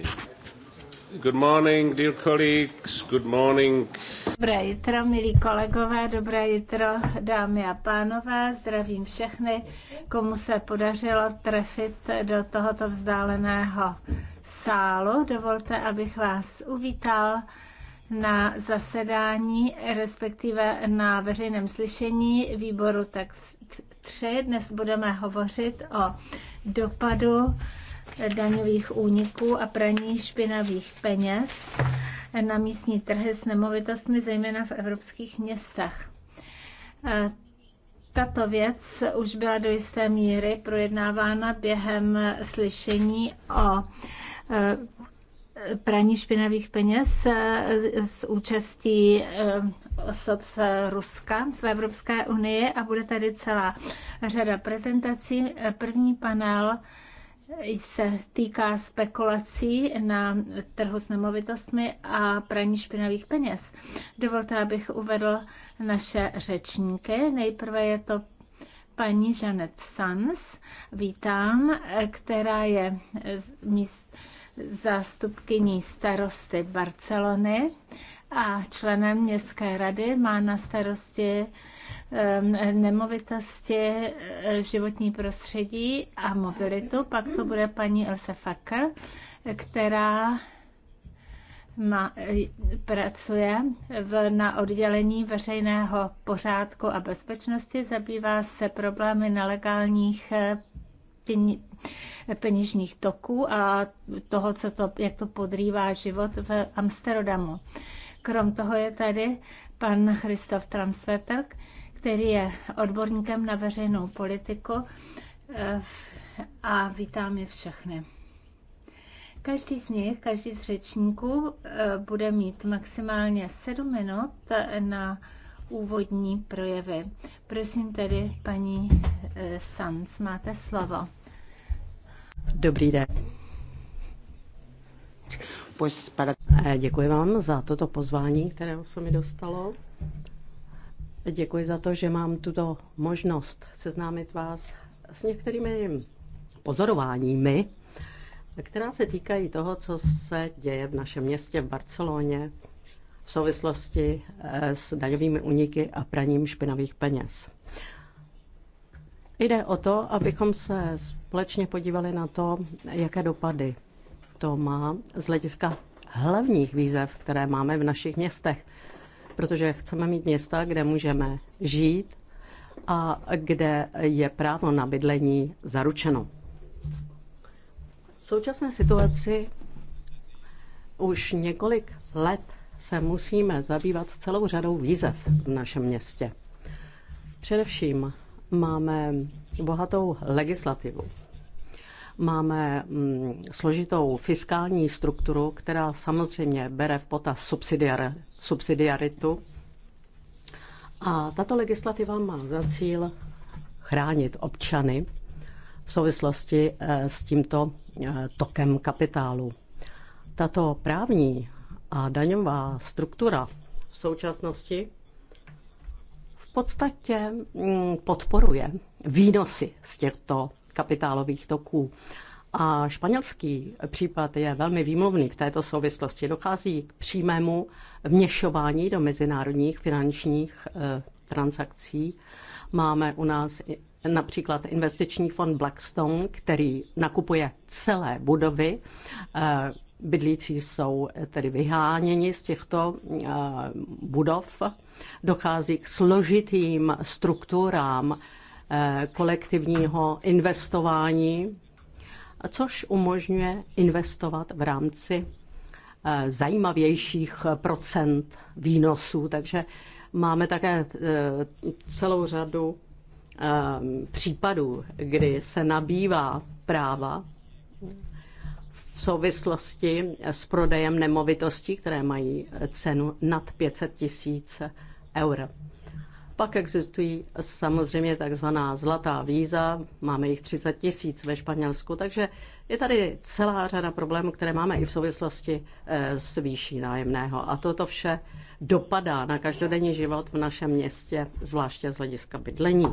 Okay. Good morning, dear colleagues. Good morning. Dobré jitro, milí kolegové, dobré jitro, dámy a pánové. Zdravím všechny, komu se podařilo trefit do tohoto vzdáleného sálu. Dovolte, abych vás uvítal na zasedání, respektive na veřejném slyšení výboru Text 3. Dnes budeme hovořit o dopadu daňových úniků a praní špinavých peněz na místní trhy s nemovitostmi, zejména v evropských městech. E, tato věc už byla do jisté míry projednávána během slyšení o e, praní špinavých peněz s e, účastí osob z Ruska v Evropské unii a bude tady celá řada prezentací. První panel se týká spekulací na trhu s nemovitostmi a praní špinavých peněz. Dovolte, abych uvedl naše řečníky. Nejprve je to paní Janet Sans, vítám, která je míst, zástupkyní starosty Barcelony a členem městské rady, má na starosti nemovitosti, e, životní prostředí a mobilitu. Pak to bude paní Elsa Facker, která má, e, pracuje v, na oddělení veřejného pořádku a bezpečnosti, zabývá se problémy nelegálních e, peněžních toků a toho, co to, jak to podrývá život v Amsterdamu. Krom toho je tady pan Christoph Transvetter, který je odborníkem na veřejnou politiku eh, a vítám je všechny. Každý z nich, každý z řečníků eh, bude mít maximálně 7 minut na úvodní projevy. Prosím tedy, paní eh, Sanz, máte slovo. Dobrý den. Pues para... Děkuji vám za toto pozvání, které se mi dostalo. Děkuji za to, že mám tuto možnost seznámit vás s některými pozorováními, která se týkají toho, co se děje v našem městě v Barceloně v souvislosti eh, s daňovými úniky a praním špinavých peněz. Jde o to, abychom se společně podívali na to, jaké dopady to má z hlediska hlavních výzev, které máme v našich městech. Protože chceme mít města, kde můžeme žít a kde je právo na bydlení zaručeno. V současné situaci už několik let se musíme zabývat celou řadou výzev v našem městě. Především máme bohatou legislativu. Máme mm, složitou fiskální strukturu, která samozřejmě bere v potaz subsidiar, subsidiaritu. A tato legislativa má za cíl chránit občany v souvislosti eh, s tímto eh, tokem kapitálu. Tato právní a daňová struktura v současnosti v podstatě mm, podporuje výnosy z těchto kapitálových toků. A španělský případ je velmi výmluvný v této souvislosti. Dochází k přímému vněšování do mezinárodních finančních eh, transakcí. Máme u nás například investiční fond Blackstone, který nakupuje celé budovy. Eh, bydlící jsou tedy vyháněni z těchto eh, budov. Dochází k složitým strukturám Eh, kolektivního investování, což umožňuje investovat v rámci eh, zajímavějších procent výnosů. Takže máme také eh, celou řadu případů, kdy se nabývá práva v souvislosti s prodejem nemovitostí, které mají cenu nad 500 tisíc eur. Pak existují samozřejmě takzvaná zlatá víza, máme jich 30 tisíc ve Španělsku, takže je tady celá řada problémů, které máme i v souvislosti eh, s výší nájemného. A toto vše dopadá na každodenní život v našem městě, zvláště z hlediska bydlení.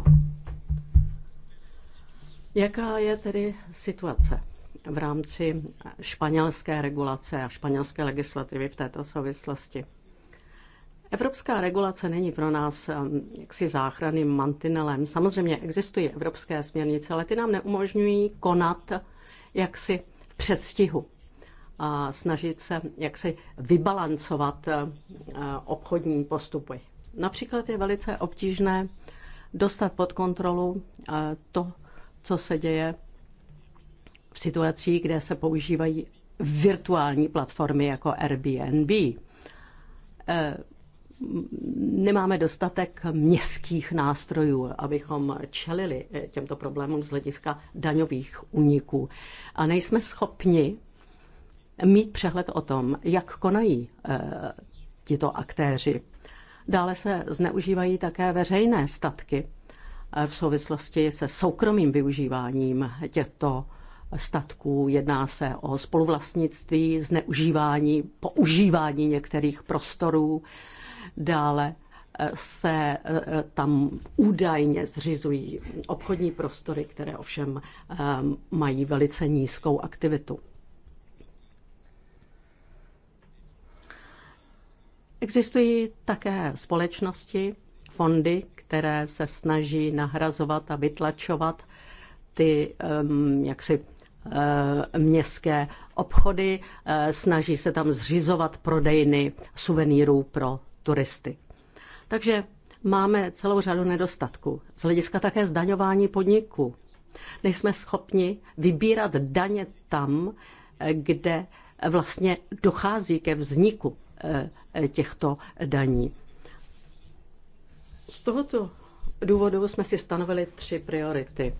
Jaká je tedy situace v rámci španělské regulace a španělské legislativy v této souvislosti? Evropská regulace není pro nás um, jaksi záchranným mantinelem. Samozřejmě existují evropské směrnice, ale ty nám neumožňují konat jaksi v předstihu a snažit se jaksi vybalancovat uh, obchodní postupy. Například je velice obtížné dostat pod kontrolu uh, to, co se děje v situacích, kde se používají virtuální platformy jako Airbnb. Uh, nemáme dostatek městských nástrojů, abychom čelili eh, těmto problémům z hlediska daňových úniků. A nejsme schopni mít přehled o tom, jak konají e, tito aktéři. Dále se zneužívají také veřejné statky eh, v souvislosti se soukromým využíváním těchto statků. Jedná se o spoluvlastnictví, zneužívání, používání některých prostorů. Dále eh, se eh, eh, tam údajně zřizují obchodní prostory, které ovšem mají velice nízkou aktivitu. Existují také společnosti, fondy, které se snaží nahrazovat a vytlačovat ty ehm, jaksi městské obchody, snaží se tam zřizovat prodejny suvenýrů pro turisty. Takže máme celou řadu nedostatků. Z hlediska také zdaňování podniků. Nejsme schopni vybírat daně tam, kde vlastně dochází ke vzniku eh, těchto daní. Z tohoto důvodu jsme si stanovili tři priority.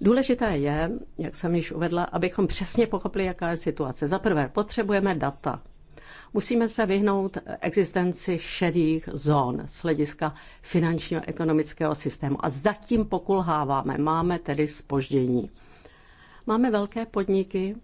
Důležité je, jak jsem již uvedla, abychom přesně pochopili, jaká je situace. Za prvé, potřebujeme data. Musíme se vyhnout existenci šedých zón z hlediska finančního ekonomického systému. A zatím pokulháváme, máme tedy spoždění. Máme velké podniky,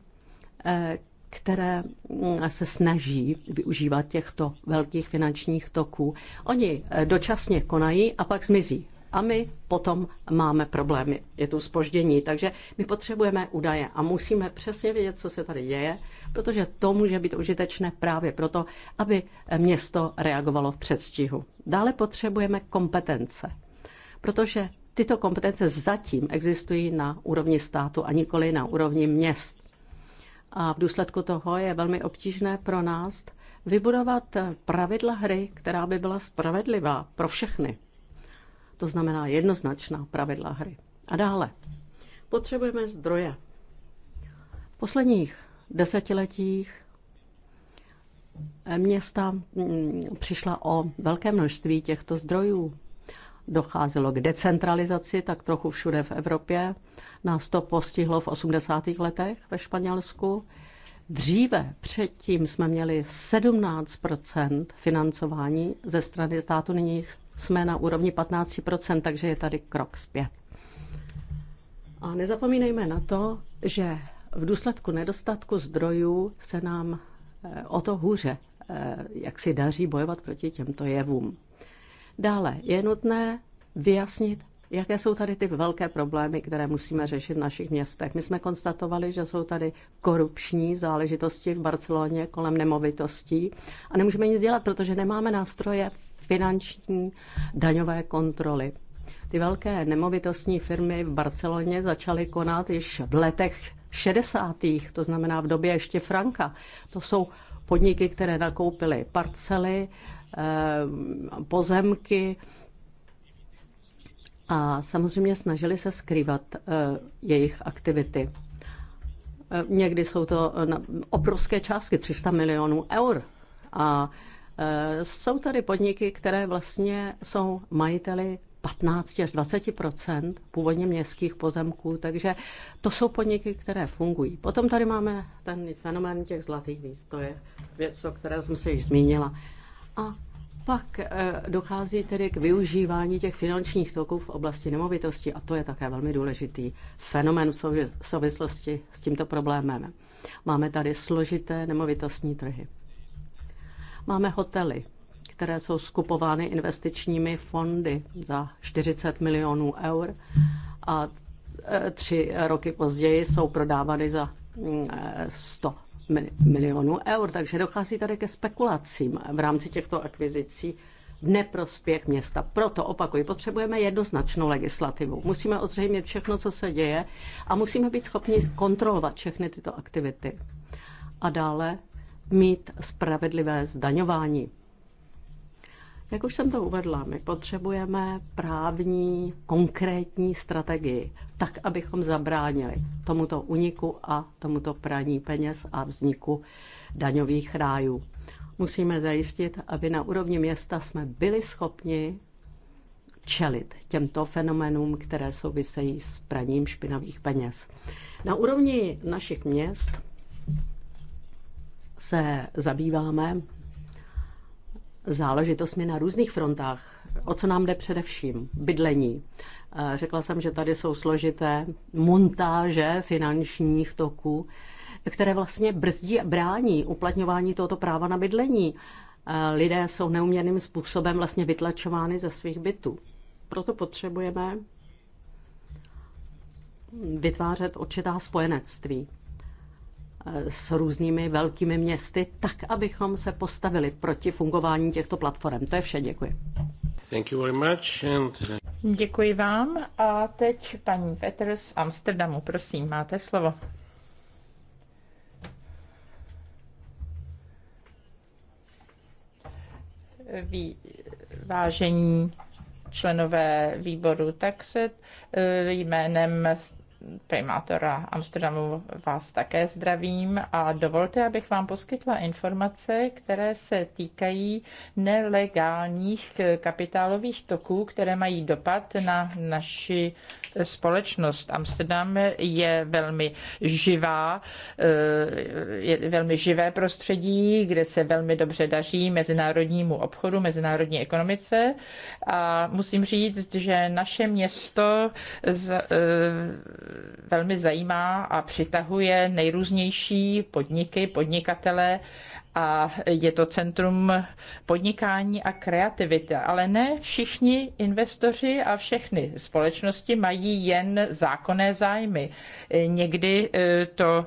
eh, které mm, se snaží využívat těchto velkých finančních toků. Oni eh, dočasně konají a pak zmizí a my potom máme problémy. Je tu spoždění, takže my potřebujeme údaje a musíme přesně vědět, co se tady děje, protože to může být užitečné právě proto, aby město reagovalo v předstihu. Dále potřebujeme kompetence, protože tyto kompetence zatím existují na úrovni státu a nikoli na úrovni měst. A v důsledku toho je velmi obtížné pro nás vybudovat pravidla hry, která by byla spravedlivá pro všechny. To znamená jednoznačná pravidla hry. A dále. Potřebujeme zdroje. V posledních desetiletích eh, města mm, přišla o velké množství těchto zdrojů. Docházelo k decentralizaci tak trochu všude v Evropě. Nás to postihlo v 80. letech ve Španělsku. Dříve předtím jsme měli 17 financování ze strany státu, nyní jsme na úrovni 15%, takže je tady krok zpět. A nezapomínejme na to, že v důsledku nedostatku zdrojů se nám eh, o to hůře, eh, jak si daří bojovat proti těmto jevům. Dále je nutné vyjasnit, jaké jsou tady ty velké problémy, které musíme řešit v našich městech. My jsme konstatovali, že jsou tady korupční záležitosti v Barceloně kolem nemovitostí a nemůžeme nic dělat, protože nemáme nástroje finanční daňové kontroly. Ty velké nemovitostní firmy v Barceloně začaly konat již v letech 60. to znamená v době ještě Franka. To jsou podniky, které nakoupily parcely, eh, pozemky a samozřejmě snažili se skrývat eh, jejich aktivity. Eh, někdy jsou to obrovské částky, 300 milionů eur. A Eh, jsou tady podniky, které vlastně jsou majiteli 15 až 20 původně městských pozemků, takže to jsou podniky, které fungují. Potom tady máme ten fenomén těch zlatých víz, to je věc, o které jsem se již zmínila. A pak eh, dochází tedy k využívání těch finančních toků v oblasti nemovitosti a to je také velmi důležitý fenomen v souvislosti s tímto problémem. Máme tady složité nemovitostní trhy. Máme hotely, které jsou skupovány investičními fondy za 40 milionů eur a e, tři roky později jsou prodávány za 100 mm, e, milionů eur. Takže dochází tady ke spekulacím v rámci těchto akvizicí v neprospěch města. Proto opakuji, potřebujeme jednoznačnou legislativu. Musíme ozřejmit všechno, co se děje a musíme být schopni kontrolovat všechny tyto aktivity. A dále mít spravedlivé zdaňování. Jak už jsem to uvedla, my potřebujeme právní konkrétní strategii, tak abychom zabránili tomuto uniku a tomuto praní peněz a vzniku daňových rájů. Musíme zajistit, aby na úrovni města jsme byli schopni čelit těmto fenomenům, které souvisejí s praním špinavých peněz. Na úrovni našich měst se zabýváme záležitostmi na různých frontách. O co nám jde především? Bydlení. Eh, řekla jsem, že tady jsou složité montáže finančních toků, které vlastně brzdí a brání uplatňování tohoto práva na bydlení. Eh, lidé jsou neuměrným způsobem vlastně vytlačovány ze svých bytů. Proto potřebujeme vytvářet určitá spojenectví s různými velkými městy, tak abychom se postavili proti fungování těchto platform. To je vše, děkuji. Thank you very much and... Uh, děkuji vám a teď paní Petr z Amsterdamu, prosím, máte slovo. Ví, vážení členové výboru se uh, jménem primátora Amsterdamu vás také zdravím a dovolte, abych vám poskytla informace, které se týkají nelegálních kapitálových toků, které mají dopad na naši společnost. Amsterdam je velmi živá, eh, je velmi živé prostředí, kde se velmi dobře daří mezinárodnímu obchodu, mezinárodní ekonomice a musím říct, že naše město z, eh, velmi zajímá a přitahuje nejrůznější podniky, podnikatele a je to centrum podnikání a kreativity. Ale ne všichni investoři a všechny společnosti mají jen zákonné zájmy. Někdy eh, to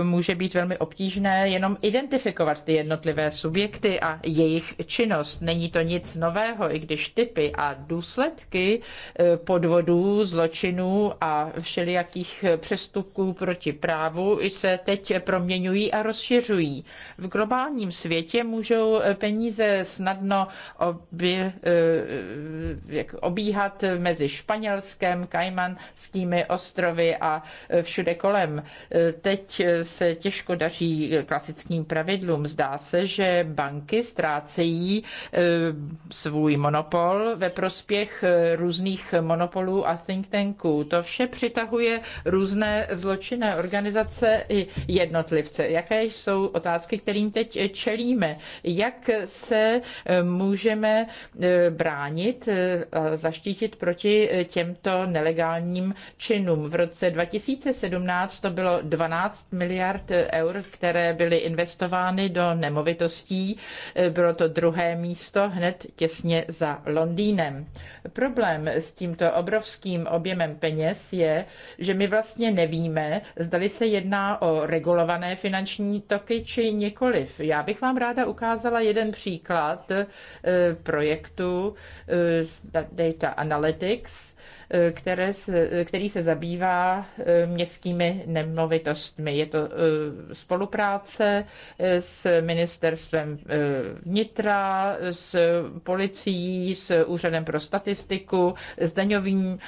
eh, může být velmi obtížné jenom identifikovat ty jednotlivé subjekty a jejich činnost. Není to nic nového, i když typy a důsledky eh, podvodů, zločinů a všelijakých přestupků proti právu se teď proměňují a rozšiřují. V globální globálním světě můžou eh, peníze snadno eh, jak obíhat mezi Španělskem, Kajmanskými ostrovy a eh, všude kolem. Teď se těžko daří klasickým pravidlům. Zdá se, že banky ztrácejí svůj monopol ve prospěch různých monopolů a think tanků. To vše přitahuje různé zločinné organizace i jednotlivce. Jaké jsou otázky, kterým teď teď čelíme, jak se eh, můžeme eh, bránit eh, zaštítit proti těmto nelegálním činům. V roce 2017 to bylo 12 miliard eur, které byly investovány do nemovitostí. Bylo to druhé místo hned těsně za Londýnem. Problém s tímto obrovským objemem peněz je, že my vlastně nevíme, zdali se jedná o regulované finanční toky či nikoliv. Já bych vám ráda ukázala jeden příklad eh, projektu eh, Data Analytics, eh, které se, který se zabývá městskými nemovitostmi. Je to spolupráce s ministerstvem vnitra, s policií, s úřadem pro statistiku, s daňovým,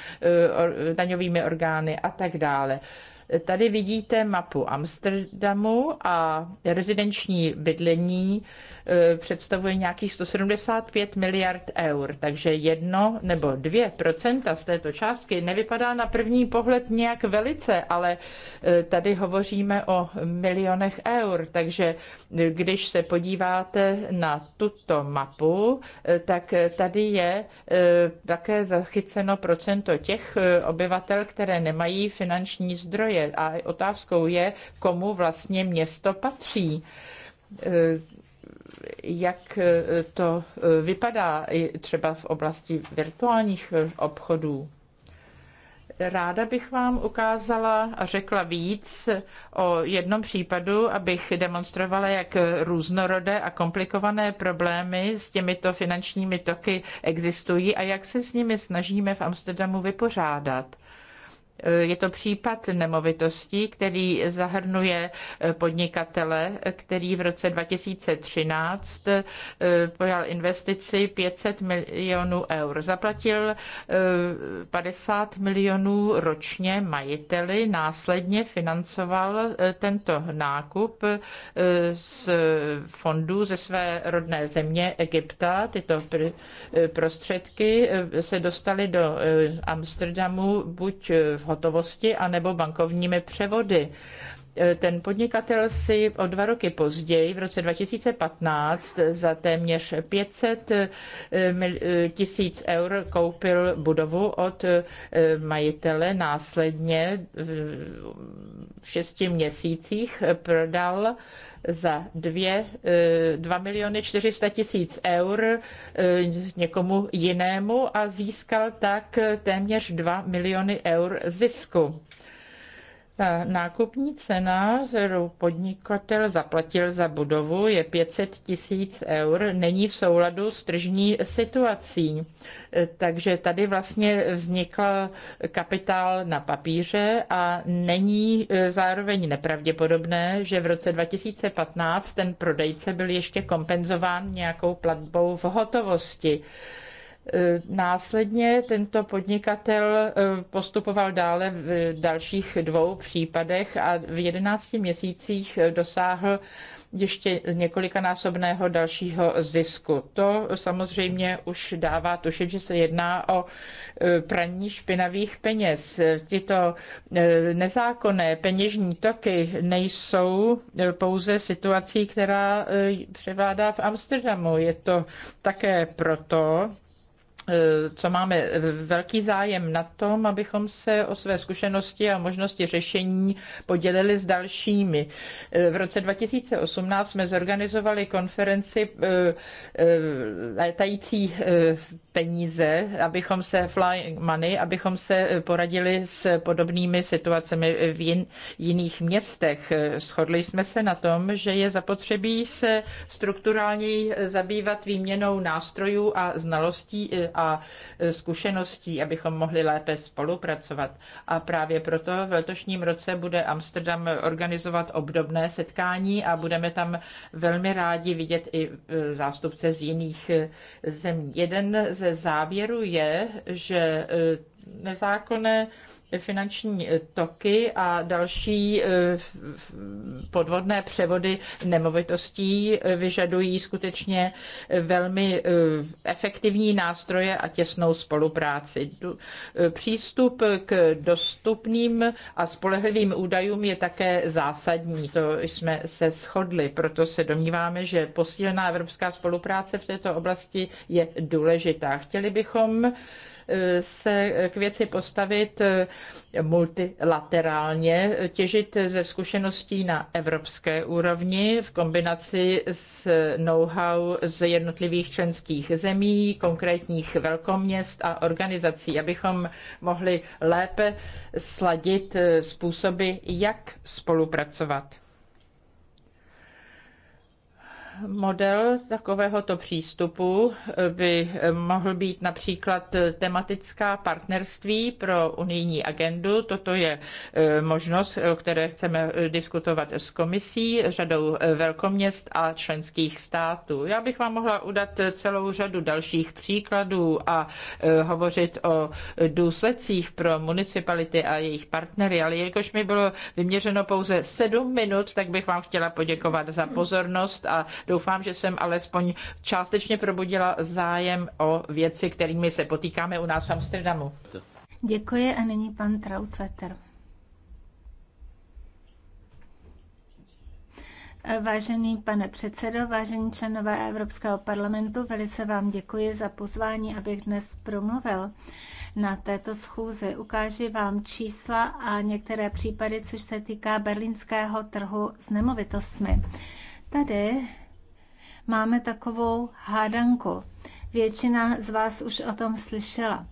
daňovými orgány a tak dále. Tady vidíte mapu Amsterdamu a rezidenční bydlení e, představuje nějakých 175 miliard eur, takže jedno nebo dvě procenta z této částky nevypadá na první pohled nějak velice, ale e, tady hovoříme o milionech eur, takže e, když se podíváte na tuto mapu, tak tady je také zachyceno procento těch obyvatel, které nemají finanční zdroje je A otázkou je, komu vlastně město patří eh, jak eh, to eh, vypadá třeba v oblasti virtuálních obchodů. Ráda bych vám ukázala a řekla víc o jednom případu, abych demonstrovala, jak různorodé a komplikované problémy s těmito finančními toky existují a jak se s nimi snažíme v Amsterdamu vypořádat. Eh, je to případ nemovitostí, který zahrnuje eh, podnikatele, který v roce 2013 eh, pojal investici 500 milionů eur. Zaplatil 50 milionů ročně majiteli, následně financoval tento nákup z fondů ze své rodné země Egypta. Tyto prostředky se dostaly do Amsterdamu buď v hotovosti anebo bankovními převody. Eh, ten podnikatel si o dva roky později, v roce 2015, za téměř 500 eh, eh, tisíc eur koupil budovu od majitele. Následně v šesti měsících prodal za 2, 2 miliony 400 tisíc eur někomu jinému a získal tak téměř 2 miliony eur zisku. Ta nákupní cena, kterou podnikatel zaplatil za budovu, je 500 tisíc eur, není v souladu s tržní situací. Takže tady vlastně vznikl kapitál na papíře a není e, zároveň nepravděpodobné, že v roce 2015 ten prodejce byl ještě kompenzován nějakou platbou v hotovosti. Eh, následně tento podnikatel eh, postupoval dále v dalších dvou případech a v 11 měsících eh, dosáhl ještě několikanásobného dalšího zisku. To samozřejmě už dává tušit, že se jedná o praní špinavých peněz. Tyto nezákonné peněžní toky nejsou pouze situací, která převládá v Amsterdamu. Je to také proto, Eh, co máme eh, velký zájem na tom, abychom se o své zkušenosti a možnosti řešení podělili s dalšími. Eh, v roce 2018 jsme zorganizovali konferenci létající peníze, abychom se flying money, abychom se poradili s podobnými situacemi v jiných městech. Shodli jsme se na tom, že je zapotřebí se strukturálně zabývat výměnou nástrojů a znalostí a e, zkušeností, abychom mohli lépe spolupracovat. A právě proto v letošním roce bude Amsterdam organizovat obdobné setkání a budeme tam velmi rádi vidět i e, zástupce z jiných e, zemí. Jeden ze závěrů je, že nezákonné finanční toky a další eh, podvodné převody nemovitostí eh, vyžadují skutečně eh, velmi efektivní nástroje a těsnou spolupráci. Přístup k dostupným a spolehlivým údajům je také zásadní. To jsme se shodli, proto se domníváme, že posílená evropská spolupráce v této oblasti je důležitá. Chtěli bychom se k věci postavit eh, multilaterálně, těžit ze zkušeností na evropské úrovni v kombinaci s know-how z jednotlivých členských zemí, konkrétních velkoměst a organizací, abychom mohli lépe sladit eh, způsoby, jak spolupracovat. Model takovéhoto přístupu by mohl být například tematická partnerství pro unijní agendu. Toto je e, možnost, o které chceme diskutovat s komisí, řadou e, velkoměst a členských států. Já bych vám mohla udat celou řadu dalších příkladů a e, hovořit o důsledcích pro municipality a jejich partnery, ale jakož mi bylo vyměřeno pouze sedm minut, tak bych vám chtěla poděkovat za pozornost a Doufám, že jsem alespoň částečně probudila zájem o věci, kterými se potýkáme u nás v Amsterdamu. Děkuji a nyní pan Trautwetter. Vážený pane předsedo, vážení členové Evropského parlamentu, velice vám děkuji za pozvání, abych dnes promluvil na této schůzi. Ukáži vám čísla a některé případy, což se týká berlínského trhu s nemovitostmi. Tady máme takovou hádanku. Většina z vás už o tom slyšela.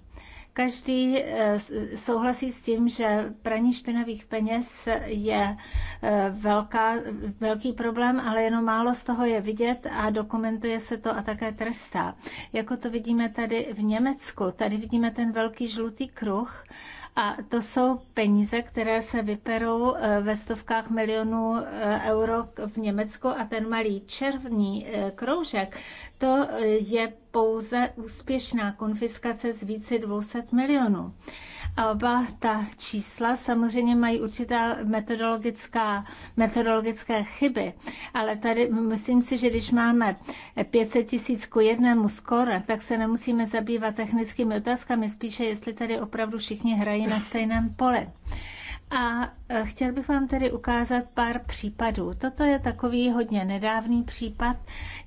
Každý eh, souhlasí s tím, že praní špinavých peněz je eh, velká, velký problém, ale jenom málo z toho je vidět a dokumentuje se to a také trestá. Jako to vidíme tady v Německu, tady vidíme ten velký žlutý kruh, a to jsou peníze, které se vyperou eh, ve stovkách milionů eh, euro v Německu a ten malý červný eh, kroužek, to je pouze úspěšná konfiskace z více 200 milionů. A oba ta čísla samozřejmě mají určitá metodologická, metodologické chyby, ale tady myslím si, že když máme 500 tisíc ku jednému skore, tak se nemusíme zabývat technickými otázkami, spíše jestli tady opravdu všichni hrají hrají na stejném poli. A e, chtěl bych vám tedy ukázat pár případů. Toto je takový hodně nedávný případ,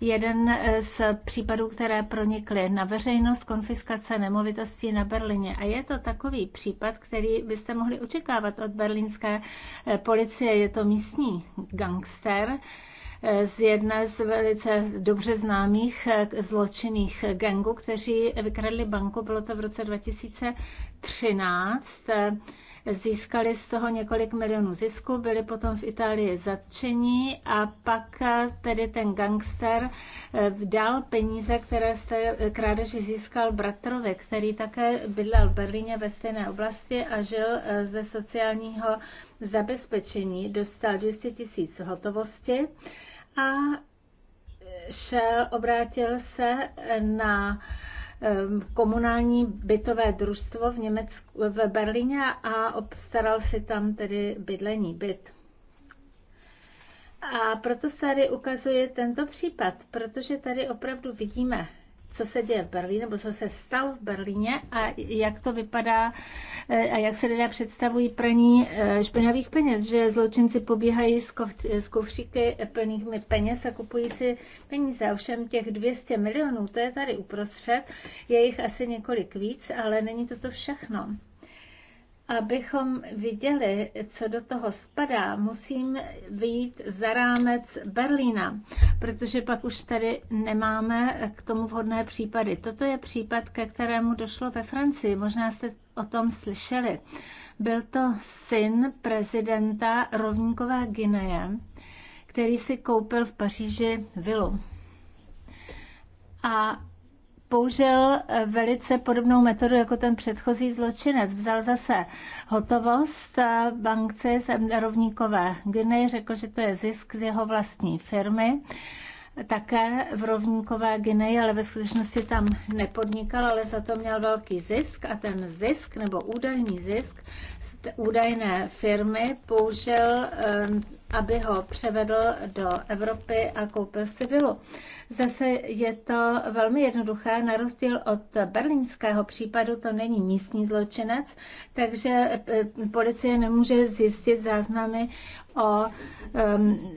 jeden e, z případů, které pronikly na veřejnost konfiskace nemovitostí na Berlíně. A je to takový případ, který byste mohli očekávat od berlínské e, policie. Je to místní gangster, z jedné z velice dobře známých eh, zločinných gangů, kteří vykradli banku, bylo to v roce 2013 eh, získali z toho několik milionů zisku, byli potom v Itálii zatčeni a pak eh, tedy ten gangster dal peníze, které z té krádeži získal bratrovi, který také bydlel v Berlíně ve stejné oblasti a žil ze sociálního zabezpečení. Dostal 200 tisíc hotovosti a šel, obrátil se na komunální bytové družstvo v Německu, v Berlíně a obstaral si tam tedy bydlení, byt. A proto se tady ukazuje tento případ, protože tady opravdu vidíme co se děje v Berlíně, nebo co se stalo v Berlíně a jak to vypadá eh, a jak se lidé představují praní eh, špinavých peněz, že zločinci pobíhají z kovříky eh, plnými peněz a kupují si peníze. Ovšem těch 200 milionů, to je tady uprostřed, je jich asi několik víc, ale není to to všechno. Abychom viděli, co do toho spadá, musím vyjít za rámec Berlína, protože pak už tady nemáme k tomu vhodné případy. Toto je případ, ke kterému došlo ve Francii. Možná jste o tom slyšeli. Byl to syn prezidenta Rovníkové Gineje, který si koupil v Paříži vilu. A použil eh, velice podobnou metodu jako ten předchozí zločinec. Vzal zase hotovost bankce rovníkové Guinea, řekl, že to je zisk z jeho vlastní firmy také v rovníkové Gineji, ale ve skutečnosti tam nepodnikal, ale za to měl velký zisk a ten zisk nebo údajný zisk údajné firmy použil, ehm, aby ho převedl do Evropy a koupil si vilu. Zase je to velmi jednoduché, na rozdíl od berlínského případu to není místní zločinec, takže ehm, policie nemůže zjistit záznamy o um,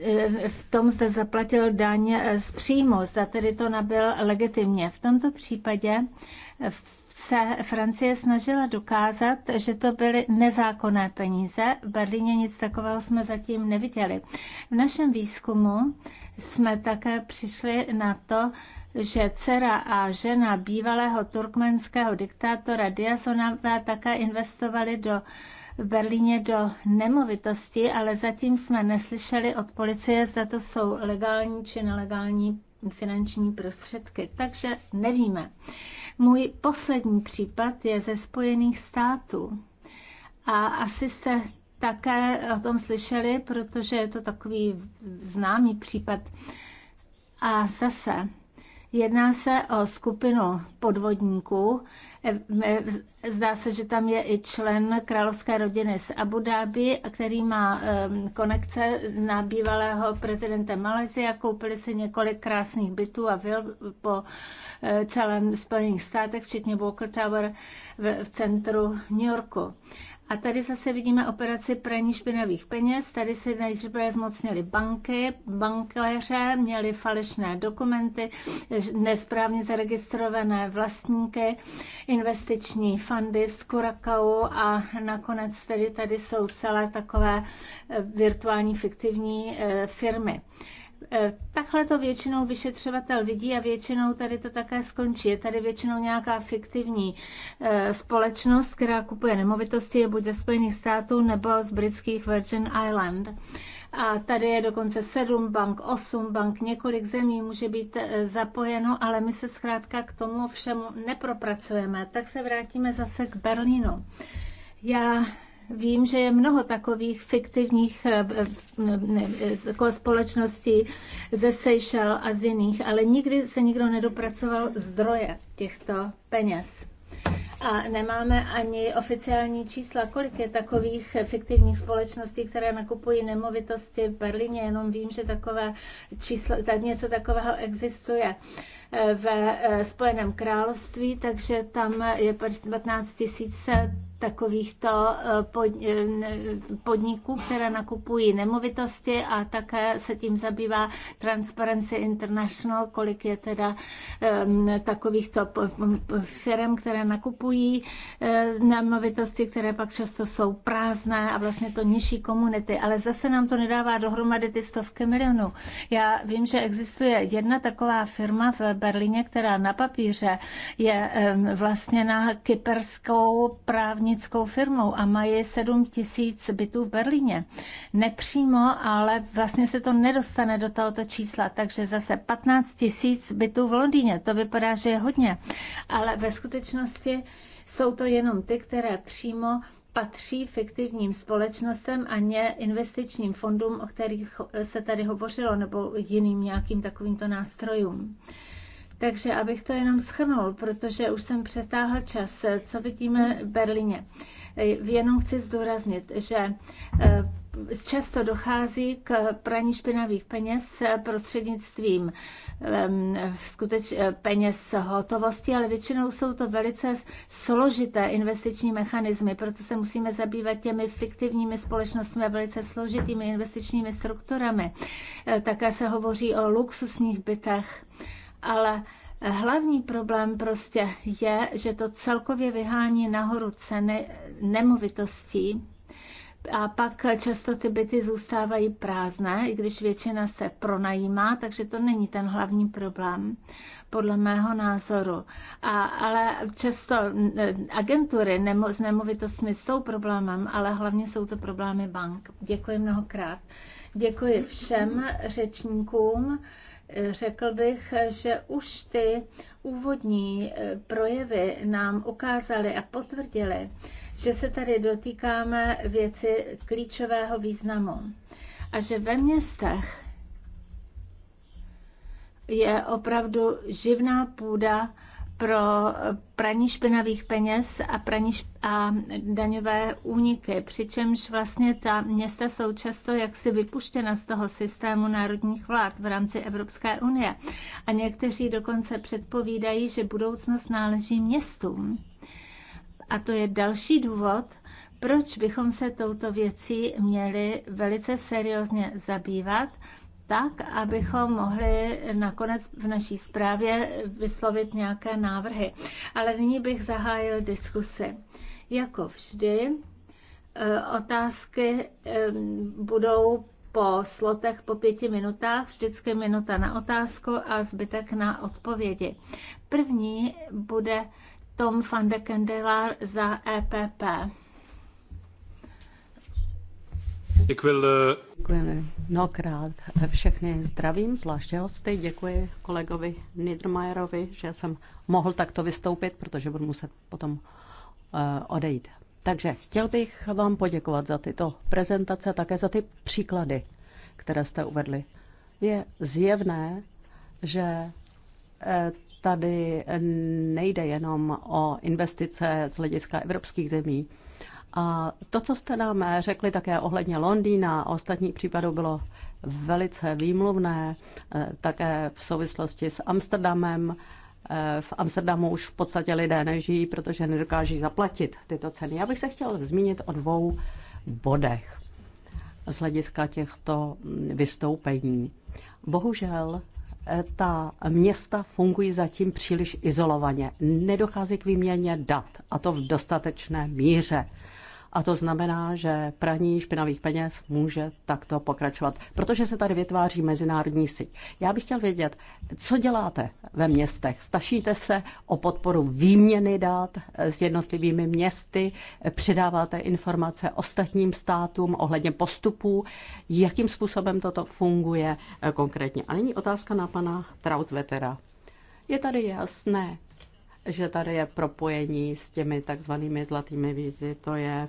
v tom, zda zaplatil daň z příjmu, zda tedy to nabil legitimně. V tomto případě v se Francie snažila dokázat, že to byly nezákonné peníze. V Berlíně nic takového jsme zatím neviděli. V našem výzkumu jsme také přišli na to, že dcera a žena bývalého turkmenského diktátora Diazonava také investovali do v Berlíně do nemovitosti, ale zatím jsme neslyšeli od policie, zda to jsou legální či nelegální finanční prostředky. Takže nevíme. Můj poslední případ je ze Spojených států. A asi jste také o tom slyšeli, protože je to takový známý případ. A zase jedná se o skupinu podvodníků, Eh, zdá se, že tam je i člen královské rodiny z Abu Dhabi, který má konekce na bývalého prezidenta Malezie. Koupili si několik krásných bytů a vil po eh, celém Spojených státech, včetně Walker Tower v, v centru New Yorku. A tady zase vidíme operaci praní špinavých peněz. Tady si nejdříve zmocnili banky, bankéře měli falešné dokumenty, nesprávně zaregistrované vlastníky, investiční fundy z Kurakau a nakonec tedy tady jsou celé takové eh, virtuální fiktivní eh, firmy. E, takhle to většinou vyšetřovatel vidí a většinou tady to také skončí. Je tady většinou nějaká fiktivní e, společnost, která kupuje nemovitosti, je buď ze Spojených států nebo z britských Virgin Island. A tady je dokonce sedm bank, osm bank, několik zemí může být e, zapojeno, ale my se zkrátka k tomu všemu nepropracujeme. Tak se vrátíme zase k Berlínu. Já Vím, že je mnoho takových fiktivních eh, eh, eh, jako společností ze Seychel a z jiných, ale nikdy se nikdo nedopracoval zdroje těchto peněz. A nemáme ani oficiální čísla, kolik je takových fiktivních společností, které nakupují nemovitosti v Berlíně. Jenom vím, že takové číslo, tak něco takového existuje ve Spojeném království, takže tam je 15 000 takovýchto eh, eh, podniků, které nakupují nemovitosti a také se tím zabývá Transparency International, kolik je teda takovýchto firm, které nakupují eh, nemovitosti, které pak často jsou prázdné a vlastně to nižší komunity. Ale zase nám to nedává dohromady ty stovky milionů. Já vím, že existuje jedna taková firma v Berlíně, která na papíře je vlastně na kyperskou právní právnickou firmou a mají 7 tisíc bytů v Berlíně. Nepřímo, ale vlastně se to nedostane do tohoto čísla, takže zase 15 tisíc bytů v Londýně. To vypadá, že je hodně, ale ve skutečnosti jsou to jenom ty, které přímo patří fiktivním společnostem a ne investičním fondům, o kterých se tady hovořilo, nebo jiným nějakým takovýmto nástrojům. Takže abych to jenom schrnul, protože už jsem přetáhl čas, co vidíme v Berlíně. Eh, jenom chci zdůraznit, že eh, často dochází k praní špinavých peněz eh, prostřednictvím ehm, skuteč, peněz hotovosti, ale většinou jsou to velice složité investiční mechanismy, proto se musíme zabývat těmi fiktivními společnostmi a velice složitými investičními strukturami. Také se hovoří o luxusních bytech ale hlavní problém prostě je, že to celkově vyhání nahoru ceny nemovitostí, a pak často ty byty zůstávají prázdné, i když většina se pronajímá, takže to není ten hlavní problém, podle mého názoru. A, ale často eh, agentury nemo, s nemovitostmi jsou problémem, ale hlavně jsou to problémy bank. Děkuji mnohokrát. Děkuji všem řečníkům Řekl bych, že už ty úvodní eh, projevy nám ukázaly a potvrdily, že se tady dotýkáme věci klíčového významu a že ve městech je opravdu živná půda pro praní špinavých peněz a, praní šp- a daňové úniky, přičemž vlastně ta města jsou často jaksi vypuštěna z toho systému národních vlád v rámci Evropské unie. A někteří dokonce předpovídají, že budoucnost náleží městům. A to je další důvod, proč bychom se touto věcí měli velice seriózně zabývat tak, abychom mohli nakonec v naší zprávě vyslovit nějaké návrhy. Ale nyní bych zahájil diskusi. Jako vždy, eh, otázky eh, budou po slotech po pěti minutách, vždycky minuta na otázku a zbytek na odpovědi. První bude Tom van de Kendelar za EPP. Děkuji. Eh, Děkujeme mnohokrát. Všechny zdravím, zvláště hosty. Děkuji kolegovi Niedermayerovi, že jsem mohl takto vystoupit, protože budu muset potom eh, odejít. Takže chtěl bych vám poděkovat za tyto prezentace, také za ty příklady, které jste uvedli. Je zjevné, že eh, tady nejde jenom o investice z hlediska evropských zemí, a to, co jste nám řekli také ohledně Londýna a ostatních případů, bylo velice výmluvné, eh, také v souvislosti s Amsterdamem. Eh, v Amsterdamu už v podstatě lidé nežijí, protože nedokáží zaplatit tyto ceny. Já bych se chtěl zmínit o dvou bodech z hlediska těchto vystoupení. Bohužel eh, ta města fungují zatím příliš izolovaně. Nedochází k výměně dat, a to v dostatečné míře. A to znamená, že praní špinavých peněz může takto pokračovat, protože se tady vytváří mezinárodní síť. Já bych chtěl vědět, co děláte ve městech? Stašíte se o podporu výměny dát eh, s jednotlivými městy? Předáváte informace ostatním státům ohledně postupů? Jakým způsobem toto funguje eh, konkrétně? A nyní otázka na pana Trautvetera. Je tady jasné, že tady je propojení s těmi takzvanými zlatými vízy. To je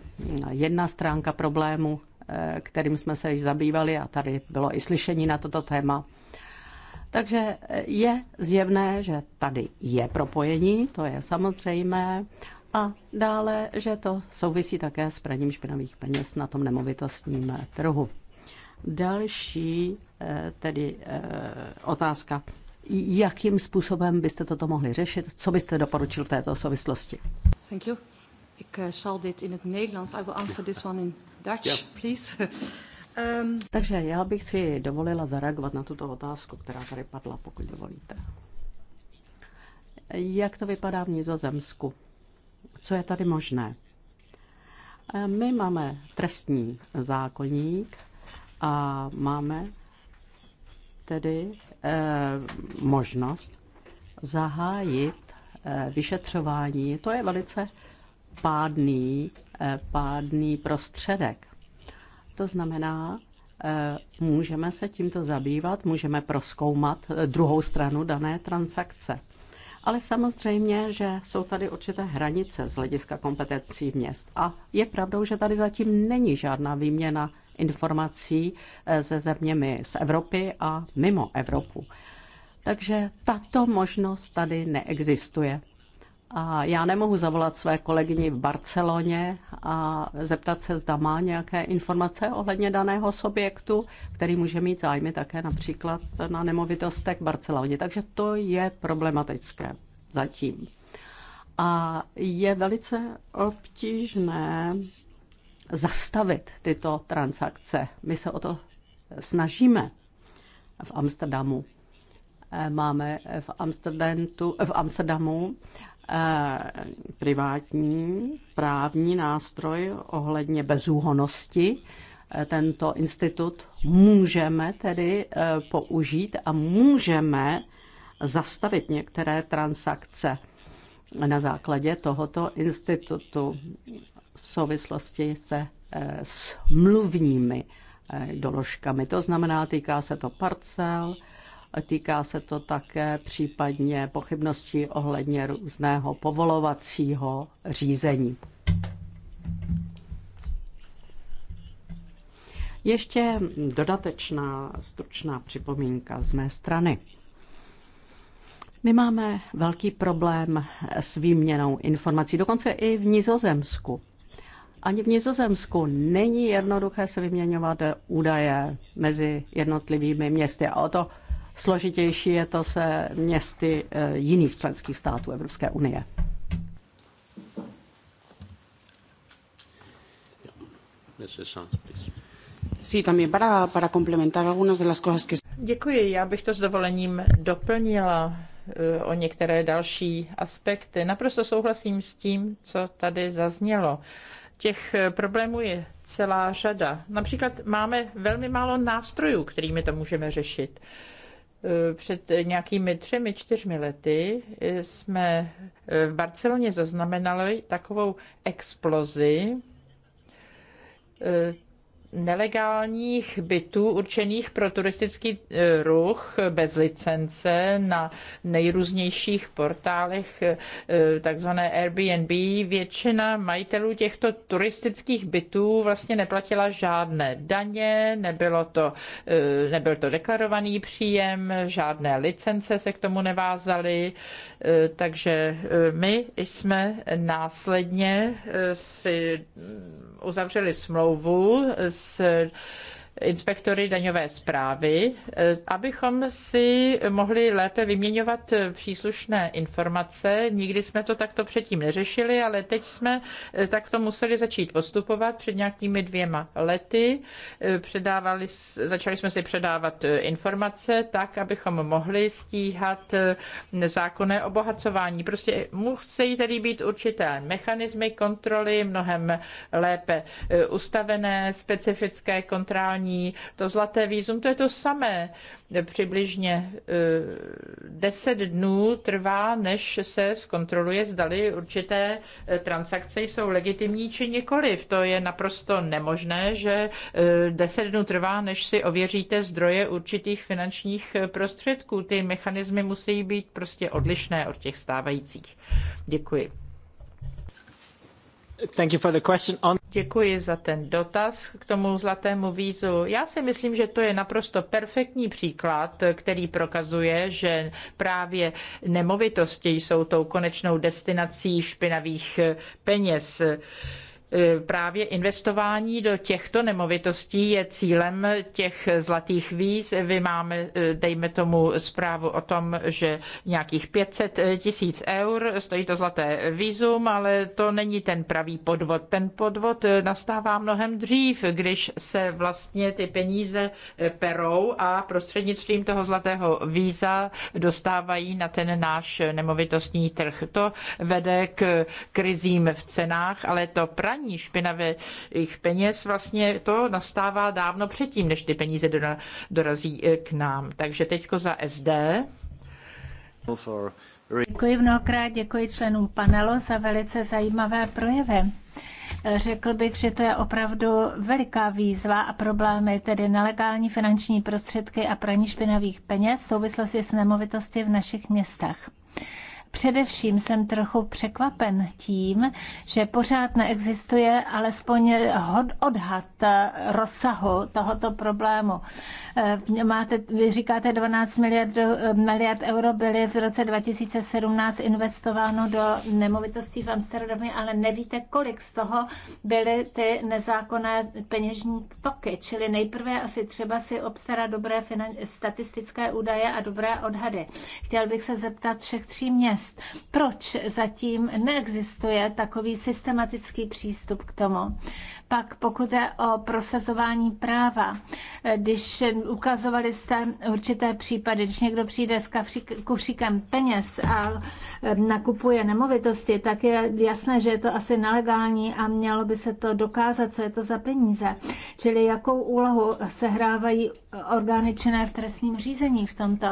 jedna stránka problému, eh, kterým jsme se již zabývali a tady bylo i slyšení na toto téma. Takže eh, je zjevné, že tady je propojení, to je samozřejmé, a dále, že to souvisí také s praním špinavých peněz na tom nemovitostním eh, trhu. Další tedy otázka jakým způsobem byste toto mohli řešit? Co byste doporučil v této souvislosti? Thank you. Ik eh, zal dit in het Nederlands. I will answer this one in Dutch, yeah. please. Um... Takže já bych si dovolila zareagovat na tuto otázku, která tady padla, pokud dovolíte. Jak to vypadá v Nizozemsku? Co je tady možné? Eh, my máme trestní zákonník a máme tedy eh, možnost zahájit eh, vyšetřování. To je velice pádný, eh, pádný prostředek. To znamená, můžeme se tímto zabývat, můžeme proskoumat druhou stranu dané transakce. Ale samozřejmě, že jsou tady určité hranice z hlediska kompetencí měst. A je pravdou, že tady zatím není žádná výměna informací eh, se zeměmi z Evropy a mimo Evropu. Takže tato možnost tady neexistuje. A já nemohu zavolat své kolegyni v Barceloně a zeptat se, zda má nějaké informace ohledně daného subjektu, který může mít zájmy také například na nemovitostech v Barceloně. Takže to je problematické zatím. A je velice obtížné zastavit tyto transakce. My se o to snažíme v Amsterdamu. Eh, máme v, Amsterdamu, eh, v Amsterdamu eh, privátní právní nástroj ohledně bezúhonosti. Tento institut můžeme tedy použít a můžeme zastavit některé transakce na základě tohoto institutu v souvislosti se eh, smluvními eh, doložkami. To znamená, týká se to parcel, týká se to také případně pochybností ohledně různého povolovacího řízení. Ještě dodatečná stručná připomínka z mé strany. My máme velký problém s výměnou informací, dokonce i v Nizozemsku. Ani v Nizozemsku není jednoduché se vyměňovat údaje mezi jednotlivými městy a o to složitější je to se městy eh, jiných členských států Evropské unie. Děkuji, já bych to s dovolením doplnila eh, o některé další aspekty. Naprosto souhlasím s tím, co tady zaznělo. Těch eh, problémů je celá řada. Například máme velmi málo nástrojů, kterými to můžeme řešit. Eh, před nějakými třemi, čtyřmi lety eh, jsme v Barceloně zaznamenali takovou explozi nelegálních bytů určených pro turistický eh, ruch bez licence na nejrůznějších portálech eh, takzvané Airbnb. Většina majitelů těchto turistických bytů vlastně neplatila žádné daně, nebylo to, eh, nebyl to deklarovaný příjem, žádné licence se k tomu nevázaly, takže my jsme následně si uzavřeli smlouvu s inspektory daňové zprávy, eh, abychom si mohli lépe vyměňovat příslušné informace. Nikdy jsme to takto předtím neřešili, ale teď jsme eh, takto museli začít postupovat před nějakými dvěma lety. Eh, předávali, začali jsme si předávat informace tak, abychom mohli stíhat nezákonné obohacování. Prostě musí tedy být určité mechanismy kontroly, mnohem lépe ustavené, specifické kontrolní cestování, to zlaté výzum, to je to samé. Přibližně 10 eh, dnů trvá, než se zkontroluje, zdali určité eh, transakce jsou legitimní či nikoliv. To je naprosto nemožné, že 10 eh, dnů trvá, než si ověříte zdroje určitých finančních prostředků. Ty mechanismy musí být prostě odlišné od těch stávajících. Děkuji. Děkuji za ten dotaz k tomu zlatému vízu. Já si myslím, že to je naprosto perfektní příklad, který prokazuje, že právě nemovitosti jsou tou konečnou destinací špinavých peněz. E, právě investování do těchto nemovitostí je cílem těch zlatých víz. Vy máme, e, dejme tomu, zprávu o tom, že nějakých 500 tisíc eur stojí to zlaté vízum, ale to není ten pravý podvod. Ten podvod e, nastává mnohem dřív, když se vlastně ty peníze perou a prostřednictvím toho zlatého víza dostávají na ten náš nemovitostní trh. To vede k krizím v cenách, ale to praní praní špinavých peněz, vlastně to nastává dávno předtím, než ty peníze dorazí eh, k nám. Takže teďko za SD. Děkuji mnohokrát, děkuji členům panelu za velice zajímavé projevy. Řekl bych, že to je opravdu veliká výzva a problémy, tedy nelegální finanční prostředky a praní špinavých peněz v souvislosti s nemovitosti v našich městech. Především jsem trochu překvapen tím, že pořád neexistuje alespoň odhad rozsahu tohoto problému. Eh, máte, vy říkáte, 12 miliard, miliard euro byly v roce 2017 investováno do nemovitostí v Amsterdamu, ale nevíte, kolik z toho byly ty nezákonné peněžní toky. Čili nejprve asi třeba si obstarat dobré finan- statistické údaje a dobré odhady. Chtěl bych se zeptat všech tří měst, míst. Proč zatím neexistuje takový systematický přístup k tomu? Pak pokud je o prosazování práva, když ukazovali jste určité případy, když někdo přijde s kufříkem peněz a nakupuje nemovitosti, tak je jasné, že je to asi nelegální a mělo by se to dokázat, co je to za peníze. Čili jakou úlohu sehrávají orgány činné v trestním řízení v tomto.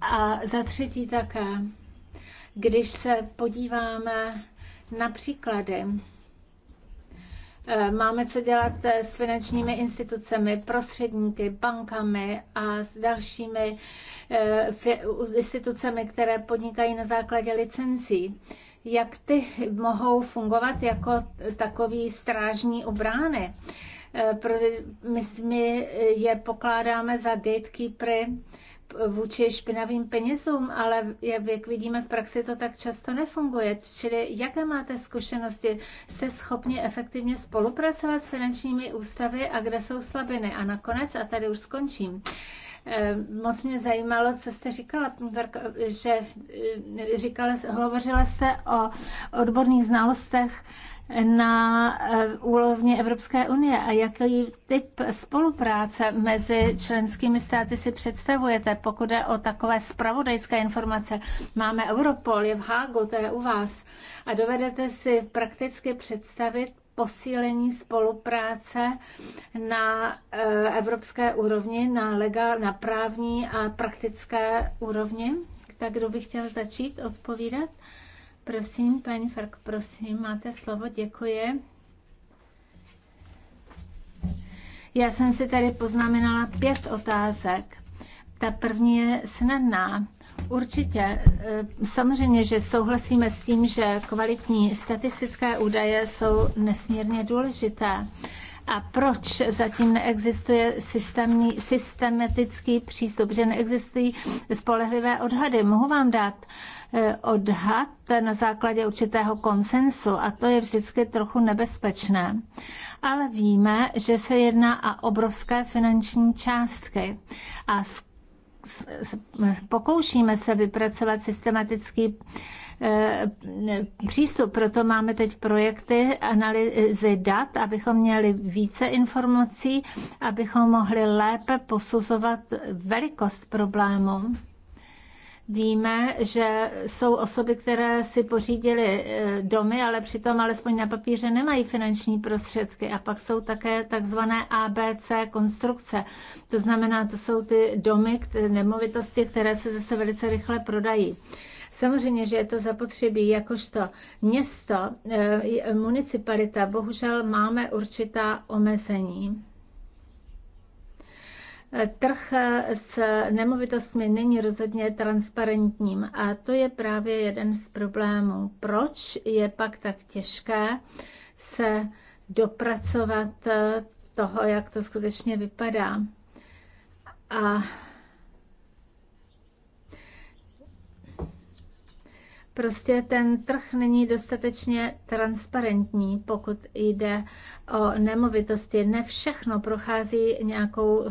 A za třetí také když se podíváme na příklady, eh, Máme co dělat eh, s finančními institucemi, prostředníky, bankami a s dalšími eh, institucemi, které podnikají na základě licencí. Jak ty mohou fungovat jako takový strážní obrány? My je pokládáme za gatekeepery vůči špinavým penězům, ale jak vidíme v praxi, to tak často nefunguje. Čili jaké máte zkušenosti? Jste schopni efektivně spolupracovat s finančními ústavy a kde jsou slabiny? A nakonec, a tady už skončím, eh, Moc mě zajímalo, co jste říkala, že eh, říkala, hovořila jste o odborných znalostech na eh, úrovni Evropské unie a jaký typ spolupráce mezi členskými státy si představujete, pokud je o takové spravodajské informace. Máme Europol, je v Hágu, to je u vás. A dovedete si prakticky představit posílení spolupráce na eh, evropské úrovni, na, legal, na právní a praktické úrovni? Tak kdo by chtěl začít odpovídat? Prosím, paní Fark, prosím, máte slovo, děkuji. Já jsem si tady poznamenala pět otázek. Ta první je snadná. Určitě. Eh, samozřejmě, že souhlasíme s tím, že kvalitní statistické údaje jsou nesmírně důležité. A proč zatím neexistuje systémní, systematický přístup, že neexistují spolehlivé odhady? Mohu vám dát Eh, odhad na základě určitého konsensu a to je vždycky trochu nebezpečné. Ale víme, že se jedná o obrovské finanční částky a pokoušíme se vypracovat systematický eh, přístup. Proto máme teď projekty analýzy dat, abychom měli více informací, abychom mohli lépe posuzovat velikost problému. Víme, že jsou osoby, které si pořídily eh, domy, ale přitom alespoň na papíře nemají finanční prostředky. A pak jsou také takzvané ABC konstrukce. To znamená, to jsou ty domy, nemovitosti, které se zase velice rychle prodají. Samozřejmě, že je to zapotřebí, jakožto město, eh, municipalita, bohužel máme určitá omezení. Trh s nemovitostmi není rozhodně transparentním a to je právě jeden z problémů. Proč je pak tak těžké se dopracovat toho, jak to skutečně vypadá? A Prostě ten trh není dostatečně transparentní, pokud jde o nemovitosti. Ne všechno prochází nějakou eh,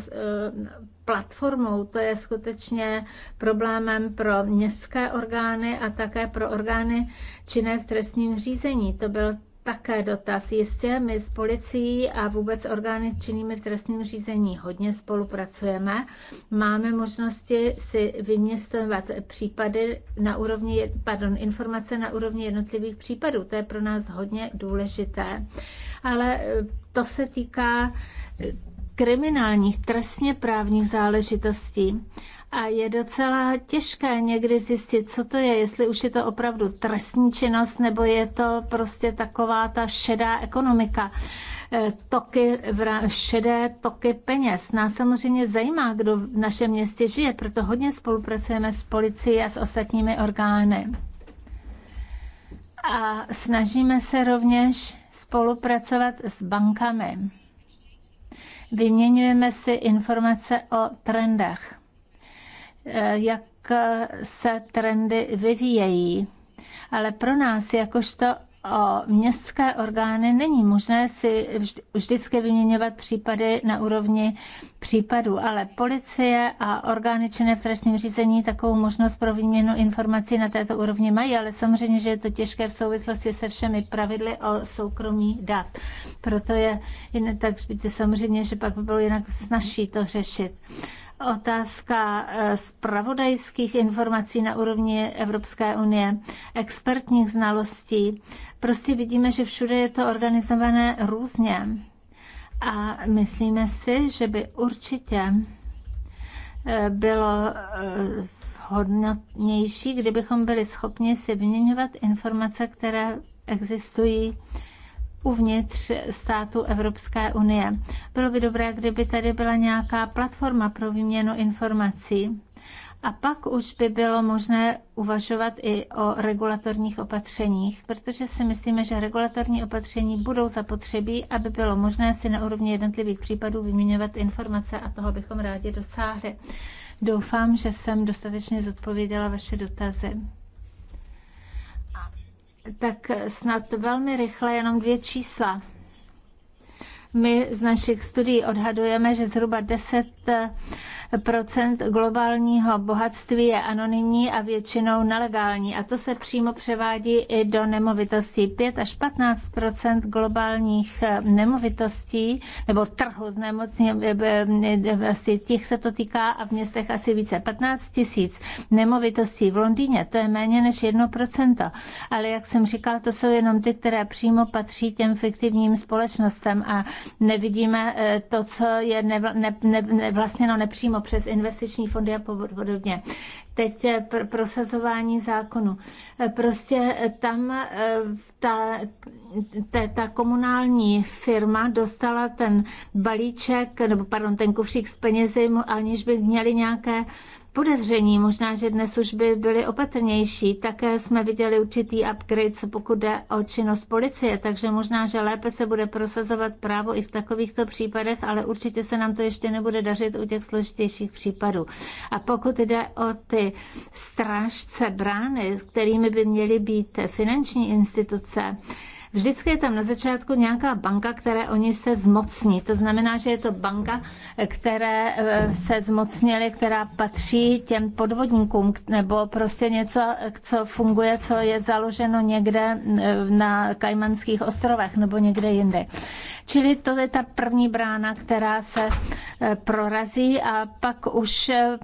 platformou. To je skutečně problémem pro městské orgány a také pro orgány činné v trestním řízení. To byl také dotaz. Jistě, my s policií a vůbec orgány činnými v trestním řízení hodně spolupracujeme. Máme možnosti si vyměstovat případy na úrovni, pardon, informace na úrovni jednotlivých případů. To je pro nás hodně důležité. Ale eh, to se týká eh, kriminálních trestně právních záležitostí. A je docela těžké někdy zjistit, co to je, jestli už je to opravdu trestní činnost, nebo je to prostě taková ta šedá ekonomika e, toky, šedé toky peněz. Nás samozřejmě zajímá, kdo v našem městě žije, proto hodně spolupracujeme s policií a s ostatními orgány. A snažíme se rovněž spolupracovat s bankami. Vyměňujeme si informace o trendech. Eh, jak eh, se trendy vyvíjejí. Ale pro nás, jakožto o městské orgány není možné si vždycky vyměňovat případy na úrovni případů, ale policie a orgány činné v trestním řízení takovou možnost pro výměnu informací na této úrovni mají, ale samozřejmě, že je to těžké v souvislosti se všemi pravidly o soukromí dat. Proto je jinak tak samozřejmě, že pak by bylo jinak snažší to řešit otázka spravodajských eh, informací na úrovni Evropské unie, expertních znalostí. Prostě vidíme, že všude je to organizované různě. A myslíme si, že by určitě eh, bylo eh, hodnotnější, kdybychom byli schopni si vyměňovat informace, které existují uvnitř států Evropské unie. Bylo by dobré, kdyby tady byla nějaká platforma pro výměnu informací. A pak už by bylo možné uvažovat i o regulatorních opatřeních, protože si myslíme, že regulatorní opatření budou zapotřebí, aby bylo možné si na úrovni jednotlivých případů vyměňovat informace a toho bychom rádi dosáhli. Doufám, že jsem dostatečně zodpověděla vaše dotazy tak snad velmi rychle jenom dvě čísla. My z našich studií odhadujeme, že zhruba 10 eh, procent globálního bohatství je anonymní a většinou nelegální. A to se přímo převádí i do nemovitostí. 5 až 15 globálních eh, nemovitostí nebo trhu z eh, asi těch se to týká a v městech asi více 15 tisíc nemovitostí v Londýně. To je méně než 1 Ale jak jsem říkala, to jsou jenom ty, které přímo patří těm fiktivním společnostem. A nevidíme eh, to, co je nevlastněno nepřímo přes investiční fondy a podobně teď eh, pr- prosazování zákonu. Eh, prostě tam ta, ta, ta komunální firma dostala ten balíček, nebo pardon, ten kufřík s penězi, aniž by měli nějaké podezření. Možná, že dnes už by byli opatrnější. Také jsme viděli určitý upgrade, co pokud jde o činnost policie, takže možná, že lépe se bude prosazovat právo i v takovýchto případech, ale určitě se nám to ještě nebude dařit u těch složitějších případů. A pokud jde o ty strážce brány, kterými by měly být finanční instituce, Vždycky je tam na začátku nějaká banka, které oni se zmocní. To znamená, že je to banka, které eh, se zmocnili, která patří těm podvodníkům, nebo prostě něco, co funguje, co je založeno někde eh, na Kajmanských ostrovech nebo někde jinde. Čili to je ta první brána, která se e, prorazí a pak už e,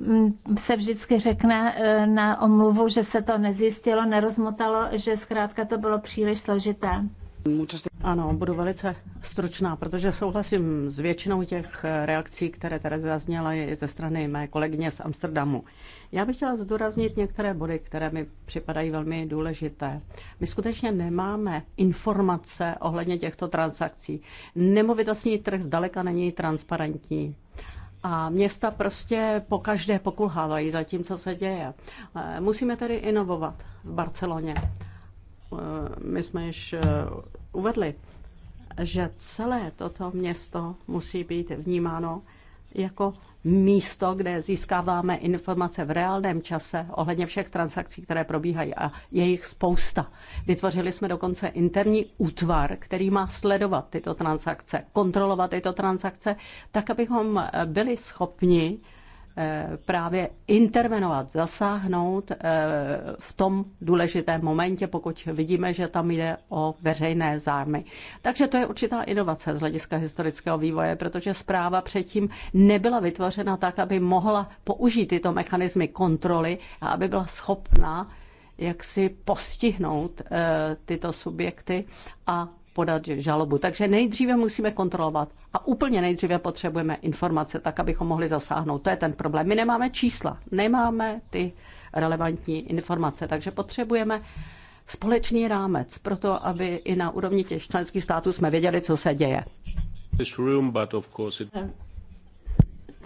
se vždycky řekne e, na omluvu, že se to nezjistilo, nerozmotalo, že zkrátka to bylo příliš složité. Ano, budu velice stručná, protože souhlasím s většinou těch eh, reakcí, které tady zazněly ze strany mé kolegyně z Amsterdamu. Já bych chtěla zdůraznit některé body, které mi připadají velmi důležité. My skutečně nemáme informace ohledně těchto transakcí. Nemovitostní trh zdaleka není transparentní. A města prostě po každé pokulhávají za tím, co se děje. Eh, musíme tedy inovovat v Barceloně. Eh, my jsme již eh, uvedli, že celé toto město musí být vnímáno jako místo, kde získáváme informace v reálném čase ohledně všech transakcí, které probíhají a je jich spousta. Vytvořili jsme dokonce interní útvar, který má sledovat tyto transakce, kontrolovat tyto transakce, tak abychom eh, byli schopni uh, Eh, právě intervenovat, zasáhnout eh, v tom důležitém momentě, pokud vidíme, že tam jde o veřejné zájmy. Takže to je určitá inovace z hlediska historického vývoje, protože zpráva předtím nebyla vytvořena tak, aby mohla použít tyto mechanismy kontroly a aby byla schopná jak si postihnout eh, tyto subjekty a podat žalobu. Takže nejdříve musíme kontrolovat a úplně nejdříve potřebujeme informace, tak abychom mohli zasáhnout. To je ten problém. My nemáme čísla, nemáme ty relevantní informace, takže potřebujeme společný rámec pro to, aby i na úrovni těch členských států jsme věděli, co se děje.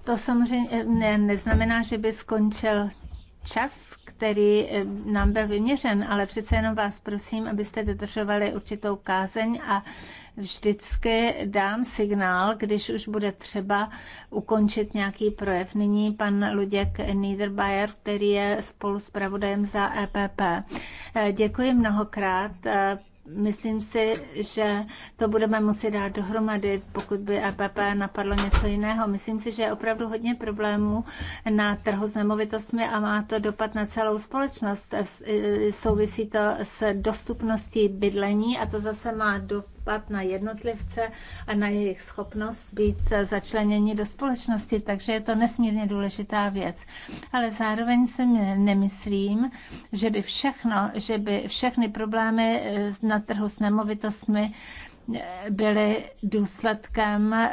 To samozřejmě ne, neznamená, že by skončil čas, který eh, nám byl vyměřen, ale přece jenom vás prosím, abyste dodržovali určitou kázeň a vždycky dám signál, když už bude třeba ukončit nějaký projev. Nyní pan Luděk Niederbayer, který je spolu s pravodajem za EPP. Eh, děkuji mnohokrát, eh, myslím si, že to budeme moci dát dohromady, pokud by EPP napadlo něco jiného. Myslím si, že je opravdu hodně problémů na trhu s nemovitostmi a má to dopad na celou společnost. Souvisí to s dostupností bydlení a to zase má dopad dopad na jednotlivce a na jejich schopnost být začleněni do společnosti, takže je to nesmírně důležitá věc. Ale zároveň si nemyslím, že by všechno, že by všechny problémy eh, na trhu s nemovitostmi eh, byly důsledkem eh,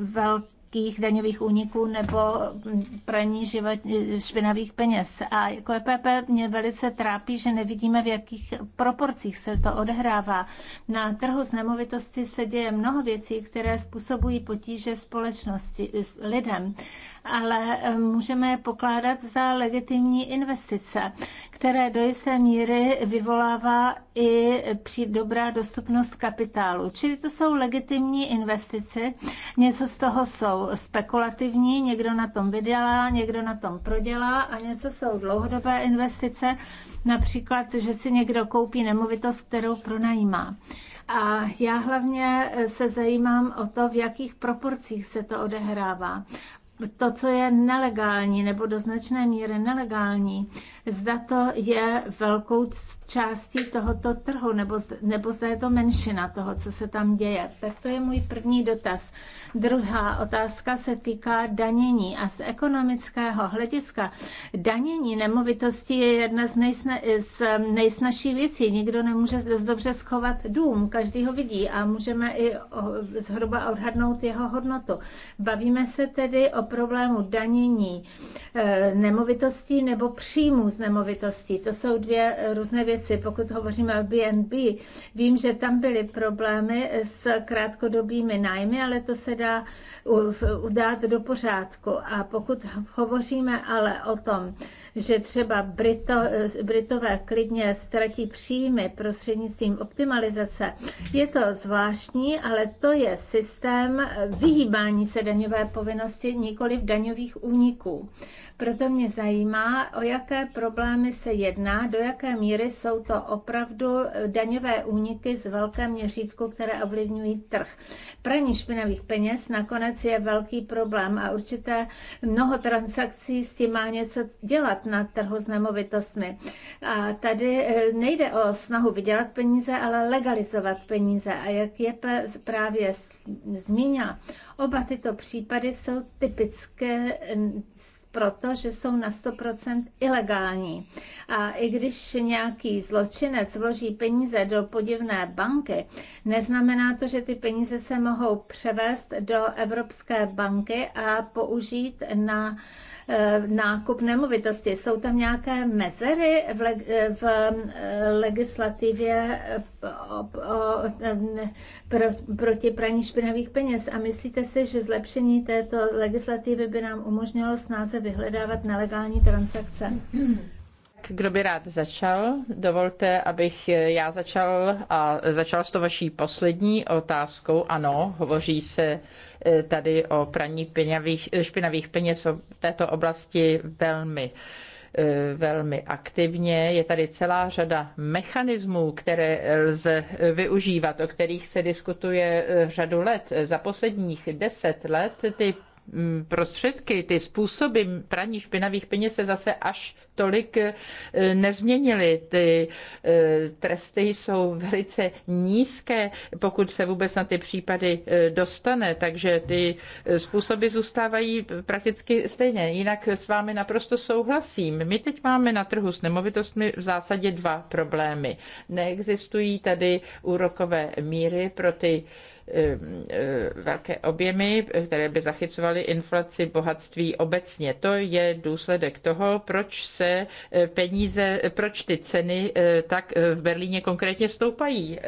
velkého velkých daňových úniků nebo praní život, špinavých peněz. A jako EPP mě velice trápí, že nevidíme, v jakých proporcích se to odehrává. Na trhu s nemovitosti se děje mnoho věcí, které způsobují potíže společnosti lidem ale eh, můžeme je pokládat za legitimní investice, které do jisté míry vyvolává i dobrá dostupnost kapitálu. Čili to jsou legitimní investice, něco z toho jsou spekulativní, někdo na tom vydělá, někdo na tom prodělá a něco jsou dlouhodobé investice, například, že si někdo koupí nemovitost, kterou pronajímá. A já hlavně eh, se zajímám o to, v jakých proporcích se to odehrává to, co je nelegální nebo do značné míry nelegální, zda to je velkou částí tohoto trhu, nebo, nebo zda je to menšina toho, co se tam děje. Tak to je můj první dotaz. Druhá otázka se týká danění a z ekonomického hlediska danění nemovitosti je jedna z, nejsna, z nejsnažší věcí. Nikdo nemůže dost dobře schovat dům, každý ho vidí a můžeme i zhruba odhadnout jeho hodnotu. Bavíme se tedy o problému danění eh, nemovitostí nebo příjmů z nemovitostí. To jsou dvě různé věci věci. Pokud hovoříme o BNB, vím, že tam byly problémy s krátkodobými nájmy, ale to se dá udát do pořádku. A pokud hovoříme ale o tom, že třeba Brito, Britové klidně ztratí příjmy prostřednictvím optimalizace, je to zvláštní, ale to je systém vyhýbání se daňové povinnosti, nikoli v daňových úniků. Proto mě zajímá, o jaké problémy se jedná, do jaké míry jsou to opravdu eh, daňové úniky z velké měřítku, které ovlivňují trh. Praní špinavých peněz nakonec je velký problém a určité mnoho transakcí s tím má něco dělat na trhu s nemovitostmi. A tady eh, nejde o snahu vydělat peníze, ale legalizovat peníze. A jak je právě zmínila, oba tyto případy jsou typické eh, proto, že jsou na 100% ilegální. A i když nějaký zločinec vloží peníze do podivné banky, neznamená to, že ty peníze se mohou převést do Evropské banky a použít na uh, Eh, nákup nemovitosti. Jsou tam nějaké mezery v, leg, eh, v eh, legislativě o, o, pro, proti praní špinavých peněz a myslíte si, že zlepšení této legislativy by nám umožnilo snáze vyhledávat nelegální transakce? kdo by rád začal? Dovolte, abych já začal a začal s to vaší poslední otázkou. Ano, hovoří se eh, tady o praní peňavých, špinavých peněz v této oblasti velmi eh, velmi aktivně. Je tady celá řada mechanismů, které lze využívat, o kterých se diskutuje eh, řadu let. Za posledních deset let ty Mm, prostředky, ty způsoby praní špinavých peněz se zase až tolik eh, nezměnily. Ty eh, tresty jsou velice nízké, pokud se vůbec na ty případy eh, dostane, takže ty způsoby zůstávají prakticky stejné. Jinak s vámi naprosto souhlasím. My teď máme na trhu s nemovitostmi v zásadě dva problémy. Neexistují tady úrokové míry pro ty Eh, eh, velké objemy, které by zachycovaly inflaci bohatství obecně. To je důsledek toho, proč se eh, peníze, proč ty ceny tak v Berlíně konkrétně stoupají.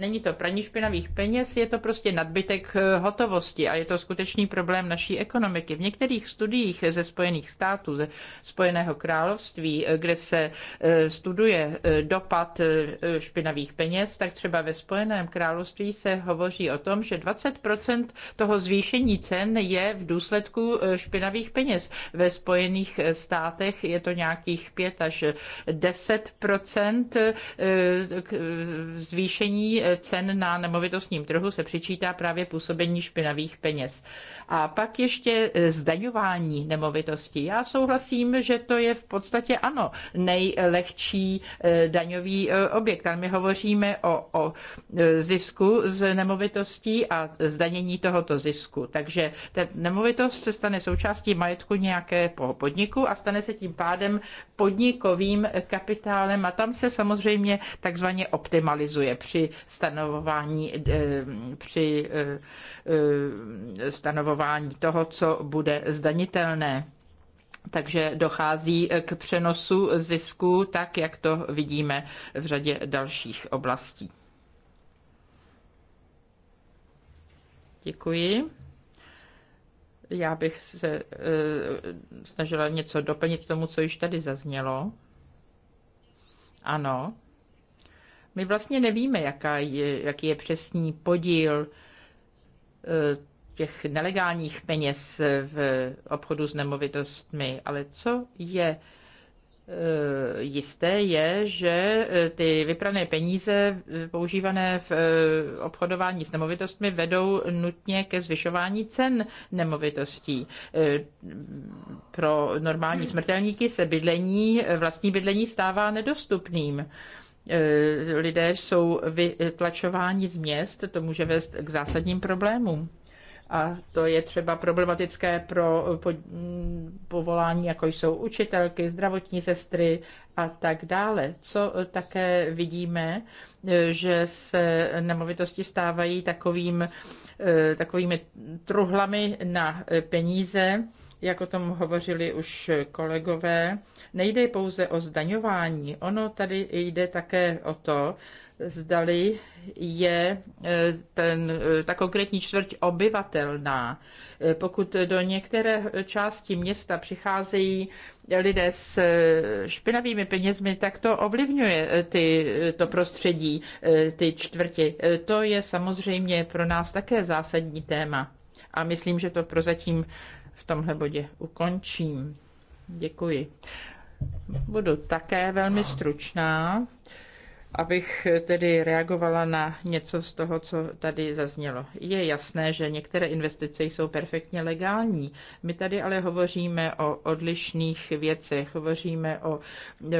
Není to praní špinavých peněz, je to prostě nadbytek hotovosti a je to skutečný problém naší ekonomiky. V některých studiích ze Spojených států, ze Spojeného království, kde se studuje dopad špinavých peněz, tak třeba ve Spojeném království se hovoří o tom, že 20% toho zvýšení cen je v důsledku eh, špinavých peněz. Ve Spojených eh, státech je to nějakých 5 až 10 eh, zvýšení cen na nemovitostním trhu se přičítá právě působení špinavých peněz. A pak ještě zdaňování nemovitostí. Já souhlasím, že to je v podstatě ano, nejlehčí daňový objekt. Ale my hovoříme o, o zisku z nemovitostí nemovitostí a zdanění tohoto zisku. Takže ta nemovitost se stane součástí majetku nějakého podniku a stane se tím pádem podnikovým kapitálem a tam se samozřejmě takzvaně optimalizuje při stanovování, eh, při eh, stanovování toho, co bude zdanitelné. Takže dochází k přenosu zisku, tak jak to vidíme v řadě dalších oblastí. Děkuji. Já bych se e, snažila něco doplnit tomu, co již tady zaznělo. Ano. My vlastně nevíme, jaká je, jaký je přesný podíl e, těch nelegálních peněz v obchodu s nemovitostmi, ale co je e, Eh, jisté je, že eh, ty vyprané peníze eh, používané v obchodování s nemovitostmi vedou nutně ke zvyšování cen nemovitostí. Pro normální smrtelníky se bydlení, vlastní bydlení stává nedostupným lidé jsou vytlačováni z měst, to může vést k zásadním problémům a to je třeba problematické pro eh, mm, povolání, jako jsou učitelky, zdravotní sestry a tak dále. Co eh, také vidíme, eh, že se nemovitosti stávají takovým, takovými truhlami na peníze, jak o tom hovořili už kolegové. Nejde pouze o zdaňování, ono tady jde také o to, zdali je e, ten, e, ta konkrétní čtvrť obyvatelná. E, pokud do některé části města přicházejí lidé s špinavými penězmi, tak to ovlivňuje ty, to prostředí, ty čtvrti. To je samozřejmě pro nás také zásadní téma. A myslím, že to prozatím v tomhle bodě ukončím. Děkuji. Budu také velmi stručná abych tedy reagovala na něco z toho, co tady zaznělo. Je jasné, že některé investice jsou perfektně legální. My tady ale hovoříme o odlišných věcech, hovoříme o e,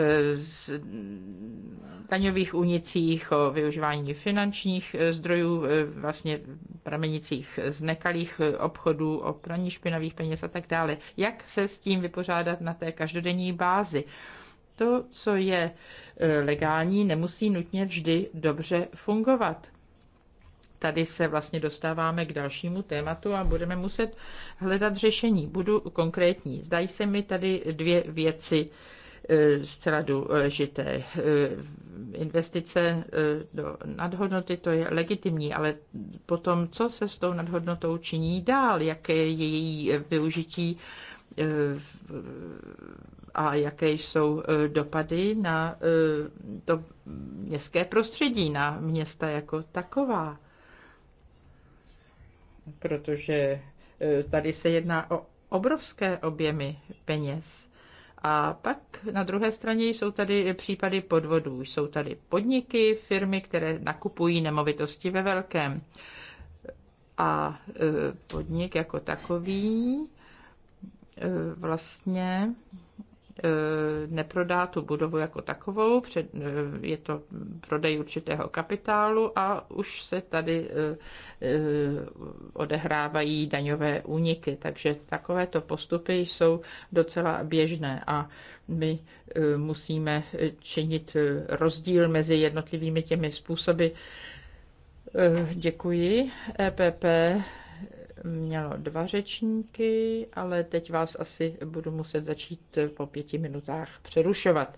daňových únicích, o využívání finančních e, zdrojů, e, vlastně pramenicích z nekalých obchodů, o praní špinavých peněz a tak dále. Jak se s tím vypořádat na té každodenní bázi? To, co je Eh, legální, nemusí nutně vždy dobře fungovat. Tady se vlastně dostáváme k dalšímu tématu a budeme muset hledat řešení. Budu konkrétní. Zdají se mi tady dvě věci eh, zcela důležité. Eh, investice do nadhodnoty, to je legitimní, ale potom, co se s tou nadhodnotou činí dál, jaké je její využití a jaké jsou e, dopady na e, to městské prostředí, na města jako taková. Protože e, tady se jedná o obrovské objemy peněz. A pak na druhé straně jsou tady případy podvodů. Jsou tady podniky, firmy, které nakupují nemovitosti ve velkém. A podnik jako takový vlastně Eh, neprodá tu budovu jako takovou, eh, je to prodej určitého kapitálu a už se tady eh, odehrávají daňové úniky. Takže takovéto postupy jsou docela běžné a my musíme činit rozdíl mezi jednotlivými těmi způsoby. Děkuji. EPP mělo dva řečníky, ale teď vás asi budu muset začít po pěti minutách přerušovat.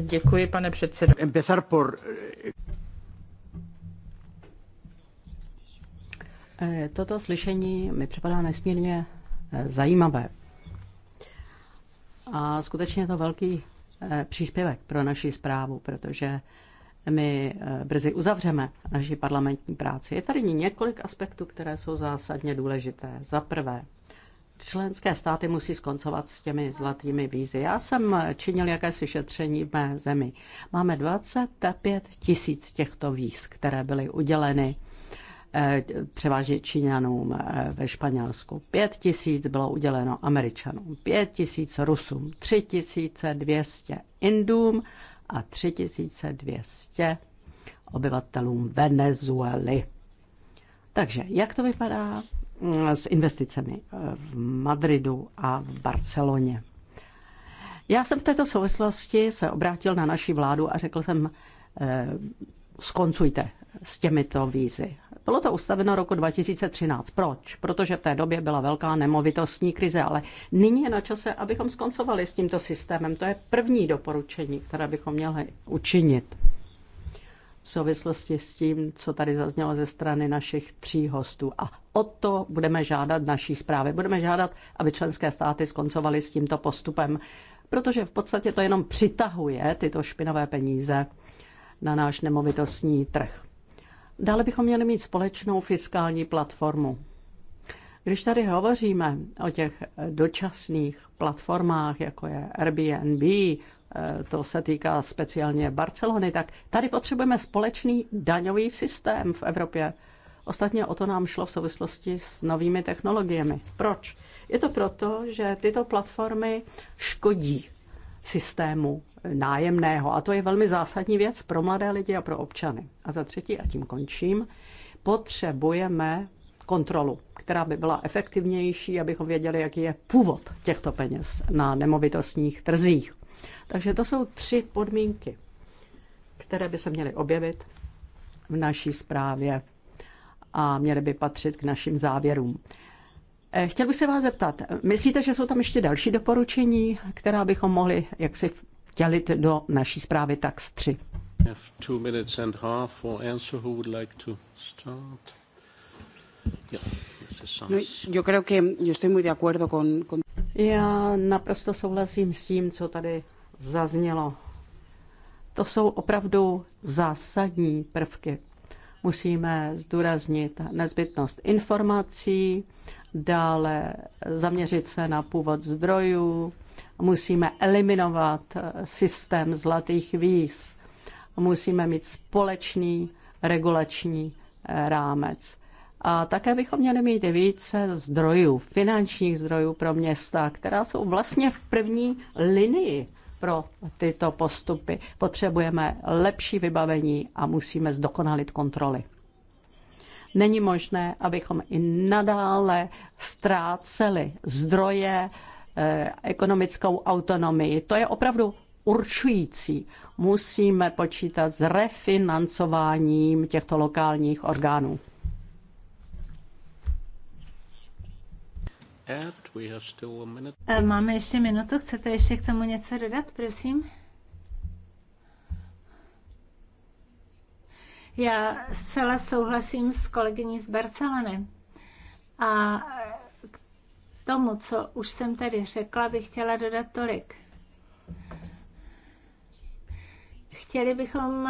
Děkuji, pane předsedo. Empezar por... Eh, toto slyšení mi připadá nesmírně eh, zajímavé. A skutečně to velký eh, příspěvek pro naši zprávu, protože my eh, brzy uzavřeme naši parlamentní práci. Je tady několik aspektů, které jsou zásadně důležité. Za prvé, členské státy musí skoncovat s těmi zlatými vízy. Já jsem činil jakési šetření v mé zemi. Máme 25 tisíc těchto víz, které byly uděleny eh, převážně Číňanům eh, ve Španělsku. Pět tisíc bylo uděleno Američanům, pět tisíc Rusům, tři tisíce dvěstě Indům a 3200 obyvatelům Venezuely. Takže jak to vypadá mm, s investicemi eh, v Madridu a v Barceloně? Já jsem v této souvislosti se obrátil na naši vládu a řekl jsem, eh, skoncujte s těmito vízy. Bylo to ustaveno roku 2013. Proč? Protože v té době byla velká nemovitostní krize, ale nyní je na čase, abychom skoncovali s tímto systémem. To je první doporučení, které bychom měli učinit v souvislosti s tím, co tady zaznělo ze strany našich tří hostů. A o to budeme žádat naší zprávy. Budeme žádat, aby členské státy skoncovaly s tímto postupem, protože v podstatě to jenom přitahuje tyto špinavé peníze na náš nemovitostní trh. Dále bychom měli mít společnou fiskální platformu. Když tady hovoříme o těch dočasných platformách, jako je Airbnb, eh, to se týká speciálně Barcelony, tak tady potřebujeme společný daňový systém v Evropě. Ostatně o to nám šlo v souvislosti s novými technologiemi. Proč? Je to proto, že tyto platformy škodí systému nájemného. A to je velmi zásadní věc pro mladé lidi a pro občany. A za třetí, a tím končím, potřebujeme kontrolu, která by byla efektivnější, abychom věděli, jaký je původ těchto peněz na nemovitostních trzích. Takže to jsou tři podmínky, které by se měly objevit v naší zprávě a měly by patřit k našim závěrům. Eh, chtěl bych se vás zeptat, eh, myslíte, že jsou tam ještě další doporučení, která bychom mohli jaksi vtělit do naší zprávy tak 3? No, Já naprosto souhlasím s tím, co tady zaznělo. To jsou opravdu zásadní prvky. Musíme zdůraznit nezbytnost informací dále zaměřit se na původ zdrojů, musíme eliminovat eh, systém zlatých víz, musíme mít společný regulační eh, rámec. A také bychom měli mít více zdrojů, finančních zdrojů pro města, která jsou vlastně v první linii pro tyto postupy. Potřebujeme lepší vybavení a musíme zdokonalit kontroly. Není možné, abychom i nadále ztráceli zdroje, eh, ekonomickou autonomii. To je opravdu určující. Musíme počítat s refinancováním těchto lokálních orgánů. Eh, máme ještě minutu, chcete ještě k tomu něco dodat, prosím? Já zcela souhlasím s kolegyní z Barcelony. A k tomu, co už jsem tady řekla, bych chtěla dodat tolik. Chtěli bychom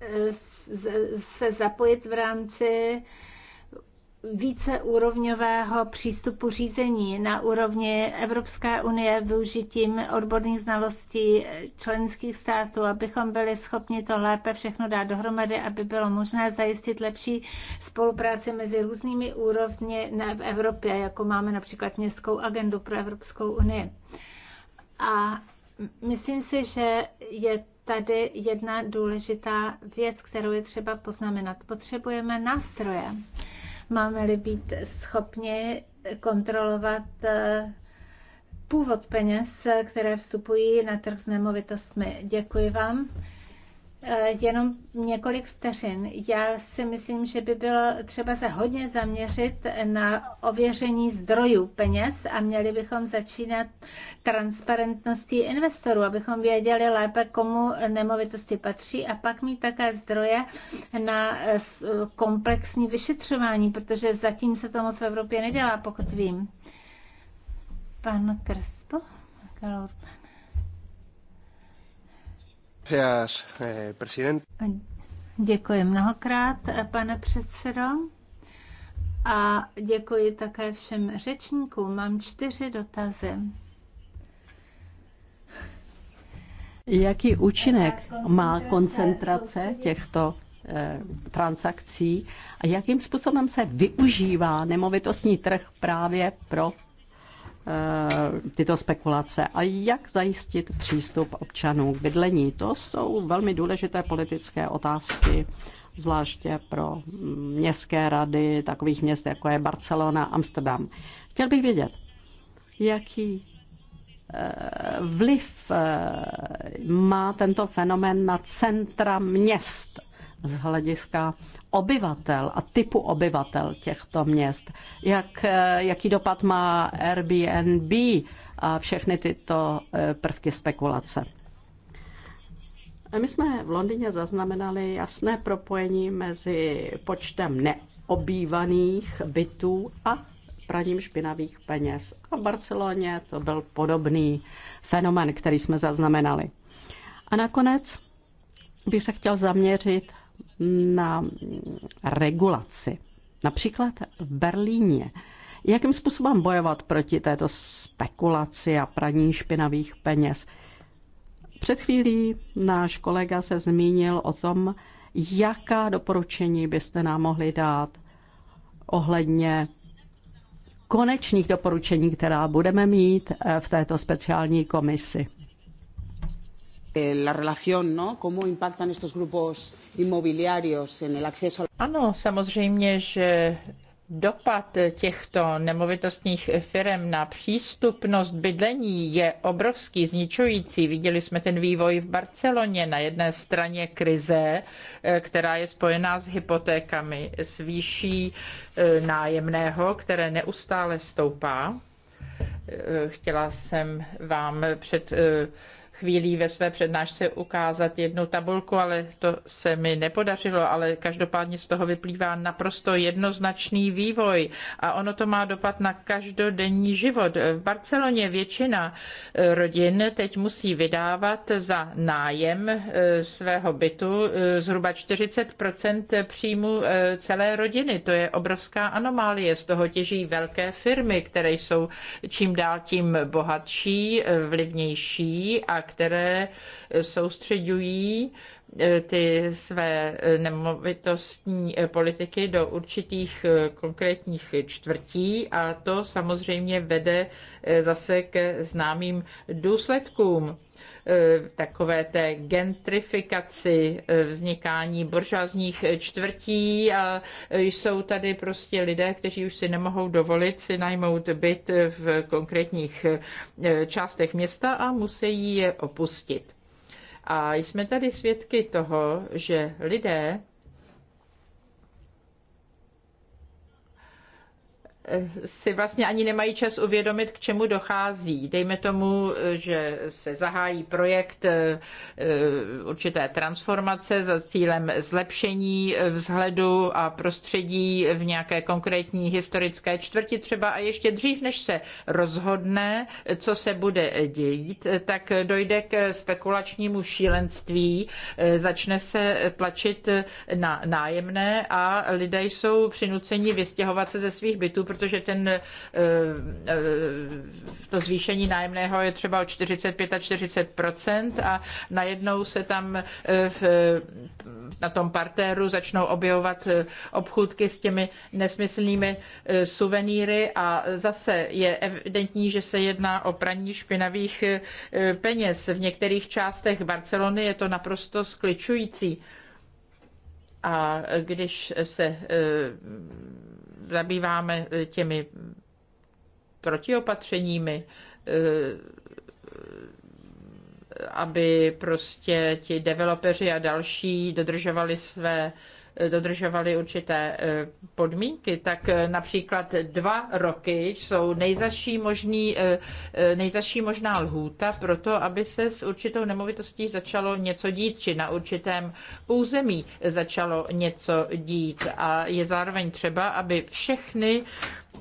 eh, se zapojit v rámci víceúrovňového přístupu řízení na úrovni Evropské unie využitím odborných znalostí členských států, abychom byli schopni to lépe všechno dát dohromady, aby bylo možné zajistit lepší spolupráci mezi různými úrovni v Evropě, jako máme například městskou agendu pro Evropskou unii. A myslím si, že je tady jedna důležitá věc, kterou je třeba poznamenat. Potřebujeme nástroje máme-li být schopni kontrolovat eh, původ peněz, eh, které vstupují na trh s nemovitostmi. Děkuji vám. Eh, jenom několik vteřin. Já si myslím, že by bylo třeba se hodně zaměřit na ověření zdrojů peněz a měli bychom začínat transparentností investorů, abychom věděli lépe, komu nemovitosti patří a pak mít také zdroje na eh, komplexní vyšetřování, protože zatím se to moc v Evropě nedělá, pokud vím. Pan Krespo? Galorban. Eh, děkuji mnohokrát, eh, pane předsedo. A děkuji také všem řečníkům. Mám čtyři dotazy. Jaký účinek má koncentrace těchto eh, transakcí a jakým způsobem se využívá nemovitostní trh právě pro Eh, tyto spekulace a jak zajistit přístup občanů k bydlení. To jsou velmi důležité politické otázky, zvláště pro městské rady takových měst, jako je Barcelona, Amsterdam. Chtěl bych vědět, jaký eh, vliv eh, má tento fenomén na centra měst z hlediska obyvatel a typu obyvatel těchto měst. Jak, eh, jaký dopad má Airbnb a všechny tyto eh, prvky spekulace? My jsme v Londýně zaznamenali jasné propojení mezi počtem neobývaných bytů a praním špinavých peněz. A v Barceloně to byl podobný fenomen, který jsme zaznamenali. A nakonec bych se chtěl zaměřit na regulaci. Například v Berlíně. Jakým způsobem bojovat proti této spekulaci a praní špinavých peněz? Před chvílí náš kolega se zmínil o tom, jaká doporučení byste nám mohli dát ohledně konečných doporučení, která budeme mít eh, v této speciální komisi. Eh, la relación, ¿no? Cómo impactan estos grupos inmobiliarios en el acceso. Ano, samozřejmě, že dopad těchto nemovitostních firm na přístupnost bydlení je obrovský, zničující. Viděli jsme ten vývoj v Barceloně na jedné straně krize, eh, která je spojená s hypotékami, s výší eh, nájemného, které neustále stoupá. Chtěla jsem vám před chvílí ve své přednášce ukázat jednu tabulku, ale to se mi nepodařilo, ale každopádně z toho vyplývá naprosto jednoznačný vývoj a ono to má dopad na každodenní život. V Barceloně většina eh, rodin teď musí vydávat za nájem eh, svého bytu eh, zhruba 40% příjmu celé rodiny. To je obrovská anomálie. Z toho těží velké firmy, které jsou čím dál tím bohatší, vlivnější a které eh, soustředují eh, ty své eh, nemovitostní politiky do určitých konkrétních čtvrtí a to samozřejmě vede zase ke známým důsledkům. E, takové té gentrifikaci, e, vznikání buržázních čtvrtí a jsou tady prostě lidé, kteří už si nemohou dovolit si najmout byt v konkrétních e, částech města a musí je opustit. A jsme tady svědky toho, že lidé, Eh, si vlastně ani nemají čas uvědomit, k čemu dochází. Dejme tomu, eh, že se zahájí projekt eh, určité transformace za cílem zlepšení vzhledu a prostředí v nějaké konkrétní historické čtvrti třeba a ještě dřív, než se rozhodne, co se bude dít, tak dojde k spekulačnímu šílenství, začne se tlačit na nájemné a lidé jsou přinuceni vystěhovat se ze svých bytů, protože ten, eh, eh, to zvýšení nájemného je třeba o 45 a 40 a najednou se tam eh, v, na tom partéru začnou objevovat obchůdky s těmi nesmyslnými suvenýry a zase je evidentní, že se jedná o praní špinavých peněz. V některých částech Barcelony je to naprosto skličující. A když se zabýváme e, těmi protiopatřeními, e, e, aby prostě ti developeři a další dodržovali své dodržovali určité eh, podmínky, tak eh, například dva roky jsou nejzaší, možný, eh, nejzaší možná lhůta pro to, aby se s určitou nemovitostí začalo něco dít, či na určitém území začalo něco dít. A je zároveň třeba, aby všechny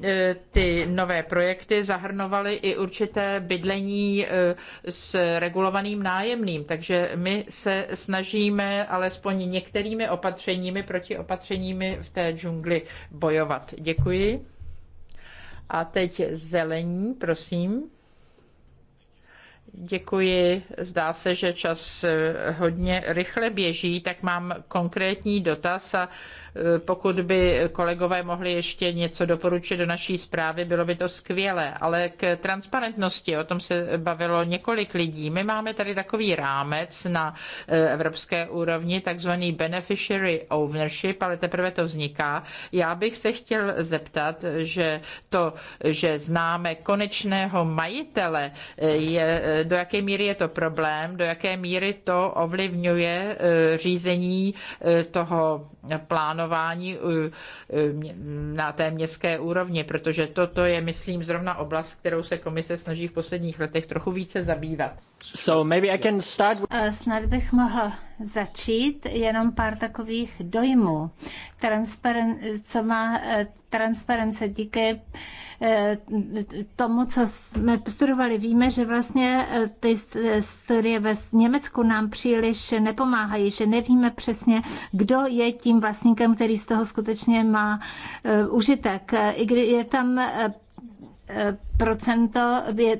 E, ty nové projekty zahrnovaly i určité bydlení e, s regulovaným nájemným, takže my se snažíme alespoň některými opatřeními, proti opatřeními v té džungli bojovat. Děkuji. A teď zelení, prosím. Děkuji. Zdá se, že čas hodně rychle běží, tak mám konkrétní dotaz a Eh, pokud by kolegové mohli ještě něco doporučit do naší zprávy, bylo by to skvělé. Ale k transparentnosti, o tom se bavilo několik lidí. My máme tady takový rámec na eh, evropské úrovni, takzvaný beneficiary ownership, ale teprve to vzniká. Já bych se chtěl zeptat, že to, že známe konečného majitele, eh, je, do jaké míry je to problém, do jaké míry to ovlivňuje řízení toho plánu plánování eh, eh, na té městské úrovni, protože toto je, myslím, zrovna oblast, kterou se komise snaží v posledních letech trochu více zabývat. So maybe I can start... Eh, snad bych mohla začít jenom pár takových dojmů, Transparen, co má eh, transparence díky eh, tomu, co jsme studovali. Víme, že vlastně ty studie ve Německu nám příliš nepomáhají, že nevíme přesně, kdo je tím vlastníkem, který z toho skutečně má užitek. I kdy je tam procento,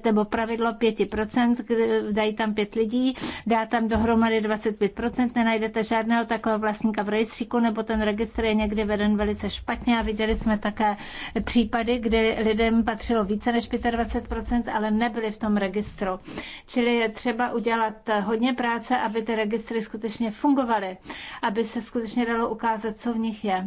nebo pravidlo 5%, dají tam pět lidí, dá tam dohromady 25%, nenajdete žádného takového vlastníka v rejstříku, nebo ten registr je někdy veden velice špatně a viděli jsme také případy, kdy lidem patřilo více než 25%, ale nebyli v tom registru. Čili je třeba udělat hodně práce, aby ty registry skutečně fungovaly, aby se skutečně dalo ukázat, co v nich je.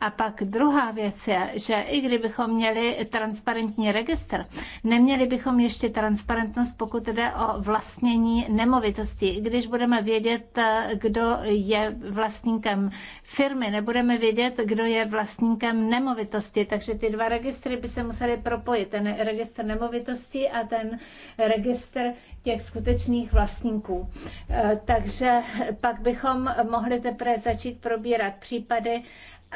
A pak druhá věc je, že i kdybychom měli transparentní registr, neměli bychom ještě transparentnost, pokud jde o vlastnění nemovitosti. I když budeme vědět, eh, kdo je vlastníkem firmy, nebudeme vědět, kdo je vlastníkem nemovitosti. Takže ty dva registry by se musely propojit. Ten registr nemovitostí a ten registr těch skutečných vlastníků. Eh, takže pak bychom mohli teprve začít probírat případy,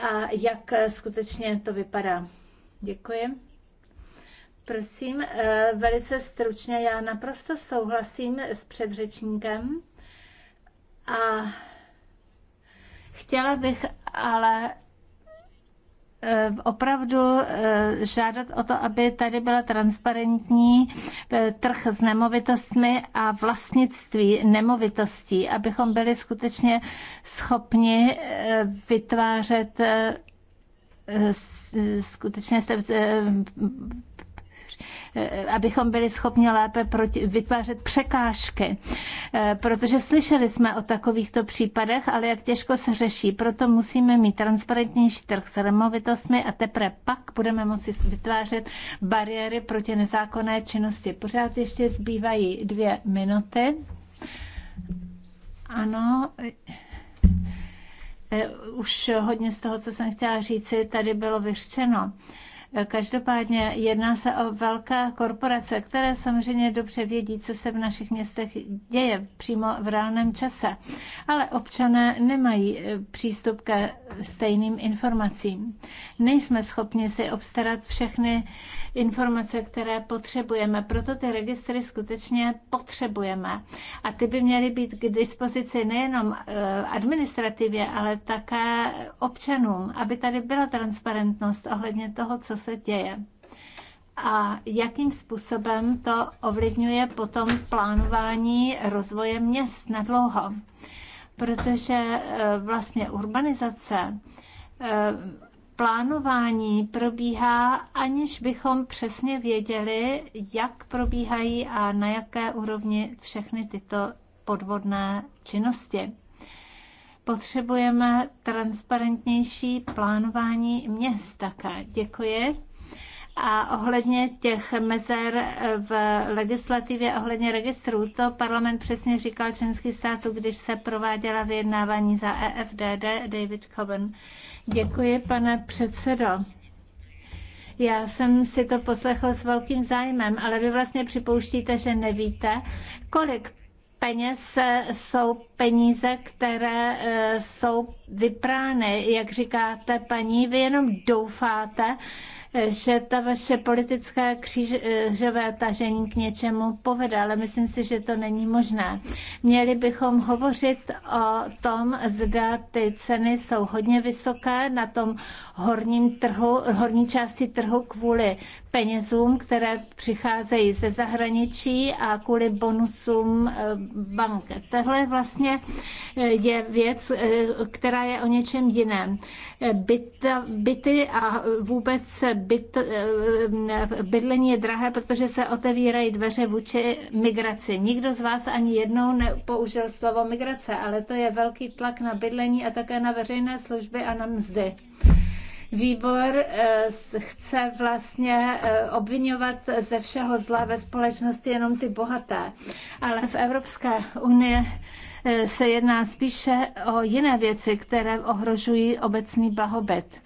a jak eh, skutečně to vypadá. Děkuji. Prosím, eh, velice stručně, já naprosto souhlasím s předřečníkem a chtěla bych ale Eh, opravdu eh, žádat o to, aby tady byla transparentní eh, trh s nemovitostmi a vlastnictví nemovitostí, abychom byli skutečně schopni vytvářet skutečně Eh, abychom byli schopni lépe proti, vytvářet překážky. Eh, protože slyšeli jsme o takovýchto případech, ale jak těžko se řeší. Proto musíme mít transparentnější trh s nemovitostmi a teprve pak budeme moci vytvářet bariéry proti nezákonné činnosti. Pořád ještě zbývají dvě minuty. Ano, eh, už hodně z toho, co jsem chtěla říci, tady bylo vyřčeno. Každopádně jedná se o velké korporace, které samozřejmě dobře vědí, co se v našich městech děje přímo v reálném čase. Ale občané nemají e, přístup ke stejným informacím. Nejsme schopni si obstarat všechny informace, které potřebujeme. Proto ty registry skutečně potřebujeme. A ty by měly být k dispozici nejenom eh, administrativě, ale také občanům, aby tady byla transparentnost ohledně toho, co se děje a jakým způsobem to ovlivňuje potom plánování rozvoje měst na dlouho. Protože eh, vlastně urbanizace eh, plánování probíhá, aniž bychom přesně věděli, jak probíhají a na jaké úrovni všechny tyto podvodné činnosti. Potřebujeme transparentnější plánování měst také. Děkuji. A ohledně těch mezer v legislativě, ohledně registrů, to parlament přesně říkal členský státu, když se prováděla vyjednávání za EFDD David Coben. Děkuji, pane předsedo. Já jsem si to poslechl s velkým zájmem, ale vy vlastně připouštíte, že nevíte, kolik peněz jsou peníze, které eh, jsou vyprány, jak říkáte paní, vy jenom doufáte, eh, že ta vaše politická křížové eh, tažení k něčemu povede, ale myslím si, že to není možné. Měli bychom hovořit o tom, zda ty ceny jsou hodně vysoké na tom horním trhu, horní části trhu kvůli penězům, které přicházejí ze zahraničí a kvůli bonusům bank. Tohle je vlastně vlastně je věc, eh, která je o něčem jiném. Byt, byty a vůbec byt, eh, bydlení je drahé, protože se otevírají dveře vůči migraci. Nikdo z vás ani jednou nepoužil slovo migrace, ale to je velký tlak na bydlení a také na veřejné služby a na mzdy výbor chce vlastně obvinovat ze všeho zla ve společnosti jenom ty bohaté. Ale v Evropské unii Eh, se jedná spíše o jiné věci, které ohrožují obecný blahobyt.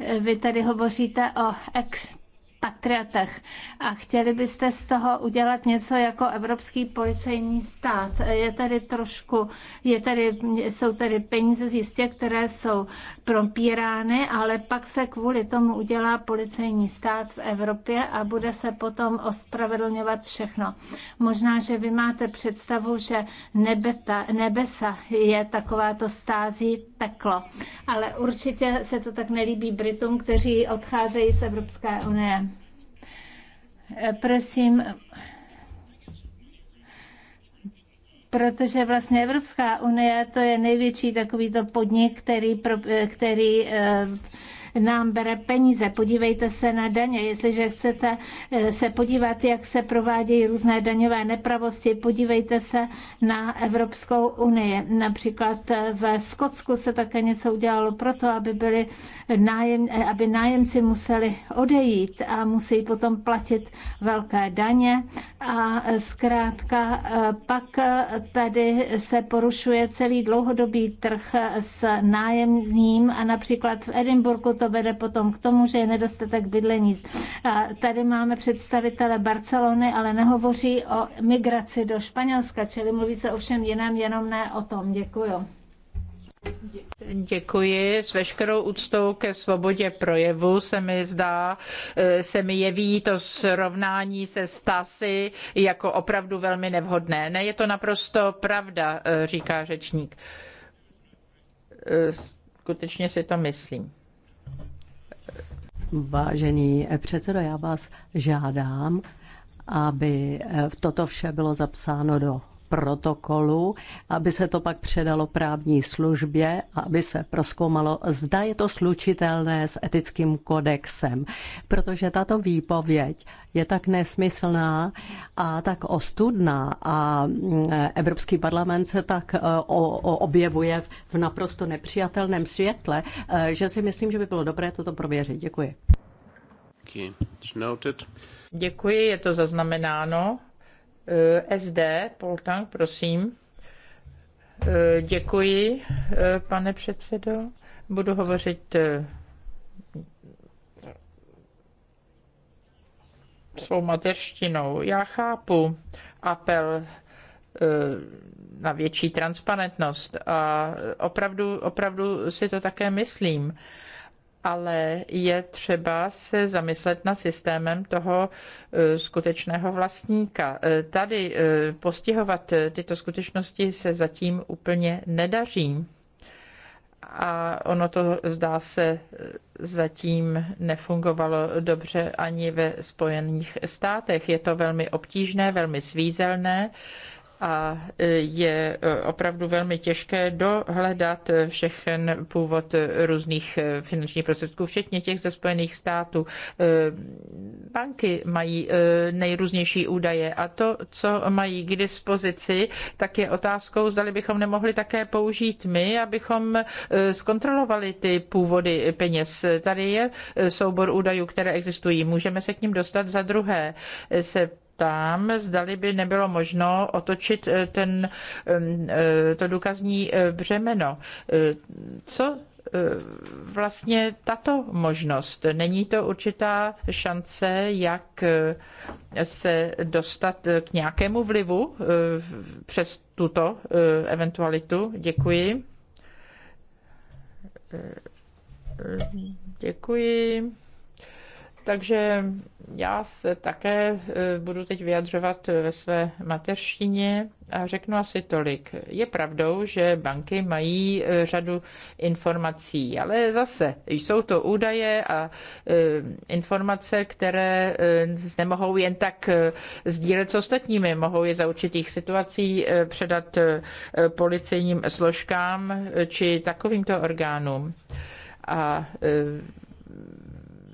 Eh, vy tady hovoříte o ex patriotech a chtěli byste z toho udělat něco jako evropský policejní stát. Eh, je tady trošku, je tady, jsou tady peníze z jistě, které jsou propírány, ale pak se kvůli tomu udělá policejní stát v Evropě a bude se potom ospravedlňovat všechno. Možná, že vy máte představu, že nebeta, nebesa je takováto stází peklo, ale určitě se to tak nelíbí Britům, kteří odcházejí z Evropské unie. Prosím, protože vlastně Evropská unie to je největší takovýto podnik, který, který eh, nám bere peníze. Podívejte se na daně. Jestliže chcete eh, se podívat, jak se provádějí různé daňové nepravosti, podívejte se na Evropskou unii. Například eh, v Skotsku se také něco udělalo proto, aby, byli nájem, eh, aby nájemci museli odejít a musí potom platit velké daně a zkrátka pak tady se porušuje celý dlouhodobý trh s nájemním a například v Edinburghu to to vede potom k tomu, že je nedostatek bydlení. A tady máme představitele Barcelony, ale nehovoří o migraci do Španělska, čili mluví se o všem jiném, jenom ne o tom. Děkuju. Děkuji. S veškerou úctou ke svobodě projevu se mi zdá, e, se mi jeví to srovnání se Stasy jako opravdu velmi nevhodné. Ne, je to naprosto pravda, e, říká řečník. E, skutečně si to myslím. Vážený předsedo, já vás žádám, aby eh, toto vše bylo zapsáno do protokolu, aby se to pak předalo právní službě a aby se proskoumalo, zda je to slučitelné s etickým kodexem. Protože tato výpověď je tak nesmyslná a tak ostudná a mm, Evropský parlament se tak e, objevuje v naprosto nepřijatelném světle, e, že si myslím, že by bylo dobré toto prověřit. Děkuji. Děkuji, je to zaznamenáno. Eh, SD, Poltang, prosím. Eh, děkuji, eh, pane předsedo. Budu hovořit svou mateřštinou. Já chápu apel na větší transparentnost a opravdu, opravdu si to také myslím ale je třeba se zamyslet nad systémem toho e, skutečného vlastníka. E, tady e, postihovat tyto skutečnosti se zatím úplně nedaří a ono to zdá se zatím nefungovalo dobře ani ve Spojených státech. Je to velmi obtížné, velmi svízelné a e, je e, opravdu velmi těžké dohledat všechen původ různých e, finančních prostředků, včetně těch ze Spojených států. Banky mají nejrůznější údaje a to, co mají k dispozici, tak je otázkou, zdali bychom nemohli také použít my, abychom zkontrolovali ty původy peněz. Tady je soubor údajů, které existují. Můžeme se k ním dostat. Za druhé se ptám, zdali by nebylo možno otočit eh, ten, eh, to důkazní eh, břemeno. Co vlastně tato možnost? Není to určitá šance, jak se dostat k nějakému vlivu přes tuto eventualitu? Děkuji. Děkuji. Takže já se také e, budu teď vyjadřovat ve své mateřštině a řeknu asi tolik. Je pravdou, že banky mají e, řadu informací, ale zase jsou to údaje a e, informace, které nemohou jen tak sdílet s ostatními. Mohou je za určitých situací předat policejním složkám či takovýmto orgánům. A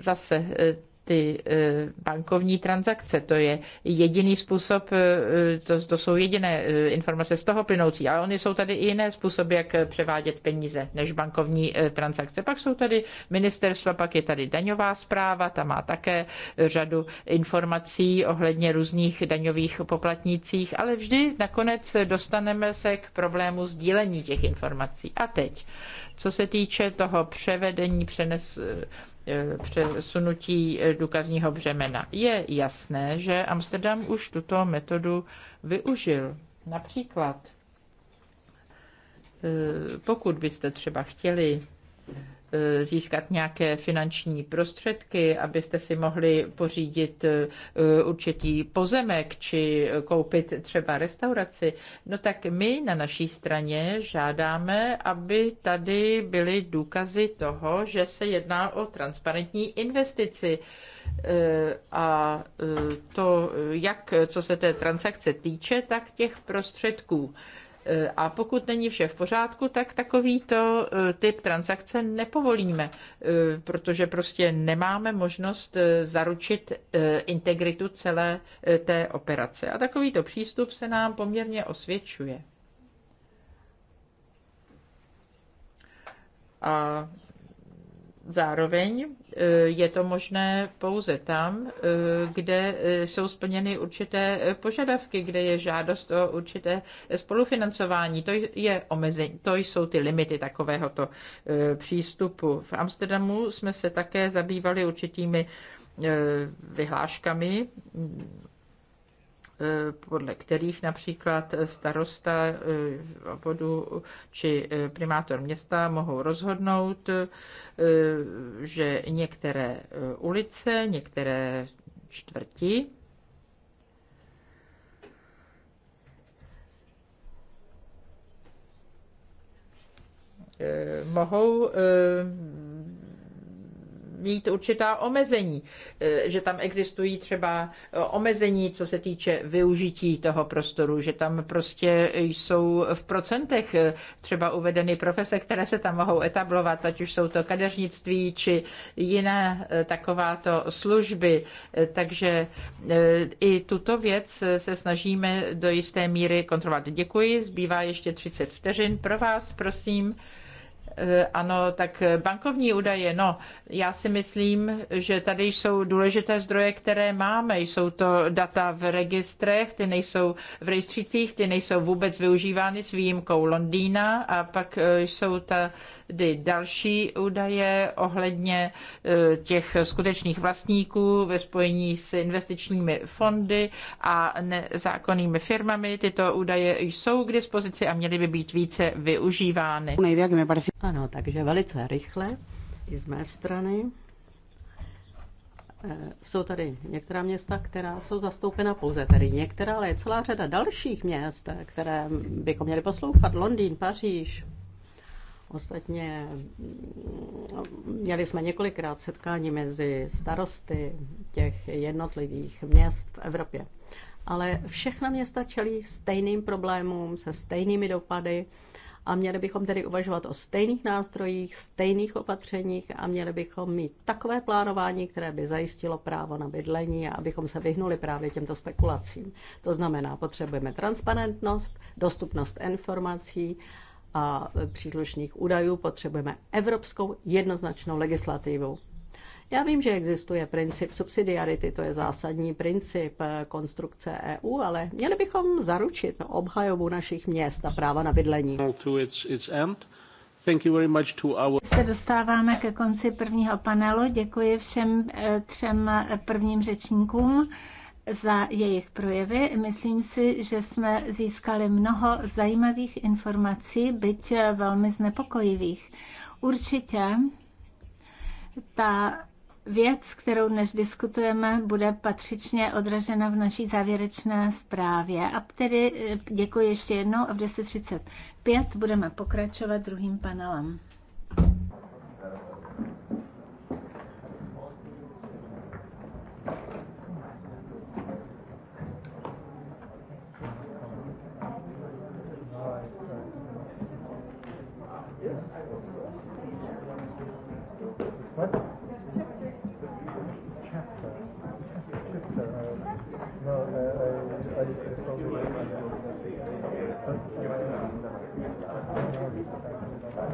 zase eh, ty eh, bankovní transakce. To je jediný způsob, eh, to, to jsou jediné informace z toho plynoucí, ale oni jsou tady i jiné způsoby, jak převádět peníze než bankovní transakce. Pak jsou tady ministerstva, pak je tady daňová zpráva, ta má také řadu informací ohledně různých daňových poplatnících, ale vždy nakonec dostaneme se k problému sdílení těch informací. A teď, co se týče toho převedení, přenes, přesunutí eh, důkazního břemena. Je jasné, že Amsterdam už tuto metodu využil. Například, eh, pokud byste třeba chtěli Eh, získat nějaké finanční prostředky, abyste si mohli pořídit eh, určitý pozemek či koupit třeba restauraci, no tak my na naší straně žádáme, aby tady byly důkazy toho, že se jedná o transparentní investici. Eh, a to jak co se té transakce týče, tak těch prostředků. E, a pokud není vše v pořádku, tak takovýto e, typ transakce nepovolíme, e, protože prostě nemáme možnost zaručit integritu celé té operace. A takovýto přístup se nám poměrně osvědčuje. A Zároveň eh, je to možné pouze tam, eh, kde eh, jsou splněny určité požadavky, kde je žádost o určité spolufinancování. To, je omezení, to jsou ty limity takovéhoto přístupu. V Amsterdamu jsme se také zabývali určitými vyhláškami Eh, podle kterých například starosta eh, obvodu či eh, primátor města mohou rozhodnout, že některé ulice, některé čtvrti mohou mít určitá omezení, e, že tam existují třeba e, omezení, co se týče využití toho prostoru, že tam prostě jsou v procentech e, třeba uvedeny profese, které se tam mohou etablovat, ať už jsou to kadeřnictví či jiné takováto služby. Takže i tuto věc se snažíme do jisté míry kontrolovat. Děkuji, zbývá ještě 30 vteřin pro vás, prosím. Eh, ano, tak bankovní údaje, no, já si myslím, že tady jsou důležité zdroje, které máme. Jsou to data v registrech, ty nejsou v rejstřících, ty nejsou vůbec využívány s výjimkou Londýna a pak eh, jsou tady další údaje ohledně eh, těch skutečných vlastníků ve spojení s investičními fondy a nezákonnými firmami. Tyto údaje jsou k dispozici a měly by být více využívány. Nejvíc, ano, takže velice rychle i z mé strany. Eh, jsou tady některá města, která jsou zastoupena pouze tady. některá, ale je celá řada dalších měst, které bychom měli poslouchat. Londýn, Paříž. Ostatně mm, měli jsme několikrát setkání mezi starosty těch jednotlivých měst v Evropě. Ale všechna města čelí stejným problémům, se stejnými dopady a měli bychom tedy uvažovat o stejných nástrojích, stejných opatřeních a měli bychom mít takové plánování, které by zajistilo právo na bydlení a abychom se vyhnuli právě těmto spekulacím. To znamená, potřebujeme transparentnost, dostupnost informací a příslušných údajů, potřebujeme evropskou jednoznačnou legislativu. Já vím, že existuje princip subsidiarity, to je zásadní princip eh, konstrukce EU, ale měli bychom zaručit obhajobu našich měst a práva na bydlení. Se dostáváme ke konci prvního panelu. Děkuji všem eh, třem eh, prvním řečníkům za jejich projevy. Myslím si, že jsme získali mnoho zajímavých informací, byť velmi znepokojivých. Určitě ta věc, kterou dnes diskutujeme, bude patřičně odražena v naší závěrečné zprávě. A tedy eh, děkuji ještě jednou a v 10.35 budeme pokračovat druhým panelem.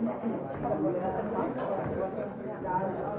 Thank you.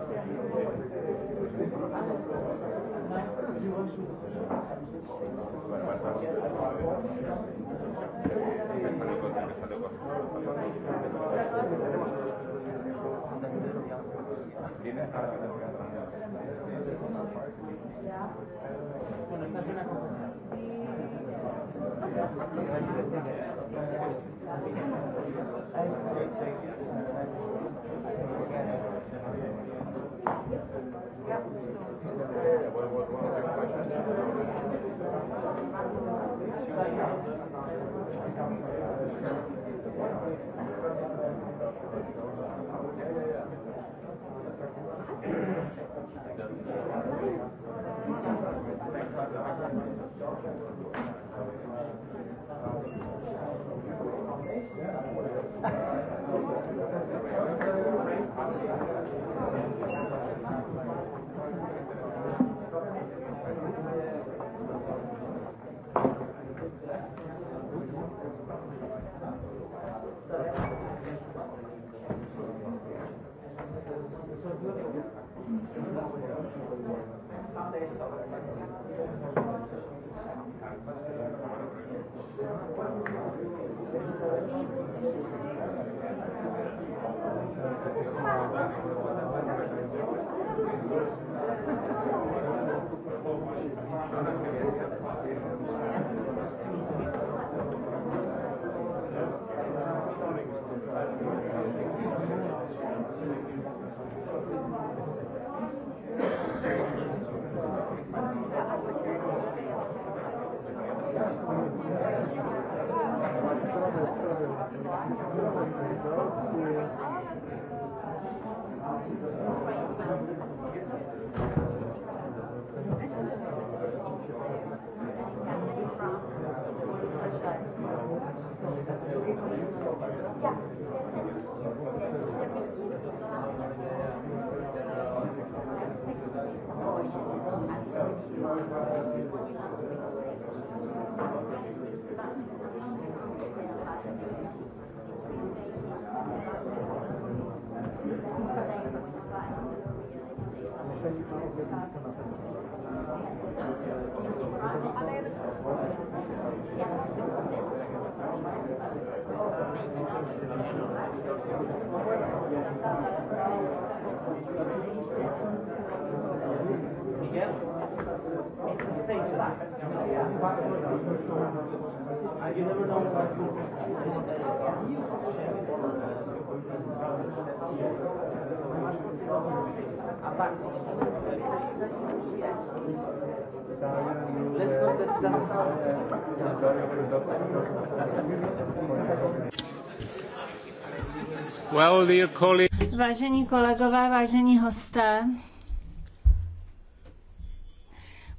Vážení kolegové, vážení hosté,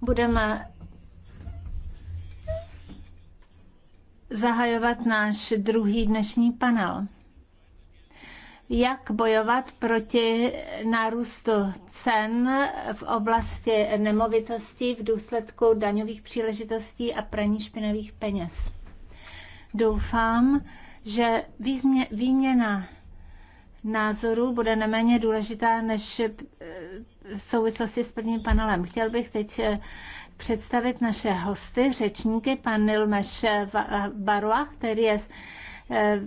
budeme zahajovat náš druhý dnešní panel jak bojovat proti nárůstu cen v oblasti nemovitostí v důsledku daňových příležitostí a praní špinavých peněz. Doufám, že výzmě, výměna názorů bude neméně důležitá než eh, v souvislosti s prvním panelem. Chtěl bych teď eh, představit naše hosty, řečníky, pan Nilmeš Barua, který je Eh,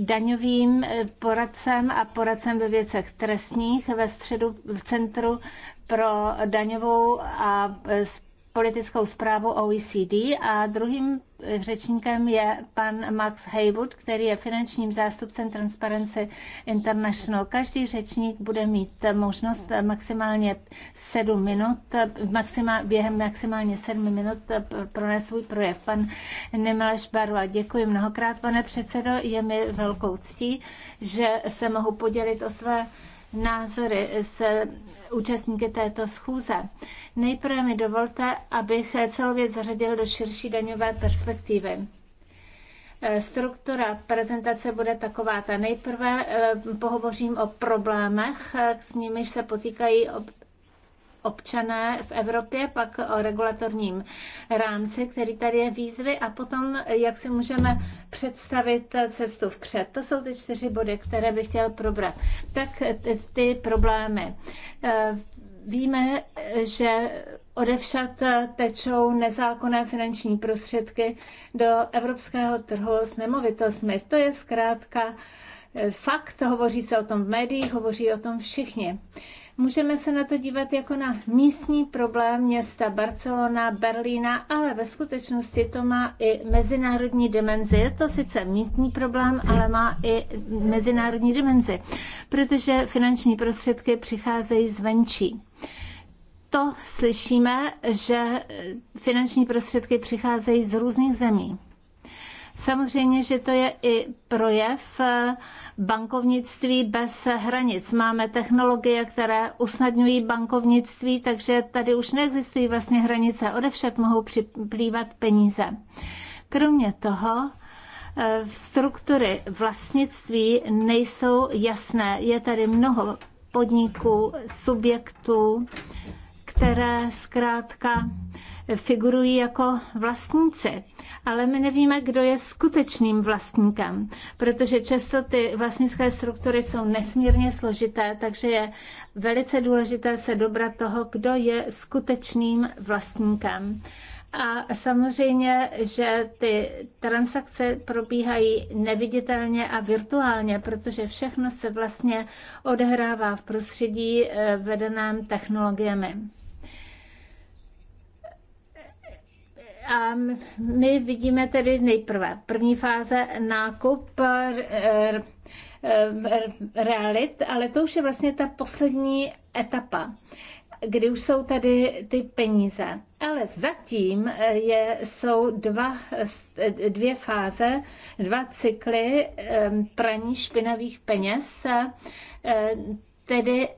daňovým eh, poradcem a poradcem ve věcech trestních ve středu v Centru pro daňovou a eh, politickou zprávu OECD a druhým řečníkem je pan Max Haywood, který je finančním zástupcem Transparency International. Každý řečník bude mít možnost maximálně 7 minut, maximál, během maximálně 7 minut pronést svůj projev. Pan Nemaleš Barua, děkuji mnohokrát, pane předsedo, je mi velkou ctí, že se mohu podělit o své názory se účastníky této schůze. Nejprve mi dovolte, abych celou věc zařadil do širší daňové perspektivy. Eh, struktura prezentace bude taková. Ta nejprve eh, pohovořím o problémech, eh, s nimiž se potýkají občané v Evropě, pak o regulatorním rámci, který tady je výzvy a potom, jak si můžeme představit cestu vpřed. To jsou ty čtyři body, které bych chtěl probrat. Tak ty problémy. Eh, víme, že odevšad tečou nezákonné finanční prostředky do evropského trhu s nemovitostmi. To je zkrátka eh, fakt, hovoří se o tom v médiích, hovoří o tom všichni. Můžeme se na to dívat jako na místní problém města Barcelona, Berlína, ale ve skutečnosti to má i mezinárodní dimenzi. Je to sice místní problém, ale má i mezinárodní dimenzi, protože finanční prostředky přicházejí zvenčí to slyšíme, že finanční prostředky přicházejí z různých zemí. Samozřejmě, že to je i projev eh, bankovnictví bez hranic. Máme technologie, které usnadňují bankovnictví, takže tady už neexistují vlastně hranice. Odevšad mohou připlývat peníze. Kromě toho, eh, struktury vlastnictví nejsou jasné. Je tady mnoho podniků, subjektů, které zkrátka figurují jako vlastníci, ale my nevíme, kdo je skutečným vlastníkem, protože často ty vlastnické struktury jsou nesmírně složité, takže je velice důležité se dobrat toho, kdo je skutečným vlastníkem. A samozřejmě, že ty transakce probíhají neviditelně a virtuálně, protože všechno se vlastně odehrává v prostředí eh, vedeném technologiemi. A my vidíme tedy nejprve první fáze nákup eh, eh, realit, ale to už je vlastně ta poslední etapa kdy už jsou tady ty peníze. Ale zatím eh, je, jsou dva, dvě fáze, dva cykly praní špinavých peněz, tedy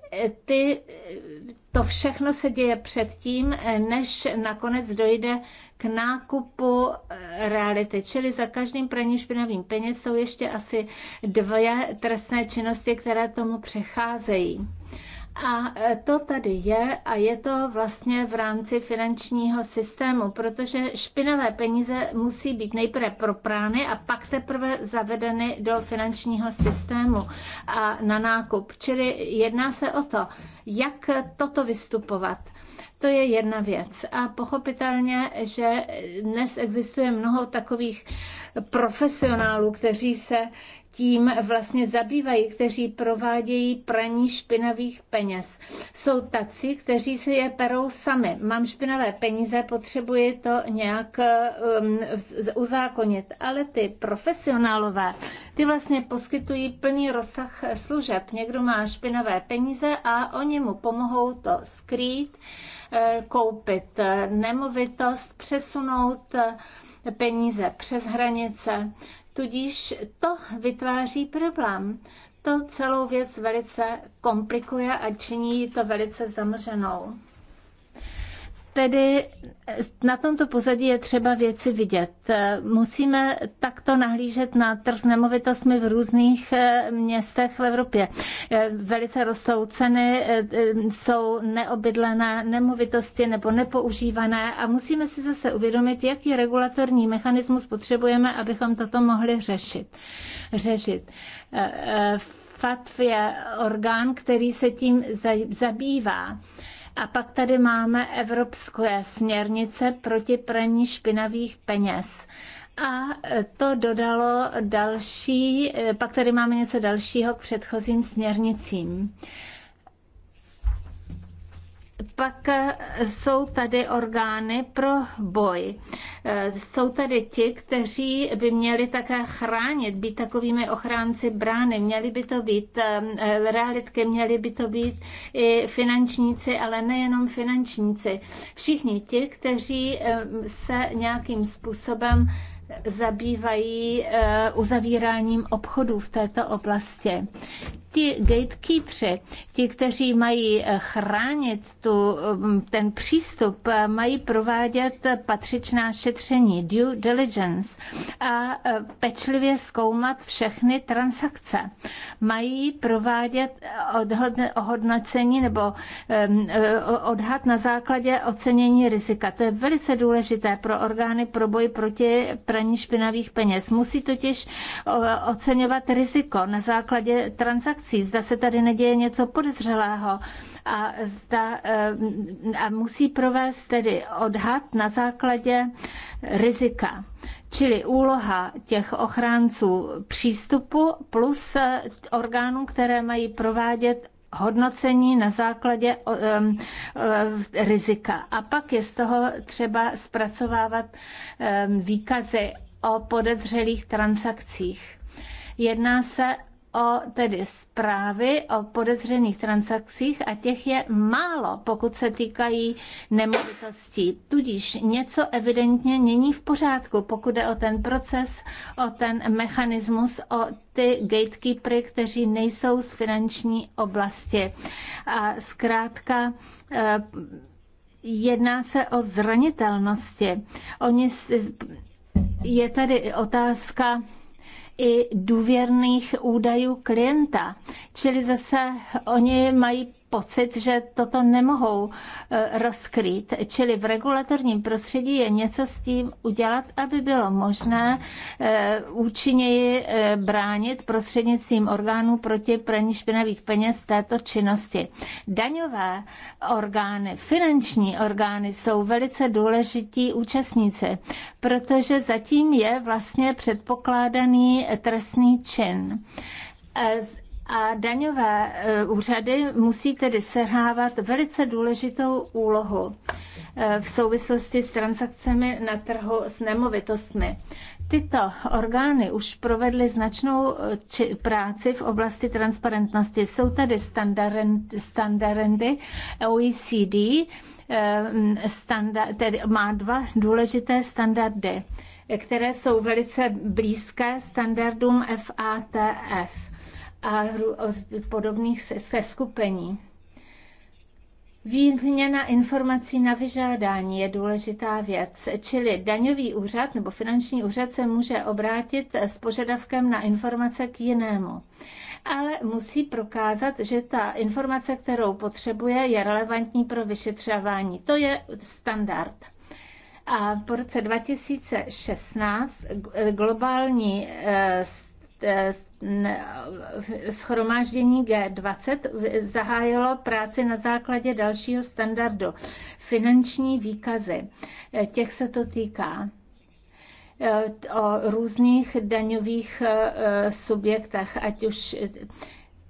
ty to všechno se děje předtím, než nakonec dojde k nákupu eh, reality. Čili za každým praním špinavým peněz jsou ještě asi dvě trestné činnosti, které tomu přecházejí. A e, to tady je a je to vlastně v rámci finančního systému, protože špinavé peníze musí být nejprve proprány a pak teprve zavedeny do finančního systému a na nákup. Čili jedná se o to, jak toto vystupovat. To je jedna věc. A pochopitelně, že dnes existuje mnoho takových profesionálů, kteří se tím vlastně zabývají, kteří provádějí praní špinavých peněz. Jsou taci, kteří si je perou sami. Mám špinavé peníze, potřebuji to nějak um, uzákonit. Ale ty profesionálové, ty vlastně poskytují plný rozsah služeb. Někdo má špinavé peníze a oni mu pomohou to skrýt, eh, koupit eh, nemovitost, přesunout eh, peníze přes hranice. Tudíž to vytváří problém. To celou věc velice komplikuje a činí to velice zamlženou. Tedy eh, na tomto pozadí je třeba věci vidět. Eh, musíme takto nahlížet na trh s nemovitostmi v různých eh, městech v Evropě. Velice rostou ceny, jsou neobydlené nemovitosti nebo nepoužívané a musíme si zase uvědomit, jaký regulatorní mechanismus potřebujeme, abychom toto mohli řešit. řešit. FATF je orgán, který se tím zabývá a pak tady máme evropské směrnice proti praní špinavých peněz. A to dodalo další, eh, pak tady máme něco dalšího k předchozím směrnicím. Pak eh, jsou tady orgány pro boj. Eh, jsou tady ti, kteří by měli také chránit, být takovými ochránci brány. Měli by to být eh, realitky, měli by to být i finančníci, ale nejenom finančníci. Všichni ti, kteří se nějakým způsobem zabývají uzavíráním obchodů v této oblasti ti gatekeepři, ti, kteří mají eh, chránit tu, mm, ten přístup, eh, mají provádět patřičná šetření, due diligence a eh, pečlivě zkoumat všechny transakce. Mají provádět ohodnocení nebo odhad na základě ocenění rizika. To je velice důležité pro orgány pro boj proti praní špinavých peněz. Musí totiž oceňovat riziko na základě transakce reakcí, zda se tady neděje něco podezřelého a, zda, eh, a musí provést tedy odhad na základě rizika. Čili úloha těch ochránců přístupu plus eh, orgánů, které mají provádět hodnocení na základě um, rizika. A pak je z toho třeba zpracovávat um, výkazy o podezřelých transakcích. Jedná se o tedy zprávy o podezřených transakcích a těch je málo, pokud se týkají nemovitostí. Tudíž něco evidentně není v pořádku, pokud jde o ten proces, o ten mechanismus, o ty gatekeepery, kteří nejsou z finanční oblasti. A zkrátka eh, jedná se o zranitelnosti. Oni, je tady otázka, i důvěrných údajů klienta. Čili zase oni mají pocit, že toto nemohou eh, rozkrýt. Čili v regulatorním prostředí je něco s tím udělat, aby bylo možné eh, účinněji eh, bránit prostřednictvím orgánů proti praní špinavých peněz této činnosti. Daňové orgány, finanční orgány jsou velice důležití účastníci, protože zatím je vlastně předpokládaný trestný čin a daňové e, úřady musí tedy sehrávat velice důležitou úlohu e, v souvislosti s transakcemi na trhu s nemovitostmi. Tyto orgány už provedly značnou e, či, práci v oblasti transparentnosti. Jsou tady standardy OECD, standard, tedy má dva důležité standardy, které jsou velice blízké standardům FATF a podobných seskupení. Výměna informací na vyžádání je důležitá věc, čili daňový úřad nebo finanční úřad se může obrátit s požadavkem na informace k jinému ale musí prokázat, že ta informace, kterou potřebuje, je relevantní pro vyšetřování. To je standard. A po roce 2016 globální eh, Eh, schromáždění G20 zahájilo práci na základě dalšího standardu. Finanční výkazy, eh, těch se to týká eh, o různých daňových subjektech, ať už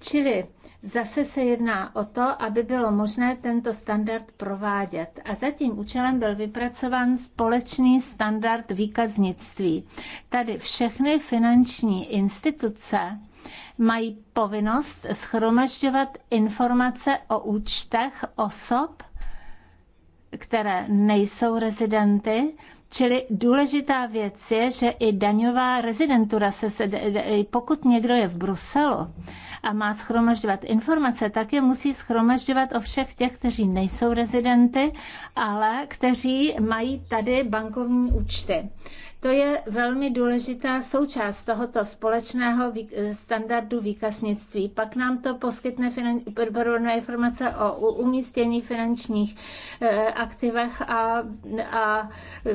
čili Zase se jedná o to, aby bylo možné tento standard provádět. A za tím účelem byl vypracován společný standard výkaznictví. Tady všechny finanční instituce mají povinnost schromažďovat informace o účtech osob, které nejsou rezidenty, Čili důležitá věc je, že i daňová rezidentura, se, se, pokud někdo je v Bruselu a má schromažďovat informace, tak je musí schromažďovat o všech těch, kteří nejsou rezidenty, ale kteří mají tady bankovní účty. To je velmi důležitá součást tohoto společného eh, standardu výkaznictví. Pak nám to poskytne finan... informace o umístění finančních eh, aktivech a, a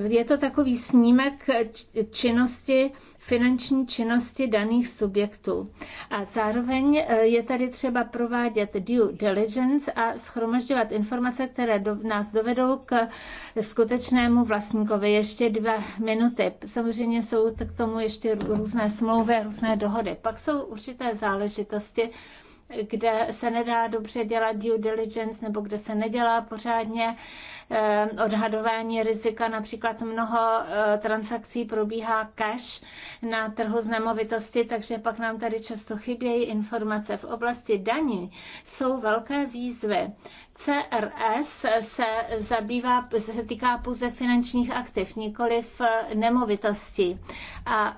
je to takový snímek činnosti finanční činnosti daných subjektů. A zároveň eh, je tady třeba provádět due diligence a schromažďovat informace, které do, nás dovedou k skutečnému vlastníkovi. Ještě dva minuty samozřejmě jsou k tomu ještě různé smlouvy a různé dohody. Pak jsou určité záležitosti, kde se nedá dobře dělat due diligence nebo kde se nedělá pořádně eh, odhadování rizika. Například mnoho eh, transakcí probíhá cash na trhu z nemovitosti, takže pak nám tady často chybějí informace. V oblasti daní jsou velké výzvy. CRS se zabývá, se týká pouze finančních aktiv, v eh, nemovitosti. A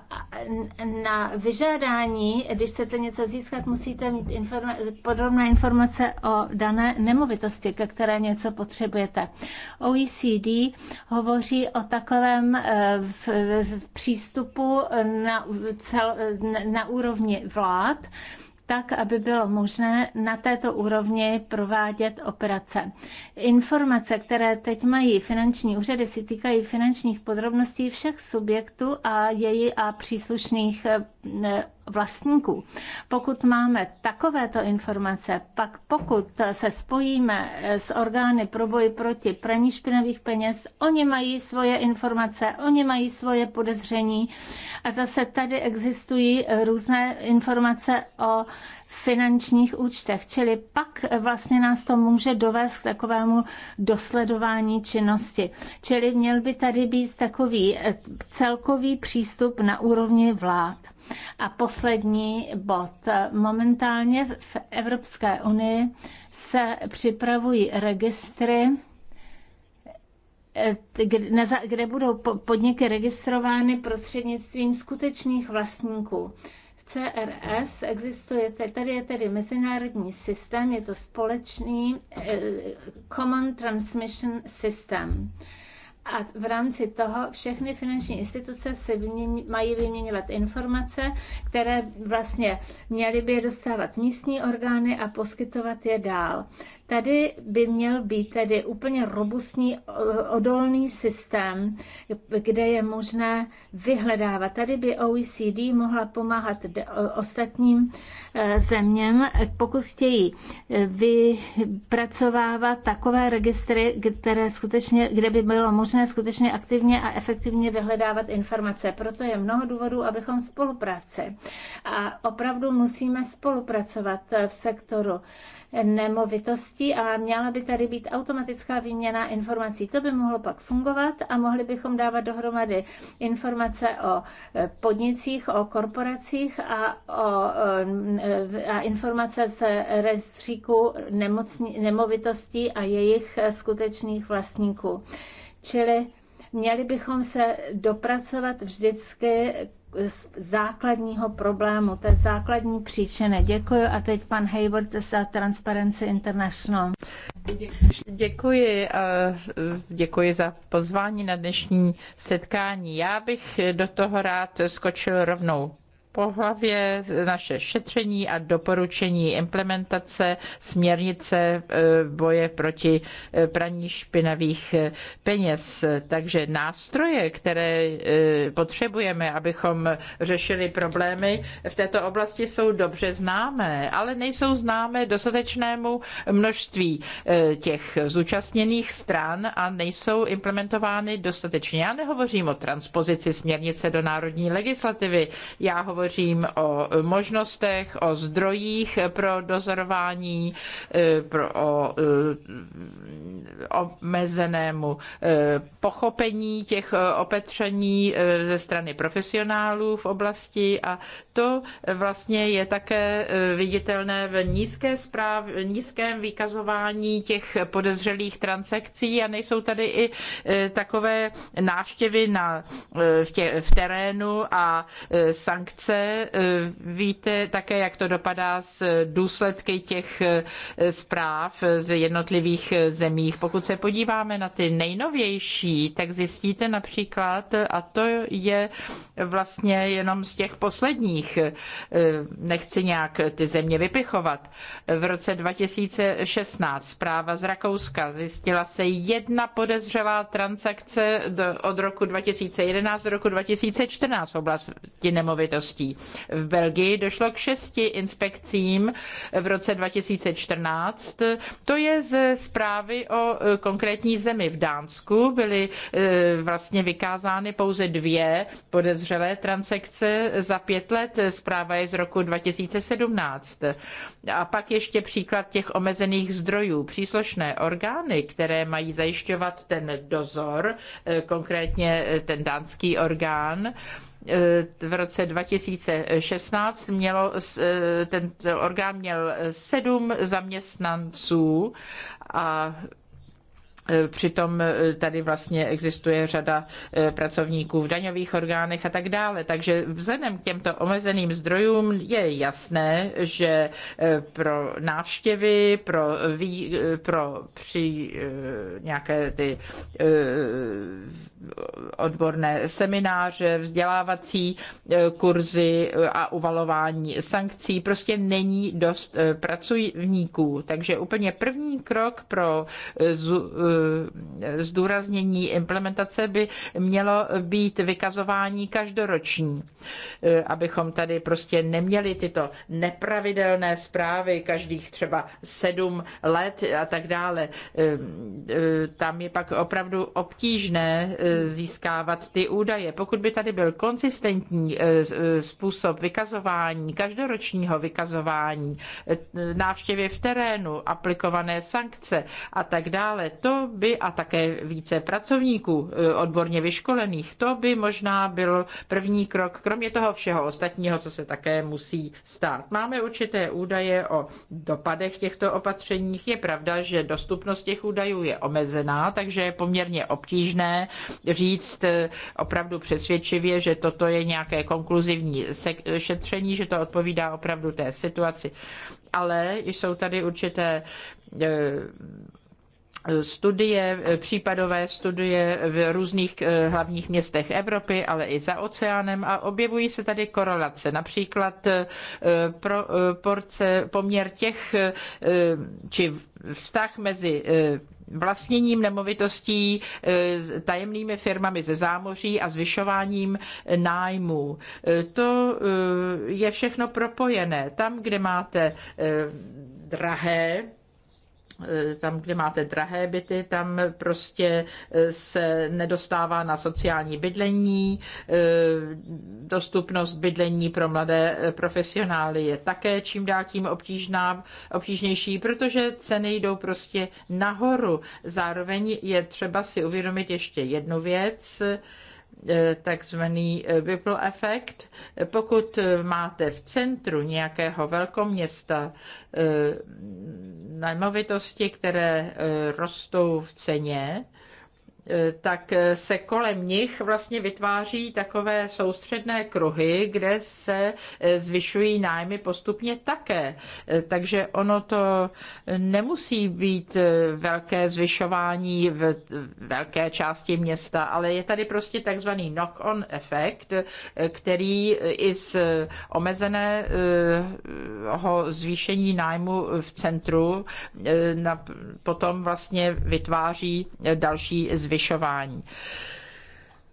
na vyžádání, když chcete něco získat, musíte mít informa- podrobné informace o dané nemovitosti, ke které něco potřebujete. OECD hovoří o takovém eh, v, v přístupu na, cel, na úrovni vlád, tak, aby bylo možné na této úrovni provádět operace. Informace, které teď mají finanční úřady, si týkají finančních podrobností všech subjektů a její a příslušných eh, vlastníků. Pokud máme takovéto informace, pak pokud se spojíme eh, s orgány pro boj proti praní špinavých peněz, oni mají svoje informace, oni mají svoje podezření a zase tady existují eh, různé informace o finančních účtech. Čili pak eh, vlastně nás to může dovést k takovému dosledování činnosti. Čili měl by tady být takový celkový přístup na úrovni vlád. A poslední bod. Momentálně v Evropské unii se připravují registry eh, kde budou podniky registrovány prostřednictvím skutečných vlastníků. V CRS existuje, tady je tedy mezinárodní systém, je to společný eh, Common Transmission System a v rámci toho všechny finanční instituce si vyměň, mají vyměňovat informace, které vlastně měly by dostávat místní orgány a poskytovat je dál. Tady by měl být tedy úplně robustní, eh, odolný systém, kde je možné vyhledávat. Tady by OECD mohla pomáhat eh, ostatním eh, zeměm, pokud chtějí vypracovávat takové registry, které skutečně, kde by bylo možné skutečně aktivně a efektivně vyhledávat informace. Proto je mnoho důvodů, abychom spolupráci. A opravdu musíme spolupracovat v sektoru nemovitostí a měla by tady být automatická výměna informací. To by mohlo pak fungovat a mohli bychom dávat dohromady informace o e, podnicích, o korporacích a, o, e, a informace z rejstříku nemovitostí a jejich skutečných vlastníků. Čili měli bychom se dopracovat vždycky základního problému, té základní příčiny. Děkuji a teď pan Hayward za Transparency International. Děkuji a e, děkuji za pozvání na dnešní setkání. Já bych do toho rád skočil rovnou po hlavě naše šetření a doporučení implementace směrnice e, boje proti e, praní špinavých e, peněz. Takže nástroje, které potřebujeme, abychom řešili problémy v této oblasti, jsou dobře známé, ale nejsou známé dostatečnému množství těch zúčastněných stran a nejsou implementovány dostatečně. Já nehovořím o transpozici směrnice do národní legislativy, já hovořím hovořím o možnostech, o zdrojích pro dozorování, e, pro, o e, omezenému e, pochopení těch opatření ze strany profesionálů v oblasti a to vlastně je také viditelné v nízké nízkém vykazování těch podezřelých transakcí a nejsou tady i takové návštěvy na, v, tě, v terénu a sankce komise. Eh, víte také, jak to dopadá s důsledky těch eh, zpráv eh, z jednotlivých zemích. Pokud se podíváme na ty nejnovější, tak zjistíte například, a to je vlastně jenom z těch posledních, nechci nějak ty země vypichovat, v roce 2016 zpráva z Rakouska zjistila se jedna podezřelá transakce od roku 2011 do roku 2014 v oblasti nemovitostí činností. V Belgii došlo k šesti inspekcím v roce 2014. To je ze zprávy o e, konkrétní zemi. V Dánsku byly e, vlastně vykázány pouze dvě podezřelé transakce za pět let. Zpráva je z roku 2017. A pak ještě příklad těch omezených zdrojů. Příslušné orgány, které mají zajišťovat ten dozor, e, konkrétně ten dánský orgán, Eh, v roce 2016 mělo, eh, ten orgán měl sedm zaměstnanců a Přitom eh, tady vlastně existuje řada eh, pracovníků v daňových orgánech a tak dále. Takže vzhledem k těmto omezeným zdrojům je jasné, že eh, pro návštěvy, pro, vý, pro při nějaké ty odborné semináře, vzdělávací kurzy a uvalování sankcí prostě není dost pracovníků. Takže úplně první krok pro Eh, zdůraznění implementace by mělo být vykazování každoroční, eh, abychom tady prostě neměli tyto nepravidelné zprávy každých třeba sedm let a tak dále. Eh, tam je pak opravdu obtížné získávat ty údaje. Pokud by tady byl konsistentní způsob vykazování, každoročního vykazování, návštěvy v terénu, aplikované sankce a tak dále, to by a také více pracovníků e, odborně vyškolených, to by možná byl první krok, kromě toho všeho ostatního, co se také musí stát. Máme určité údaje o dopadech těchto opatřeních. Je pravda, že dostupnost těch údajů je omezená, takže je poměrně obtížné říct e, opravdu přesvědčivě, že toto je nějaké konkluzivní šetření, že to odpovídá opravdu té situaci. Ale jsou tady určité e, studie, eh, případové studie v různých eh, hlavních městech Evropy, ale i za oceánem a objevují se tady korelace. Například eh, pro, porce, poměr těch, či vztah mezi vlastněním nemovitostí tajemnými firmami ze zámoří a zvyšováním nájmů. To je všechno propojené. Tam, kde máte drahé Eh, tam, kde máte drahé byty, tam prostě eh, se nedostává na sociální bydlení. Eh, dostupnost bydlení pro mladé profesionály je také čím dál tím obtížná, obtížnější, protože ceny jdou prostě nahoru. Zároveň je třeba si uvědomit ještě jednu věc, E, takzvaný e, Ripple efekt. Pokud máte v centru nějakého velkoměsta e, nemovitosti, které rostou v ceně, tak se kolem nich vlastně vytváří takové soustředné kruhy, kde se eh, zvyšují nájmy postupně také. Eh, takže ono to nemusí být eh, velké zvyšování v velké části města, ale je tady prostě takzvaný knock-on efekt, který i z omezeného zvýšení nájmu v centru potom vlastně vytváří další zvyšování zvyšování.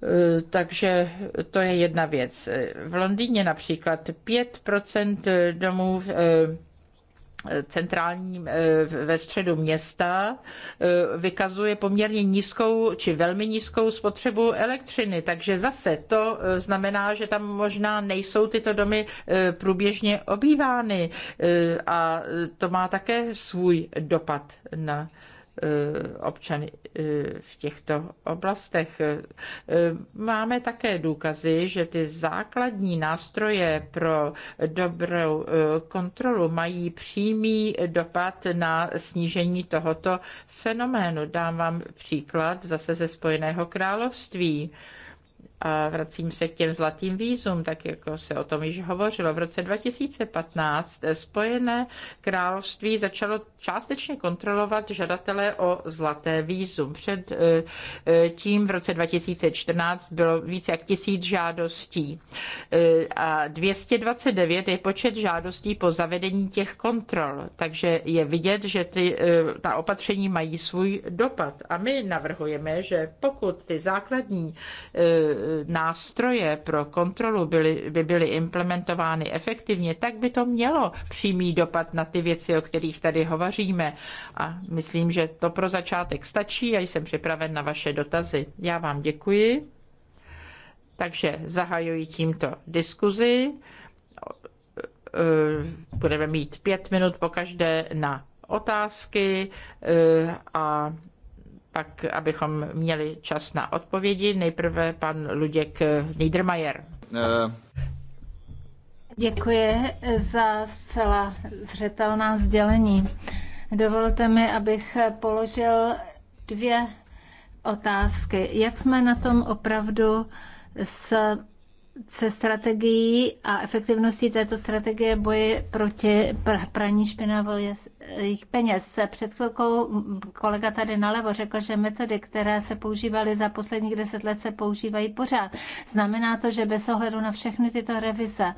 Eh, takže to je jedna věc. V Londýně například 5% domů eh, centrálním eh, ve středu města vykazuje poměrně nízkou či velmi nízkou spotřebu elektřiny. Takže zase to znamená, že tam možná nejsou tyto domy průběžně obývány a to má také svůj dopad na Eh, občany eh, v těchto oblastech. Eh, máme také důkazy, že ty základní nástroje pro dobrou kontrolu mají přímý dopad na snížení tohoto fenoménu. Dám vám příklad zase ze Spojeného království. A vracím se k těm zlatým vízům, tak jako se o tom již hovořilo. V roce 2015 Spojené království začalo částečně kontrolovat žadatele o zlaté vízum. Před eh, eh, tím v roce 2014 bylo více jak tisíc žádostí eh, a 229 je počet žádostí po zavedení těch kontrol. Takže je vidět, že ty, ta opatření mají svůj dopad. A my navrhujeme, že pokud ty základní nástroje pro kontrolu byly, by byly implementovány efektivně, tak by to mělo přímý dopad na ty věci, o kterých tady hovoříme. A myslím, že to pro začátek stačí a jsem připraven na vaše dotazy. Já vám děkuji. Takže zahajuji tímto diskuzi. Budeme mít pět minut po každé na otázky eh, a pak abychom měli čas na odpovědi. Nejprve pan Luděk Niedermayer. Uh. Děkuji za zcela zřetelná sdělení. Dovolte mi, abych položil dvě otázky. Jak jsme na tom opravdu s se strategií a efektivností této strategie boje proti praní špinavých peněz. Před chvilkou kolega tady nalevo řekl, že metody, které se používaly za posledních deset let, se používají pořád. Znamená to, že bez ohledu na všechny tyto revize,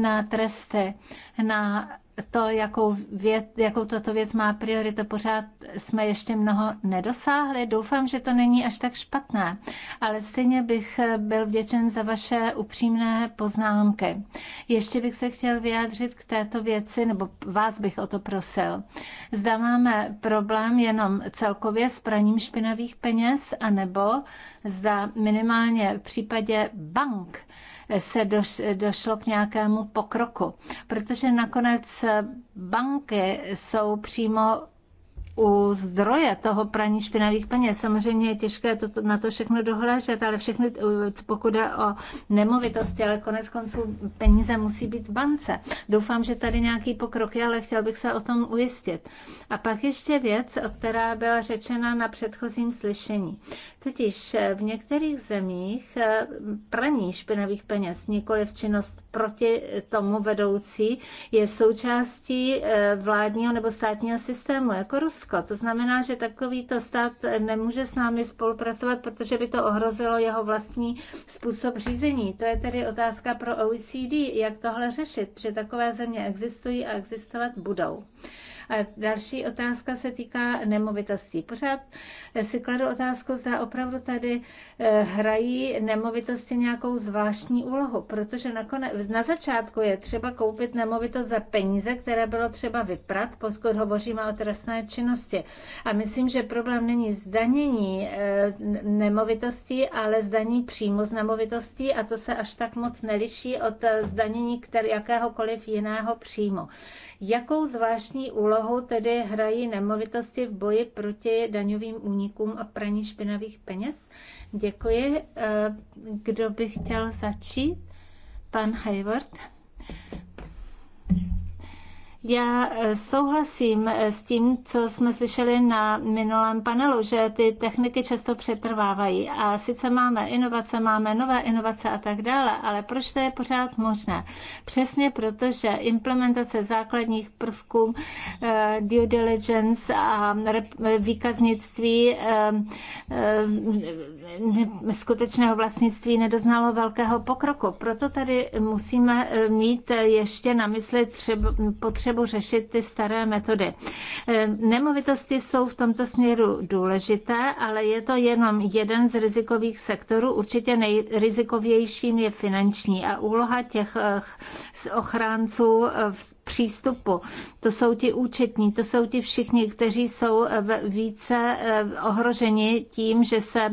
na tresty, na to, jakou, věc, jakou tato věc má prioritu, pořád jsme ještě mnoho nedosáhli. Doufám, že to není až tak špatné, ale stejně bych byl vděčen za vaše upřímné poznámky. Ještě bych se chtěl vyjádřit k této věci, nebo vás bych o to prosil. Zda máme problém jenom celkově s praním špinavých peněz, anebo zda minimálně v případě bank se došlo k nějakému pokroku, protože nakonec banky jsou přímo u zdroje toho praní špinavých peněz. Samozřejmě je těžké to, to, na to všechno dohléžet, ale všechny, pokud jde o nemovitosti, ale konec konců peníze musí být v bance. Doufám, že tady nějaký pokrok je, ale chtěl bych se o tom ujistit. A pak ještě věc, o která byla řečena na předchozím slyšení. Totiž eh, v některých zemích eh, praní špinavých peněz, nikoli v činnost proti tomu vedoucí, je součástí eh, vládního nebo státního systému, jako Rusko Rusko. To znamená, že takovýto stát nemůže s námi spolupracovat, protože by to ohrozilo jeho vlastní způsob řízení. To je tedy otázka pro OECD, jak tohle řešit, protože takové země existují a existovat budou. A další otázka se týká nemovitostí. Pořád si kladu otázku, zda opravdu tady eh, hrají nemovitosti nějakou zvláštní úlohu, protože nakonec, na začátku je třeba koupit nemovitost za peníze, které bylo třeba vyprat, pokud hovoříme o trestné činnosti. A myslím, že problém není zdanění eh, nemovitostí, ale zdanění příjmu z nemovitostí a to se až tak moc neliší od eh, zdanění které, jakéhokoliv jiného příjmu. Jakou zvláštní úlohu tedy hrají nemovitosti v boji proti daňovým únikům a praní špinavých peněz? Děkuji. Eh, kdo by chtěl začít? Pan Hayward. Já eh, souhlasím eh, s tím, co jsme slyšeli na minulém panelu, že ty techniky často přetrvávají. A sice máme inovace, máme nové inovace a tak dále, ale proč to je pořád možné? Přesně proto, že implementace základních prvků eh, due diligence a výkaznictví skutečného vlastnictví nedoznalo velkého pokroku. Proto tady musíme mít ještě na mysli třeba potřebu potřebu řešit ty staré metody. Eh, nemovitosti jsou v tomto směru důležité, ale je to jenom jeden z rizikových sektorů. Určitě nejrizikovějším je finanční a úloha těch eh, ochránců eh, v přístupu. To jsou ti účetní, to jsou ti všichni, kteří jsou eh, více eh, ohroženi tím, že se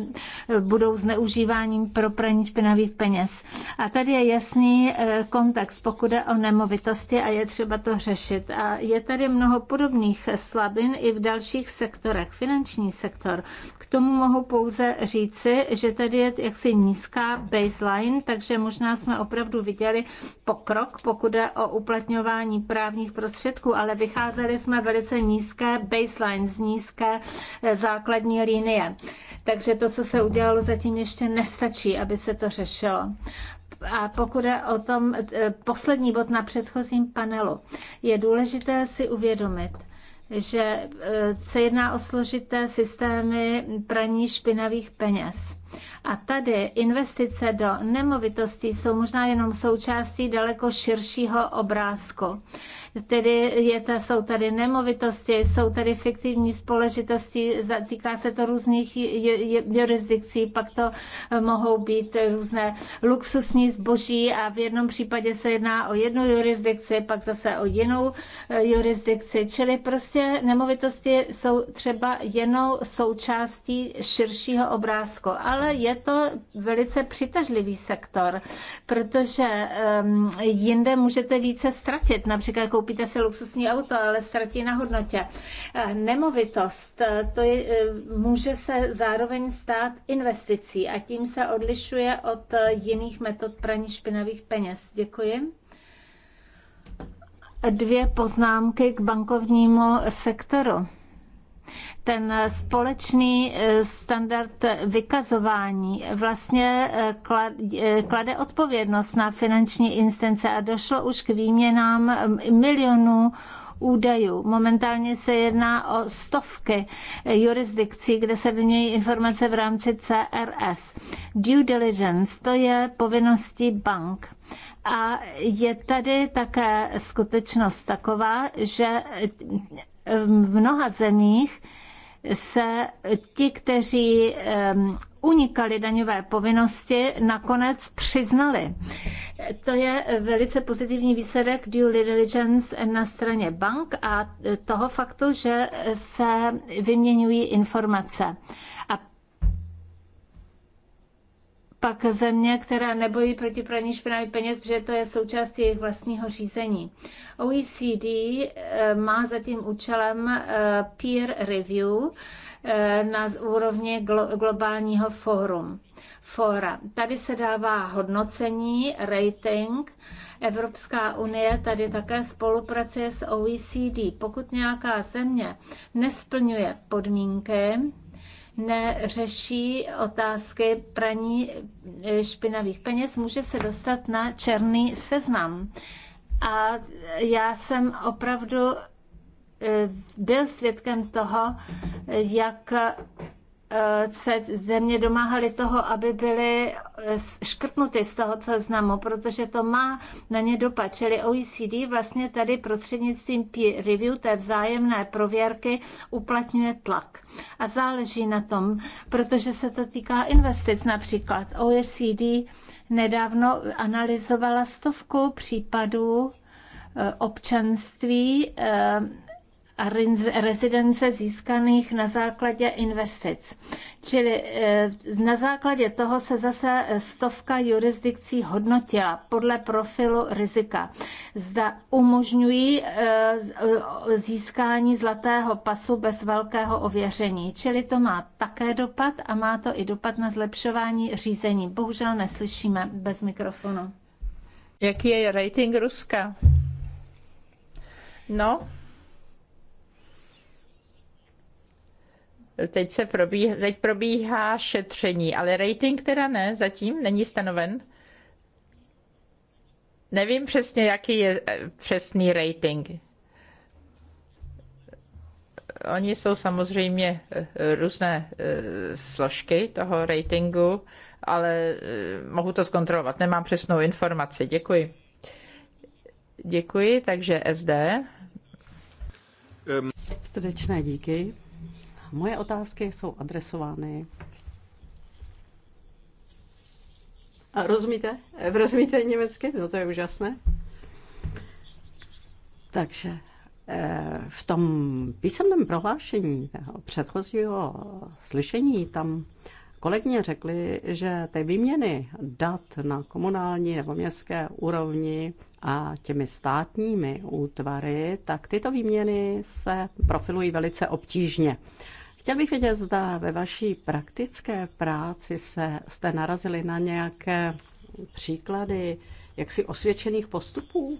eh, budou zneužíváním pro praní špinavých peněz. A tady je jasný kontext, pokud je o nemovitosti a je třeba to řešit. A je tady mnoho podobných slabin i v dalších sektorech. Finanční sektor, tomu mohu pouze říci, že tady je jaksi nízká baseline, takže možná jsme opravdu viděli pokrok, pokud je o uplatňování právních prostředků, ale vycházeli jsme velice nízké baseline, z nízké eh, základní linie. Takže to, co se udělalo, zatím ještě nestačí, aby se to řešilo. A pokud je o tom eh, poslední bod na předchozím panelu, je důležité si uvědomit, že eh, se jedná o složité systémy praní špinavých peněz. A tady investice do nemovitostí jsou možná jenom součástí daleko širšího obrázku. Tedy je to, jsou tady nemovitosti, jsou tady fiktivní společitosti, týká se to různých jurisdikcí, pak to eh, mohou být různé luxusní zboží a v jednom případě se jedná o jednu jurisdikci, pak zase o jinou eh, jurisdikci. Čili prostě nemovitosti jsou třeba jenom součástí širšího obrázku, ale je je to velice přitažlivý sektor, protože ehm, jinde můžete více ztratit. Například koupíte si luxusní auto, ale ztratí na hodnotě. Eh, nemovitost, eh, to je, eh, může se zároveň stát investicí a tím se odlišuje od jiných metod praní špinavých peněz. Děkuji dvě poznámky k bankovnímu sektoru. Ten společný eh, standard vykazování vlastně eh, eh, klade odpovědnost na finanční instance a došlo už k výměnám milionů údajů. Momentálně se jedná o stovky jurisdikcí, kde se vyměňují informace v rámci CRS. Due diligence to je povinností bank. A je tady také skutečnost taková, že v mnoha zemích se ti, kteří unikali daňové povinnosti, nakonec přiznali. To je velice pozitivní výsledek due diligence na straně bank a toho faktu, že se vyměňují informace pak země, která nebojí proti praní špinavý peněz, protože to je součást jejich vlastního řízení. OECD eh, má za tím účelem eh, peer review eh, na úrovni globálního fórum. Fóra. Tady se dává hodnocení, rating, Evropská unie tady také spolupracuje s OECD. Pokud nějaká země nesplňuje podmínky, neřeší otázky praní eh, špinavých peněz, může se dostat na černý seznam. A já jsem opravdu eh, byl svědkem toho, jak se země domáhaly toho, aby byly eh, škrtnuty z toho co seznamu, protože to má na ně dopad. Čili OECD vlastně tady prostřednictvím peer review, té vzájemné prověrky, uplatňuje tlak. A záleží na tom, protože se to týká investic například. OECD nedávno analyzovala stovku případů eh, občanství eh, a rezidence získaných na základě investic. Čili e, na základě toho se zase stovka jurisdikcí hodnotila podle profilu rizika. Zda umožňují e, e, získání zlatého pasu bez velkého ověření. Čili to má také dopad a má to i dopad na zlepšování řízení. Bohužel neslyšíme bez mikrofonu. Jaký je rating Ruska? No, Teď, se probíhá, teď probíhá šetření, ale rating teda ne, zatím není stanoven. Nevím přesně, jaký je eh, přesný rating. Oni jsou samozřejmě eh, různé eh, složky toho ratingu, ale mohu to zkontrolovat. Nemám přesnou informaci. Děkuji. Děkuji, takže SD. Um. Ehm. Srdečné díky. Moje otázky jsou adresovány. A rozumíte? Rozumíte německy? No to je úžasné. Takže eh, v tom písemném prohlášení předchozího slyšení tam kolegyně řekly, že ty výměny dat na komunální nebo městské úrovni a těmi státními útvary, tak tyto výměny se profilují velice obtížně. Chtěl bych vědět, zda ve vaší praktické práci se, jste narazili na nějaké příklady jaksi osvědčených postupů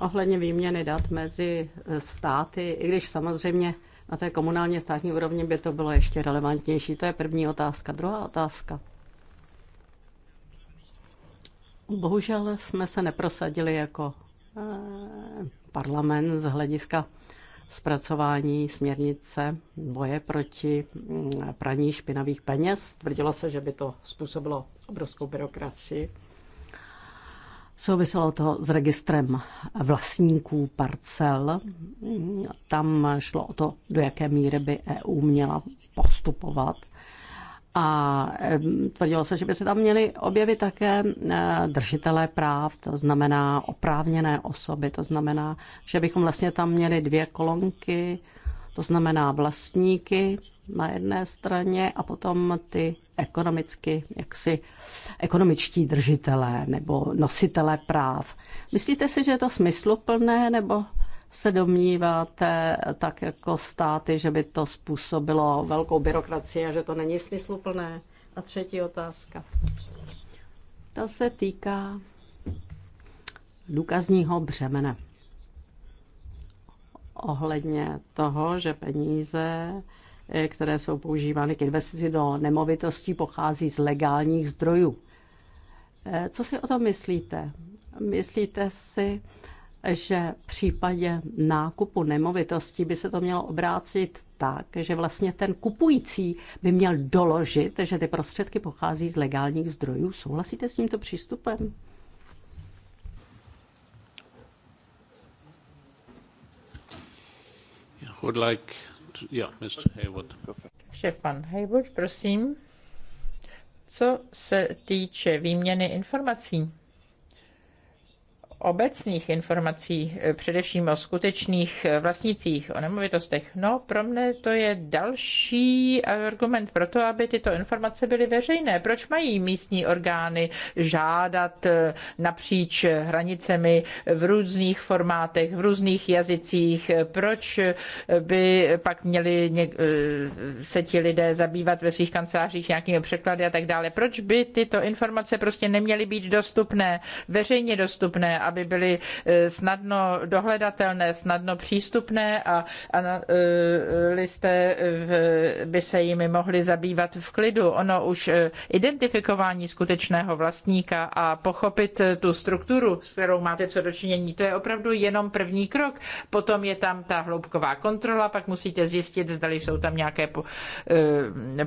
ohledně výměny dat mezi státy, i když samozřejmě na té komunálně státní úrovni by to bylo ještě relevantnější. To je první otázka. Druhá otázka. Bohužel jsme se neprosadili jako eh, parlament z hlediska zpracování směrnice boje proti mm, praní špinavých peněz. Tvrdilo se, že by to způsobilo obrovskou byrokracii. Souviselo to s registrem vlastníků parcel. Mm, tam šlo o to, do jaké míry by EU měla postupovat a tvrdilo se, že by se tam měli objevit také e, držitelé práv, to znamená oprávněné osoby, to znamená, že bychom vlastně tam měli dvě kolonky, to znamená vlastníky na jedné straně a potom ty ekonomicky, jaksi ekonomičtí držitelé nebo nositelé práv. Myslíte si, že je to smysluplné nebo se domníváte, tak jako státy, že by to způsobilo velkou byrokracii a že to není smysluplné? A třetí otázka. To se týká důkazního břemene. Ohledně toho, že peníze, které jsou používány k investici do nemovitostí, pochází z legálních zdrojů. E, co si o tom myslíte? Myslíte si, že v případě nákupu nemovitosti by se to mělo obrátit tak, že vlastně ten kupující by měl doložit, že ty prostředky pochází z legálních zdrojů. Souhlasíte s tímto přístupem? Would like to, yeah, Mr. Hayward. Šéf pan Hayward, prosím. Co se týče výměny informací, obecných informací, eh, především o skutečných eh, vlastnicích, o nemovitostech, no pro mne to je další argument pro to, aby tyto informace byly veřejné. Proč mají místní orgány žádat eh, napříč hranicemi v různých formátech, v různých jazycích? Proč by pak měli se ti lidé zabývat ve svých kancelářích nějakými překlady a tak dále? Proč by tyto informace prostě neměly být dostupné, veřejně dostupné, aby byly e, snadno dohledatelné, snadno přístupné a analysté e, by se jimi mohli zabývat v klidu. Ono už e, identifikování skutečného vlastníka a pochopit tu strukturu, s kterou máte co dočinění, to je opravdu jenom první krok. Potom je tam ta hloubková kontrola, pak musíte zjistit, zda jsou tam nějaké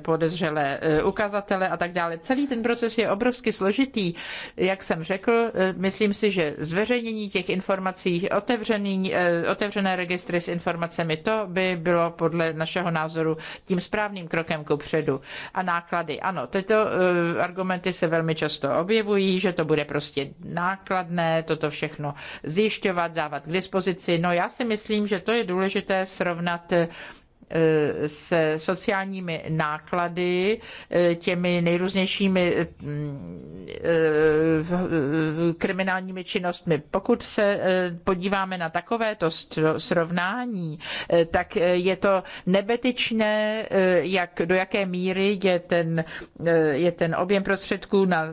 podezřelé ukazatele a tak dále. Celý ten proces je obrovsky složitý. Jak jsem řekl, myslím si, že z zveřejnění těch informací, otevřený, eh, otevřené registry s informacemi, to by bylo podle našeho názoru tím správným krokem ku předu. A náklady, ano, tyto eh, argumenty se velmi často objevují, že to bude prostě nákladné, toto všechno zjišťovat, dávat k dispozici. No já si myslím, že to je důležité srovnat eh, Eh, se sociálními náklady, eh, těmi nejrůznějšími mm, eh, kriminálními činnostmi. Pokud se podíváme na takovéto srovnání, tak je to nebetičné, jak, do jaké míry je ten, je ten objem prostředků na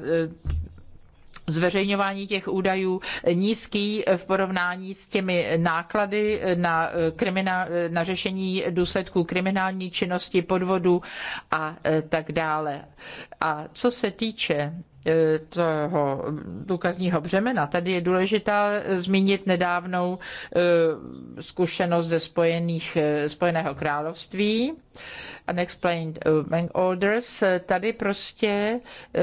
zveřejňování těch údajů nízký v porovnání s těmi náklady na, eh, kriminál, eh, na řešení důsledků kriminální činnosti, podvodu a eh, tak dále. A co se týče toho důkazního břemena. Tady je důležitá zmínit nedávnou zkušenost ze Spojených, Spojeného království unexplained eh, bank orders. Tady prostě eh,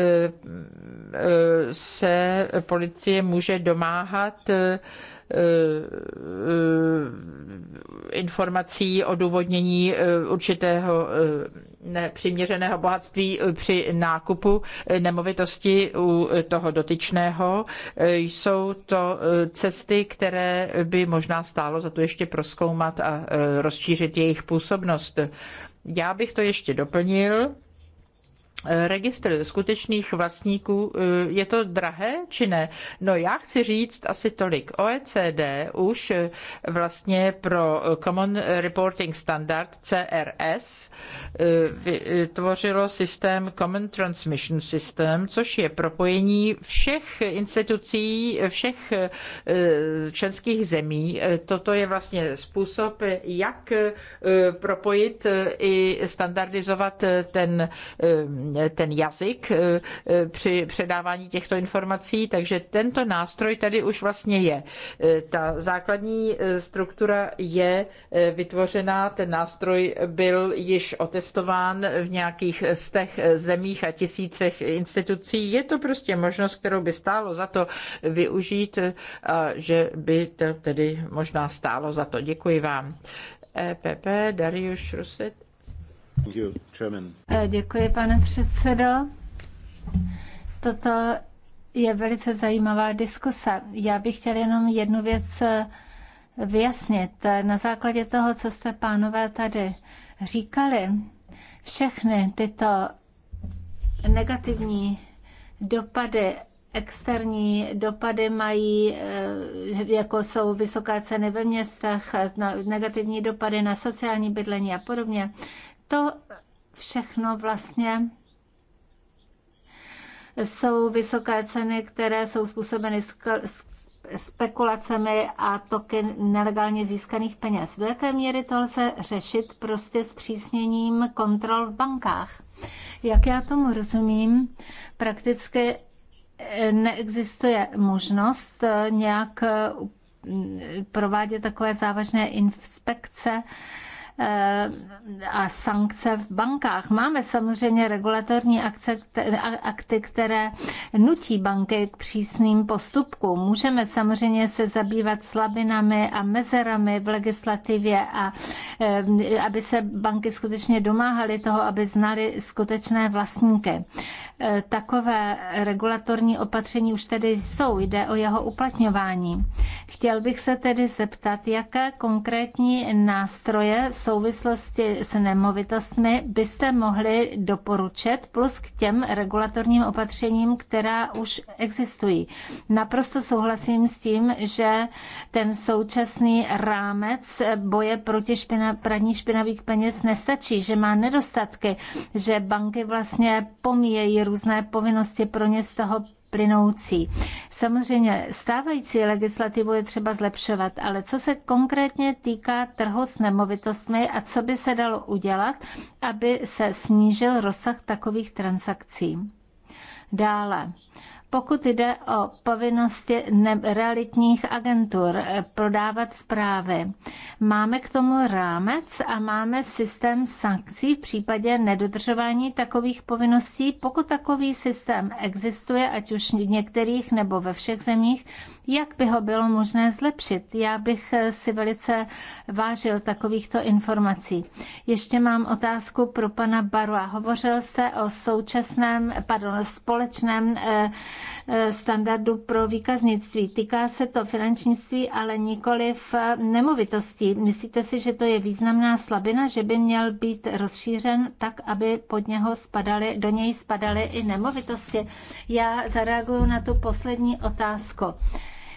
eh, se policie může domáhat informací o důvodnění určitého nepřiměřeného bohatství při nákupu nemovitosti u toho dotyčného. Jsou to cesty, které by možná stálo za to ještě proskoumat a rozšířit jejich působnost. Já bych to ještě doplnil registr skutečných vlastníků, eh, je to drahé či ne? No já chci říct asi tolik. OECD už eh, vlastně pro eh, Common Reporting Standard CRS vytvořilo systém Common Transmission System, což je propojení všech institucí, všech členských zemí. Toto je vlastně způsob, jak propojit i standardizovat ten ten jazyk eh, eh, při předávání těchto informací, takže tento nástroj tady už vlastně je. Eh, ta základní struktura je vytvořená, ten nástroj byl již otestován v nějakých stech zemích a tisícech institucí. Je to prostě možnost, kterou by stálo za to využít, že by to tedy možná stálo za to. Děkuji vám. EPP Darius Ruset. Eh, děkuji, pane předsedo. Toto je velice zajímavá diskuse. Já bych chtěl jenom jednu věc eh, vyjasnit. Eh, na základě toho, co jste, pánové, tady říkali, všechny tyto negativní dopady externí dopady mají, jako jsou vysoké ceny ve městech, negativní dopady na sociální bydlení a podobně. To všechno vlastně jsou vysoké ceny, které jsou způsobeny spekulacemi a toky nelegálně získaných peněz. Do jaké míry to lze řešit prostě s přísněním kontrol v bankách? Jak já tomu rozumím, prakticky eh, neexistuje možnost eh, nějak eh, provádět takové závažné inspekce Eh, a sankce v bankách. Máme samozřejmě regulatorní akce, akty, které nutí banky k přísným postupkům. Můžeme samozřejmě se zabývat slabinami a mezerami v legislativě a eh, aby se banky skutečně domáhaly toho, aby znali skutečné vlastníky. Eh, takové regulatorní opatření už tedy jsou, jde o jeho uplatňování. Chtěl bych se tedy zeptat, jaké konkrétní nástroje jsou souvislosti s nemovitostmi byste mohli doporučit plus k těm regulatorním opatřením, která už existují. Naprosto souhlasím s tím, že ten současný rámec boje proti špina, praní špinavých peněz nestačí, že má nedostatky, že banky vlastně pomíjejí různé povinnosti pro ně z toho plynoucí. Samozřejmě stávající legislativu je třeba zlepšovat, ale co se konkrétně týká trhu s nemovitostmi a co by se dalo udělat, aby se snížil rozsah takových transakcí. Dále pokud jde o povinnosti realitních agentur eh, prodávat zprávy, máme k tomu rámec a máme systém sankcí v případě nedodržování takových povinností. Pokud takový systém existuje, ať už v některých nebo ve všech zemích, jak by ho bylo možné zlepšit? Já bych eh, si velice vážil takovýchto informací. Ještě mám otázku pro pana Barua. Hovořil jste o současném, pardon, společném eh, Eh, standardu pro výkaznictví. Týká se to finančnictví, ale nikoli v eh, nemovitosti. Myslíte si, že to je významná slabina, že by měl být rozšířen tak, aby pod něho spadaly, do něj spadaly i nemovitosti? Já zareaguju na tu poslední otázku.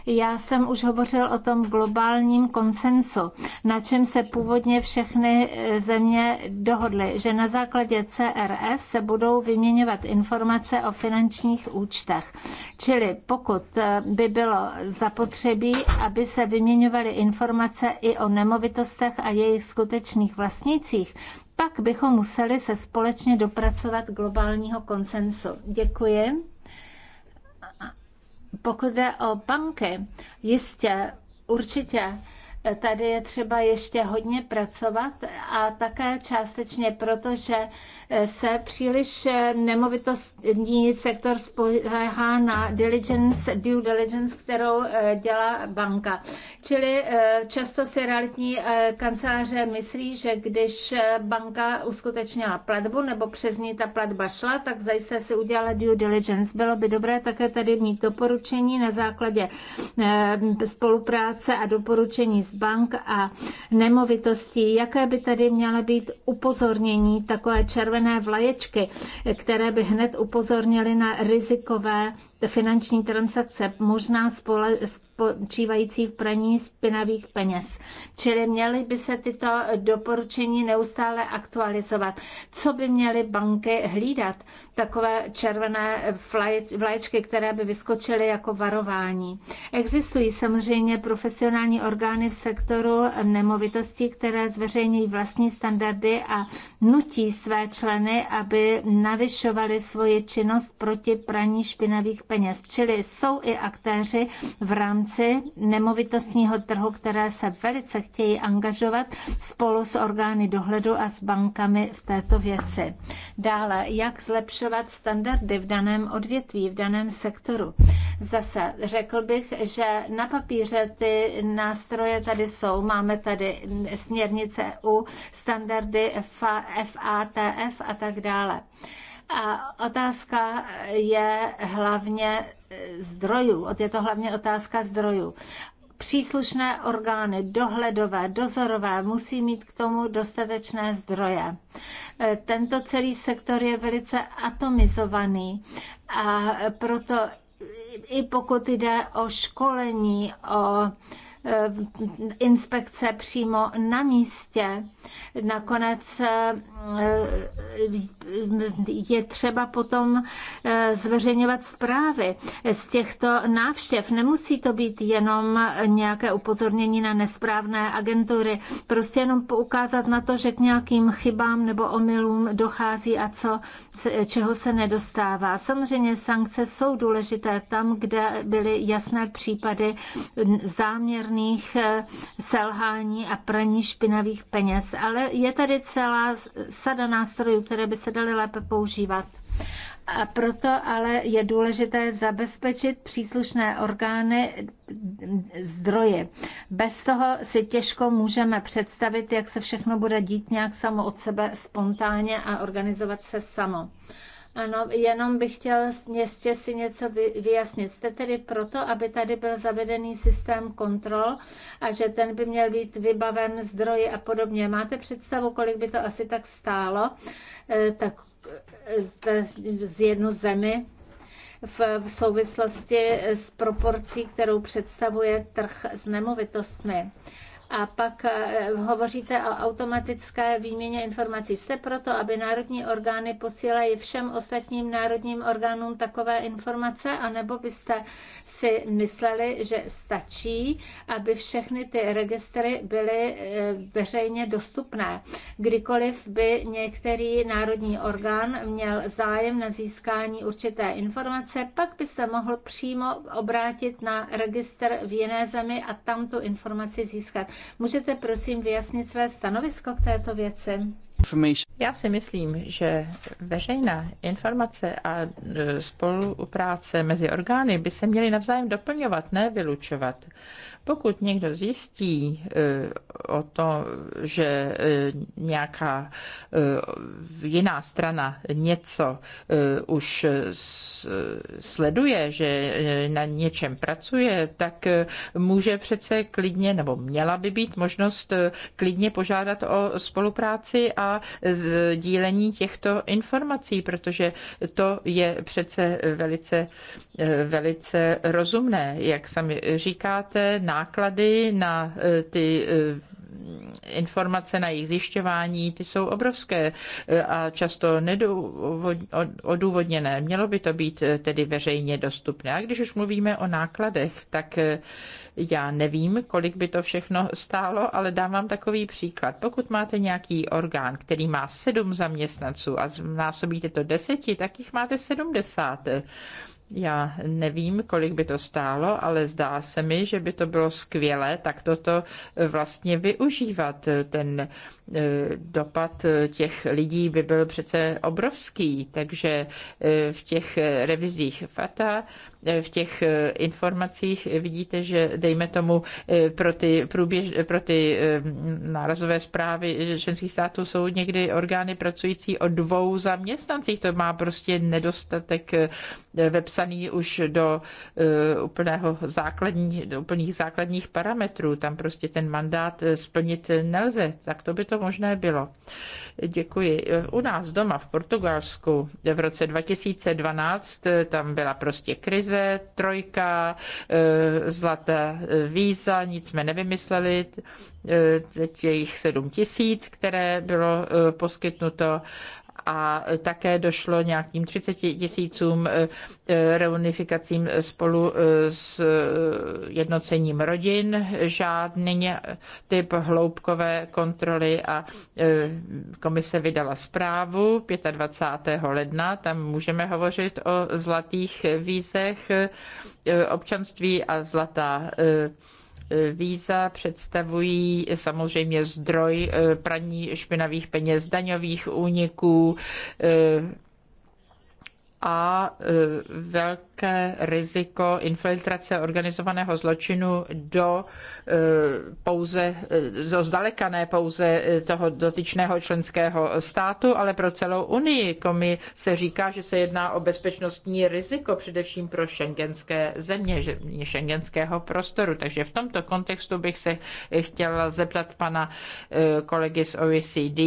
Já jsem už hovořil o tom globálním konsensu, na čem se původně všechny e, země dohodly, že na základě CRS se budou vyměňovat informace o finančních účtech. Čili pokud e, by bylo zapotřebí, aby se vyměňovaly informace i o nemovitostech a jejich skutečných vlastnicích, pak bychom museli se společně dopracovat globálního konsensu. Děkuji. Pokud jde o banky, jistě, určitě Tady je třeba ještě hodně pracovat a také částečně proto, že se příliš nemovitostní sektor spolehá na diligence, due diligence, kterou eh, dělá banka. Čili eh, často si realitní eh, kanceláře myslí, že když banka uskutečnila platbu nebo přes ní ta platba šla, tak zajisté si udělala due diligence. Bylo by dobré také tady mít doporučení na základě spolupráce a doporučení bank a nemovitostí, jaké by tady měla být upozornění, takové červené vlaječky, které by hned upozornily na rizikové finanční transakce, možná spole, spočívající v praní spinavých peněz. Čili měly by se tyto doporučení neustále aktualizovat. Co by měly banky hlídat? Takové červené vlaječky, které by vyskočily jako varování. Existují samozřejmě profesionální orgány v sektoru nemovitostí, které zveřejňují vlastní standardy a nutí své členy, aby navyšovali svoji činnost proti praní špinavých peněz peněz. Čili jsou i aktéři v rámci nemovitostního trhu, které se velice chtějí angažovat spolu s orgány dohledu a s bankami v této věci. Dále, jak zlepšovat standardy v daném odvětví, v daném sektoru. Zase řekl bych, že na papíře ty nástroje tady jsou. Máme tady směrnice u standardy FATF a tak dále. A otázka je hlavně e, zdrojů. Je to hlavně otázka zdrojů příslušné orgány, dohledové, dozorové, musí mít k tomu dostatečné zdroje. E, tento celý sektor je velice atomizovaný a proto i pokud jde o školení, o Eh, inspekce přímo na místě. Nakonec eh, je třeba potom eh, zveřejňovat zprávy z těchto návštěv. Nemusí to být jenom nějaké upozornění na nesprávné agentury, prostě jenom poukázat na to, že k nějakým chybám nebo omylům dochází a co, čeho se nedostává. Samozřejmě sankce jsou důležité tam, kde byly jasné případy záměrné nedávných eh, selhání a praní špinavých peněz. Ale je tady celá sada nástrojů, které by se daly lépe používat. A proto ale je důležité zabezpečit příslušné orgány mm, zdroje. Bez toho si těžko můžeme představit, jak se všechno bude dít nějak samo od sebe spontánně a organizovat se samo. Ano, jenom bych chtěl ještě si něco vyjasnit. Jste tedy proto, aby tady byl zavedený systém kontrol a že ten by měl být vybaven zdroji a podobně. Máte představu, kolik by to asi tak stálo? Eh, tak eh, z jednu zemi v, v souvislosti s proporcí, kterou představuje trh s nemovitostmi a pak eh, hovoříte o automatické výměně informací. Jste proto, aby národní orgány posílají všem ostatním národním orgánům takové informace, anebo byste si mysleli, že stačí, aby všechny ty registry byly eh, veřejně dostupné. Kdykoliv by některý národní orgán měl zájem na získání určité informace, pak by se mohl přímo obrátit na registr v jiné zemi a tam tu informaci získat. Můžete prosím vyjasnit své stanovisko k této věci? Já si myslím, že veřejná informace a e, spolupráce mezi orgány by se měly navzájem doplňovat, ne vylučovat. Pokud někdo zjistí eh, o to, že eh, nějaká eh, jiná strana něco už sleduje, že na něčem pracuje, tak může přece klidně, nebo měla by být možnost klidně požádat o spolupráci a sdílení těchto informací, protože to je přece velice, velice rozumné. Jak sami říkáte, náklady na e, ty e, informace na jejich zjišťování, ty jsou obrovské e, a často odůvodněné. Mělo by to být tedy veřejně dostupné. A když už mluvíme o nákladech, tak já nevím, kolik by to všechno stálo, ale dám vám takový příklad. Pokud máte nějaký orgán, který má sedm zaměstnanců a násobíte to deseti, tak jich máte sedmdesát. Já nevím, kolik by to stálo, ale zdá se mi, že by to bylo skvělé tak toto eh, vlastně využívat. Ten eh, dopad eh, těch lidí by byl přece obrovský, takže v těch revizích FATA Eh, v těch eh, informacích vidíte, že dejme tomu eh, pro ty, průběž, pro ty nárazové zprávy členských států jsou někdy orgány pracující o dvou zaměstnancích. To má prostě nedostatek vepsaný už do úplného základní, do úplných základních parametrů. Tam prostě ten mandát splnit nelze. Tak to by to možné bylo. Děkuji. U nás doma v Portugalsku v roce 2012 eh, tam byla prostě krize, trojka, eh, zlatá eh, víza, nic jsme nevymysleli, teď je jich 7 tisíc, které bylo poskytnuto a také došlo nějakým 30 tisícům eh, eh, reunifikacím spolu eh, s jednocením rodin, žádný typ hloubkové kontroly a komise vydala zprávu 25. ledna, tam můžeme hovořit o zlatých vízech občanství a zlatá víza představují samozřejmě zdroj eh, praní špinavých peněz, daňových úniků, eh, a e, velké riziko infiltrace organizovaného zločinu do e, pouze, e, do zdaleka ne pouze toho dotyčného členského státu, ale pro celou Unii. Komi se říká, že se jedná o bezpečnostní riziko především pro šengenské země, šengenského prostoru. Takže v tomto kontextu bych se chtěla zeptat pana kolegy z OECD.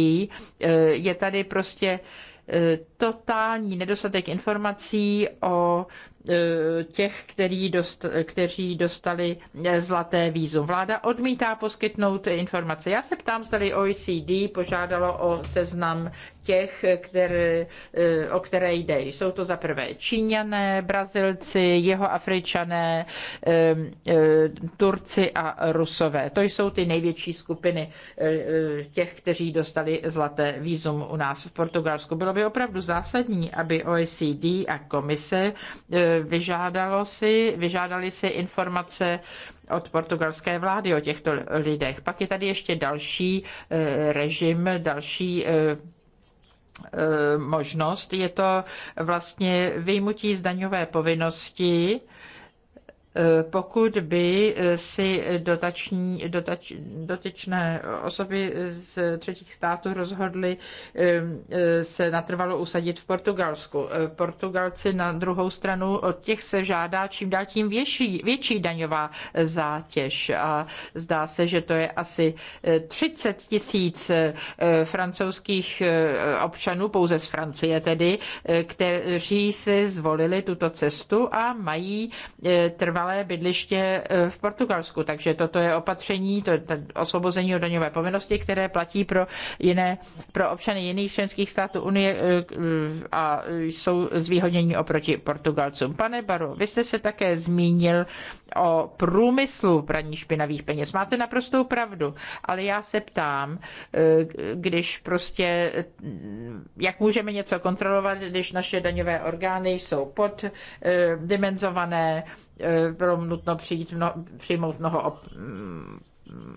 Je tady prostě E, totální nedostatek informací o e, těch, který dost, kteří dostali e, zlaté vízum. Vláda odmítá poskytnout informace. Já se ptám, zda OECD požádalo o seznam těch, které, eh, o které jde. Jsou to za prvé Číňané, Brazilci, afričané, eh, Turci a Rusové. To jsou ty největší skupiny eh, těch, kteří dostali zlaté vízum u nás v Portugalsku. Bylo by opravdu zásadní, aby OECD a komise vyžádalo si, vyžádali si informace od portugalské vlády o těchto lidech. Pak je tady ještě další režim, další Eh, možnost. Je to vlastně vyjmutí z daňové povinnosti Eh, pokud by eh, si dotační, dotač, dotyčné osoby z třetích států rozhodly eh, se natrvalo usadit v Portugalsku. Portugalci na druhou stranu od těch se žádá čím dál tím větší, větší daňová zátěž a zdá se, že to je asi 30 tisíc francouzských občanů, pouze z Francie tedy, kteří si zvolili tuto cestu a mají trvalé trvalé bydliště e, v Portugalsku. Takže toto je opatření, to je osvobození od daňové povinnosti, které platí pro, jiné, pro občany jiných členských států Unie e, e, a jsou zvýhodnění oproti Portugalcům. Pane Baru, vy jste se také zmínil o průmyslu praní špinavých peněz. Máte naprostou pravdu, ale já se ptám, když prostě, jak můžeme něco kontrolovat, když naše daňové orgány jsou poddimenzované, E, bylo nutno přijít mno, přijmout mnoho op, mm,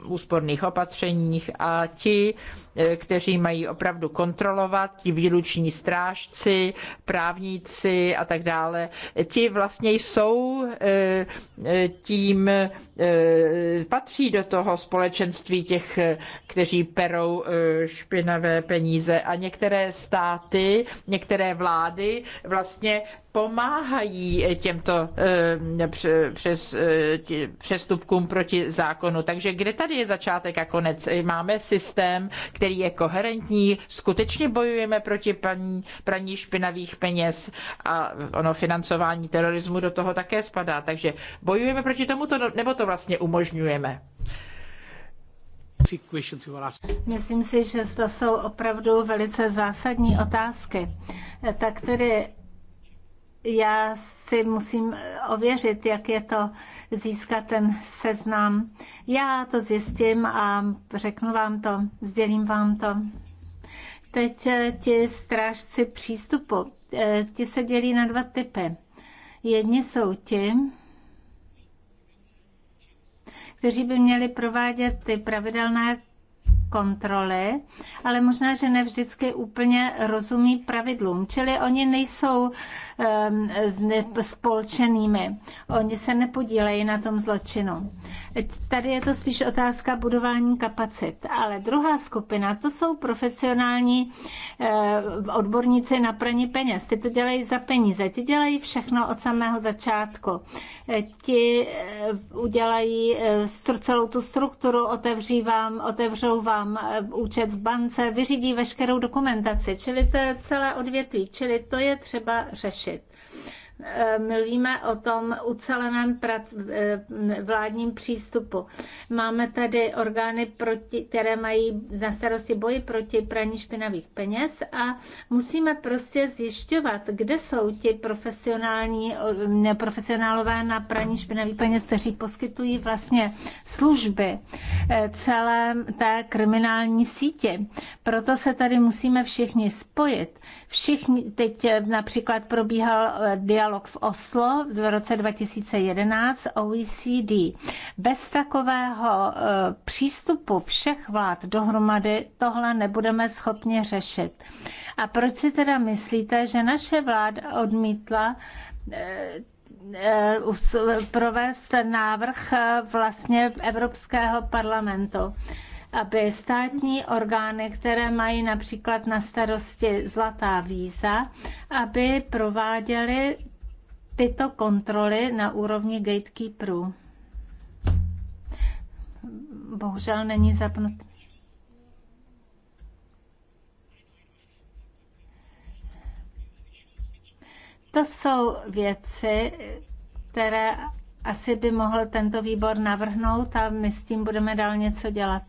úsporných opatřeních a ti, e, kteří mají opravdu kontrolovat, ti výluční strážci, právníci a tak dále, ti vlastně jsou e, tím, patří do toho společenství těch, kteří perou špinavé peníze a některé státy, některé vlády vlastně pomáhají těmto eh, přes, eh, přestupkům proti zákonu. Takže kde tady je začátek a konec? Máme systém, který je koherentní, skutečně bojujeme proti praní, praní špinavých peněz a ono financování terorismu do toho také spadá. Takže bojujeme proti tomuto, nebo to vlastně umožňujeme? Myslím si, že to jsou opravdu velice zásadní otázky. Tak tedy já si musím eh, ověřit, jak je to získat ten seznam. Já to zjistím a řeknu vám to, sdělím vám to. Teď eh, ti strážci přístupu, eh, ti se dělí na dva typy. Jedni jsou ti, kteří by měli provádět ty pravidelné kontroly, ale možná, že ne vždycky úplně rozumí pravidlům. Čili oni nejsou um, spolčenými, oni se nepodílejí na tom zločinu. Tady je to spíš otázka budování kapacit. Ale druhá skupina, to jsou profesionální eh, odborníci na praní peněz. Ty to dělají za peníze, ty dělají všechno od samého začátku. Eh, ti eh, udělají uh, celou tu strukturu, otevří otevřou vám vám eh, účet v bance, vyřídí veškerou dokumentaci, čili to je celé odvětví, čili to je třeba řešit. Eh, mluvíme o tom uceleném eh, vládním přístupu. Máme tady orgány, proti, které mají na starosti boji proti praní špinavých peněz a musíme prostě zjišťovat, kde jsou ti profesionální, eh, profesionálové na praní špinavých peněz, kteří poskytují vlastně služby celé té kriminální síti. Proto se tady musíme všichni spojit. Všichni, teď eh, například probíhal eh, dialog v Oslo v roce 2011 OECD. Bez takového eh, přístupu všech vlád dohromady tohle nebudeme schopni řešit. A proč si teda myslíte, že naše vláda odmítla provést návrh vlastně Evropského parlamentu? aby státní orgány, které mají například na starosti zlatá víza, aby prováděly tyto kontroly na úrovni gatekeeperů. Bohužel není zapnut. To jsou věci, které asi by mohl tento výbor navrhnout a my s tím budeme dál něco dělat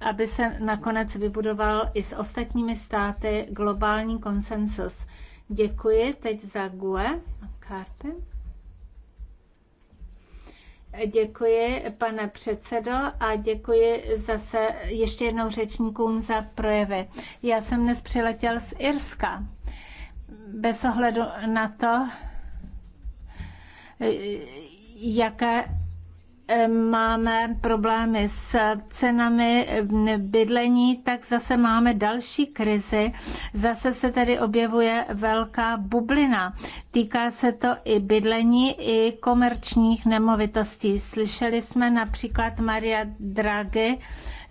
aby se nakonec vybudoval i s ostatními státy globální konsensus. Děkuji teď za GUE. karty. Děkuji, pane předsedo, a děkuji zase ještě jednou řečníkům za projevy. Já jsem dnes přiletěl z Irska. Bez ohledu na to, jaké máme problémy s cenami bydlení, tak zase máme další krizi. Zase se tady objevuje velká bublina. Týká se to i bydlení, i komerčních nemovitostí. Slyšeli jsme například Maria Draghi,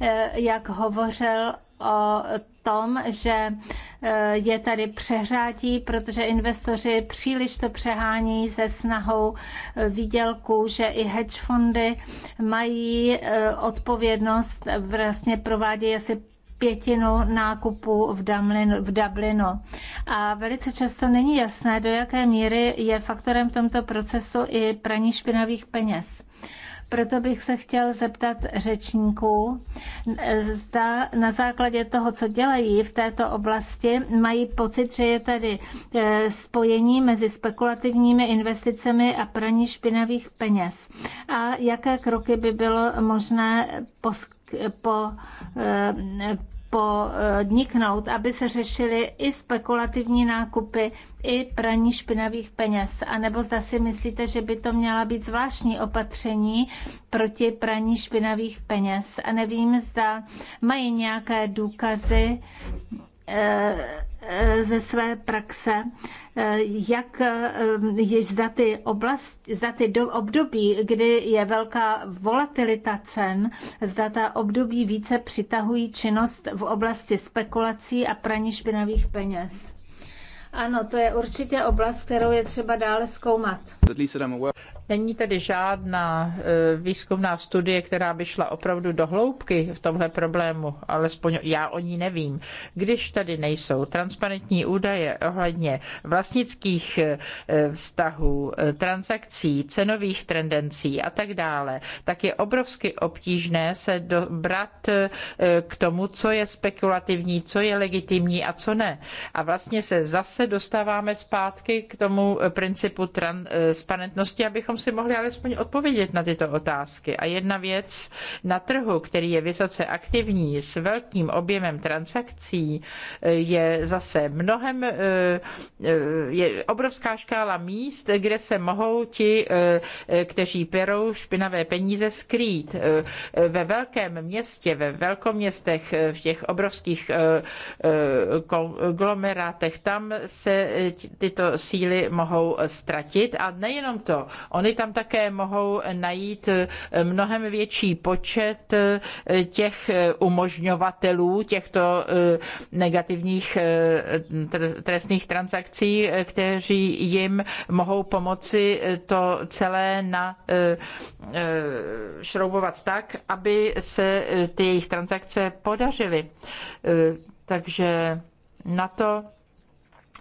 eh, jak hovořil o tom, že eh, je tady přehrátí, protože investoři příliš to přehání se snahou eh, výdělku, že i hedge fondy mají eh, odpovědnost, vlastně provádějí asi pětinu nákupu v, Dublinu, v Dublinu. A velice často není jasné, do jaké míry je faktorem v tomto procesu i praní špinavých peněz. Proto bych se chtěl zeptat řečníků, zda na základě toho, co dělají v této oblasti, mají pocit, že je tady eh, spojení mezi spekulativními investicemi a praní špinavých peněz. A jaké kroky by bylo možné po, po eh, podniknout, aby se řešily i spekulativní nákupy, i praní špinavých peněz? A nebo zda si myslíte, že by to měla být zvláštní opatření proti praní špinavých peněz? A nevím, zda mají nějaké důkazy Eh, ze své praxe, eh, jak eh, je zda ty, oblast, zda ty do období, kdy je velká volatilita cen, zda ta období více přitahují činnost v oblasti spekulací a praní špinavých peněz. Ano, to je určitě oblast, kterou je třeba dále zkoumat. Není tedy žádná e, výzkumná studie, která by šla opravdu do hloubky v tomhle problému, alespoň já o ní nevím. Když tady nejsou transparentní údaje ohledně vlastnických e, vztahů, e, transakcí, cenových tendencí a tak dále, tak je obrovsky obtížné se dobrat k tomu, co je spekulativní, co je legitimní a co ne. A vlastně se zase se dostáváme zpátky k tomu eh, principu eh, transparentnosti, abychom si mohli alespoň odpovědět na tyto otázky. A jedna věc na trhu, který je vysoce aktivní s velkým objemem transakcí, eh, je zase mnohem je obrovská škála míst, kde se mohou ti, kteří perou špinavé peníze, skrýt. Ve velkém městě, ve velkoměstech, v těch obrovských konglomerátech, tam se eh, tyto síly mohou eh, ztratit. A nejenom to, oni tam také mohou najít eh, mnohem větší počet těch umožňovatelů těchto negativních trestných transakcí, kteří jim mohou pomoci to celé na šroubovat tak, aby se ty jejich transakce podařily. Takže na to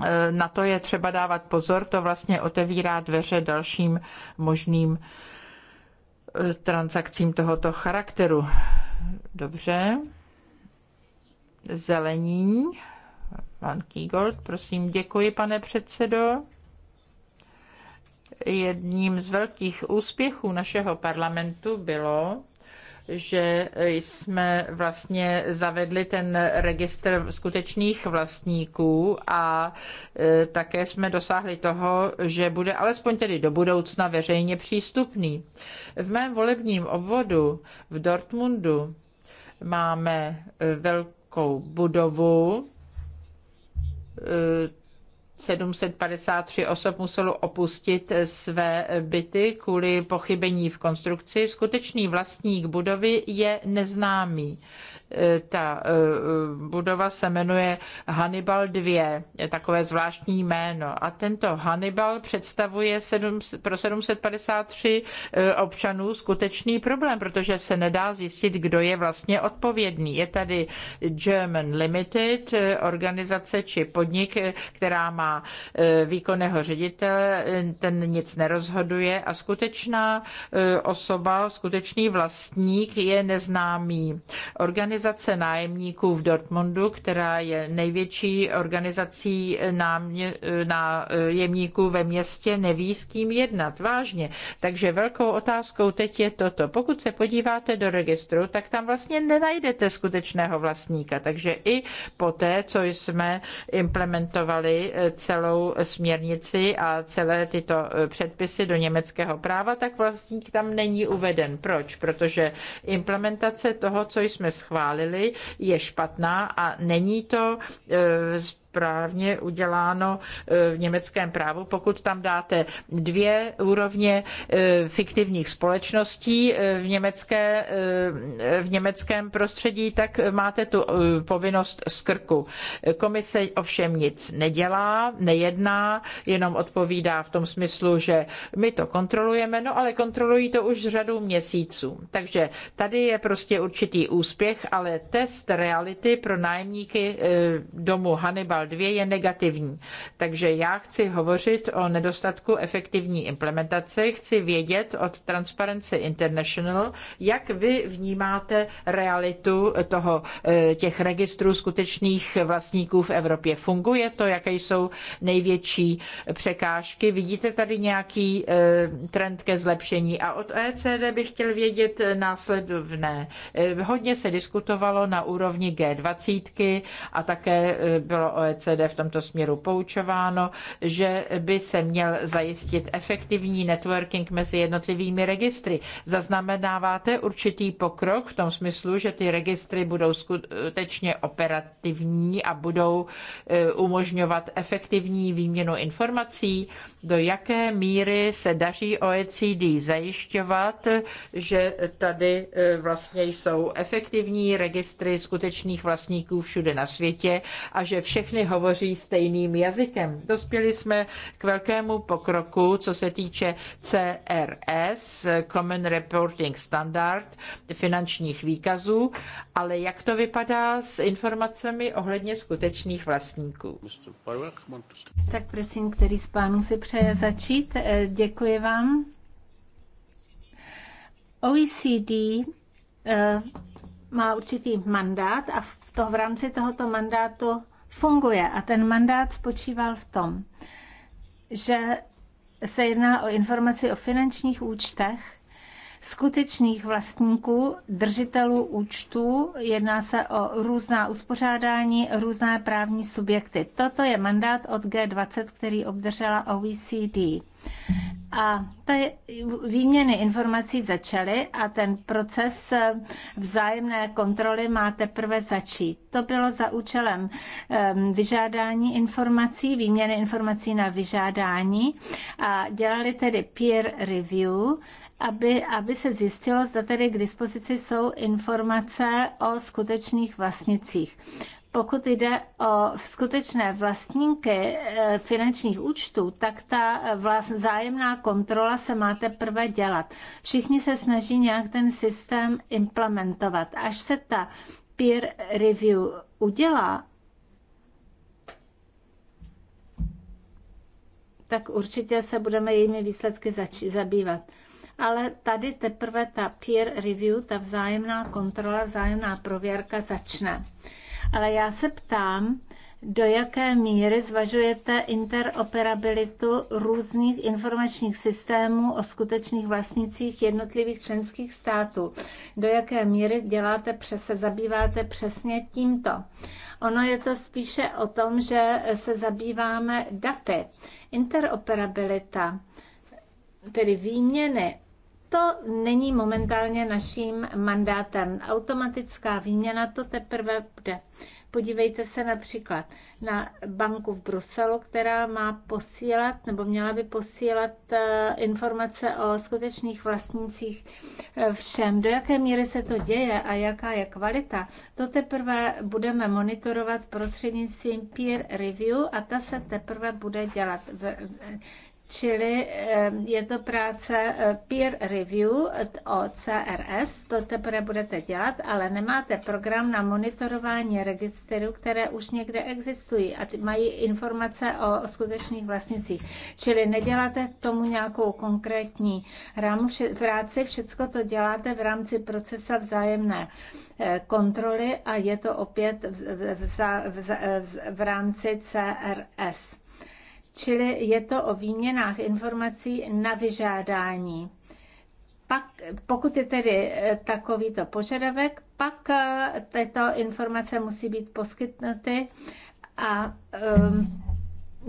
Eh, na to je třeba dávat pozor, to vlastně otevírá dveře dalším možným eh, transakcím tohoto charakteru. Dobře. Zelení. Pan Kigold, prosím, děkuji, pane předsedo. Jedním z velkých úspěchů našeho parlamentu bylo, že jsme vlastně zavedli ten registr skutečných vlastníků a e, také jsme dosáhli toho, že bude alespoň tedy do budoucna veřejně přístupný. V mém volebním obvodu v Dortmundu máme e, velkou budovu, e, 753 osob muselo opustit své byty kvůli pochybení v konstrukci. Skutečný vlastník budovy je neznámý. Eh, ta eh, eh, budova se jmenuje Hannibal II. je takové zvláštní jméno. A tento Hannibal představuje 7, pro 753 občanů skutečný problém, protože se nedá zjistit, kdo je vlastně odpovědný. Je tady German Limited, organizace či podnik, která má výkonného ředitele, ten nic nerozhoduje a skutečná osoba, skutečný vlastník je neznámý. Organizace organizace nájemníků v Dortmundu, která je největší organizací nájemníků ve městě, neví, s kým jednat. Vážně. Takže velkou otázkou teď je toto. Pokud se podíváte do registru, tak tam vlastně nenajdete skutečného vlastníka. Takže i poté, co jsme implementovali eh, celou směrnici a celé tyto eh, předpisy do německého práva, tak vlastník tam není uveden. Proč? Protože implementace toho, co jsme schválili, schválili, je špatná a není to eh, správně uděláno eh, v německém právu, pokud tam dáte dvě úrovně eh, fiktivních společností eh, v, německé, v německém prostředí, tak máte tu povinnost z krku. Komise ovšem nic nedělá, nejedná, jenom odpovídá v tom smyslu, že my to kontrolujeme, no ale kontrolují to už řadu měsíců. Takže tady je prostě určitý úspěch, ale test reality pro nájemníky domu Hannibal kapitál dvě, je negativní. Takže já chci hovořit o nedostatku efektivní implementace, chci vědět od Transparency International, jak vy vnímáte realitu toho, eh, těch registrů skutečných vlastníků v Evropě. Funguje to, jaké jsou největší překážky? Vidíte tady nějaký eh, trend ke zlepšení? A od OECD bych chtěl vědět eh, následovné. Hodně se diskutovalo na úrovni G20 a také bylo OECD OECD v tomto směru poučováno, že by se měl zajistit efektivní networking mezi jednotlivými registry. Zaznamenáváte určitý pokrok v tom smyslu, že ty registry budou skutečně operativní a budou e, umožňovat efektivní výměnu informací, do jaké míry se daří OECD zajišťovat, že tady e, vlastně jsou efektivní registry skutečných vlastníků všude na světě a že všechny všechny hovoří stejným jazykem. Dospěli jsme k velkému pokroku, co se týče CRS, Common Reporting Standard, finančních výkazů, ale jak to vypadá s informacemi ohledně skutečných vlastníků? Tak prosím, který z pánů si přeje začít? Eh, děkuji vám. OECD eh, má určitý mandát a v, to, v rámci tohoto mandátu funguje. A ten mandát spočíval v tom, že se jedná o informaci o finančních účtech skutečných vlastníků, držitelů účtů. Jedná se o různá uspořádání, různé právní subjekty. Toto je mandát od G20, který obdržela OECD. A ty výměny informací začaly a ten proces eh, vzájemné kontroly má teprve začít. To bylo za účelem ehm, vyžádání informací, výměny informací na vyžádání a dělali tedy peer review, aby, aby se zjistilo, zda tedy k dispozici jsou informace o skutečných vlastnicích pokud jde o skutečné vlastníky eh, finančních účtů, tak ta eh, vlast, zájemná kontrola se má teprve dělat. Všichni se snaží nějak ten systém implementovat. Až se ta peer review udělá, tak určitě se budeme jejími výsledky zači- zabývat. Ale tady teprve ta peer review, ta vzájemná kontrola, vzájemná prověrka začne. Ale já se ptám, do jaké míry zvažujete interoperabilitu různých informačních systémů o skutečných vlastnicích jednotlivých členských států. Do jaké míry děláte, se zabýváte přesně tímto. Ono je to spíše o tom, že se zabýváme daty. Interoperabilita, tedy výměny to není momentálně naším mandátem. Automatická výměna to teprve bude. Podívejte se například na banku v Bruselu, která má posílat nebo měla by posílat eh, informace o skutečných vlastnících eh, všem. Do jaké míry se to děje a jaká je kvalita, to teprve budeme monitorovat prostřednictvím peer review a ta se teprve bude dělat čili je to práce e, peer review o CRS, to teprve budete dělat, ale nemáte program na monitorování registrů, které už někde existují a mají informace o skutečných vlastnicích. Čili neděláte tomu nějakou konkrétní rámu práci, všecko to děláte v rámci procesa vzájemné e, kontroly a je to opět v, v, v, v, v, v rámci CRS. Čili je to o výměnách informací na vyžádání. Pak, pokud je tedy eh, takovýto požadavek, pak eh, tyto informace musí být poskytnuty a um,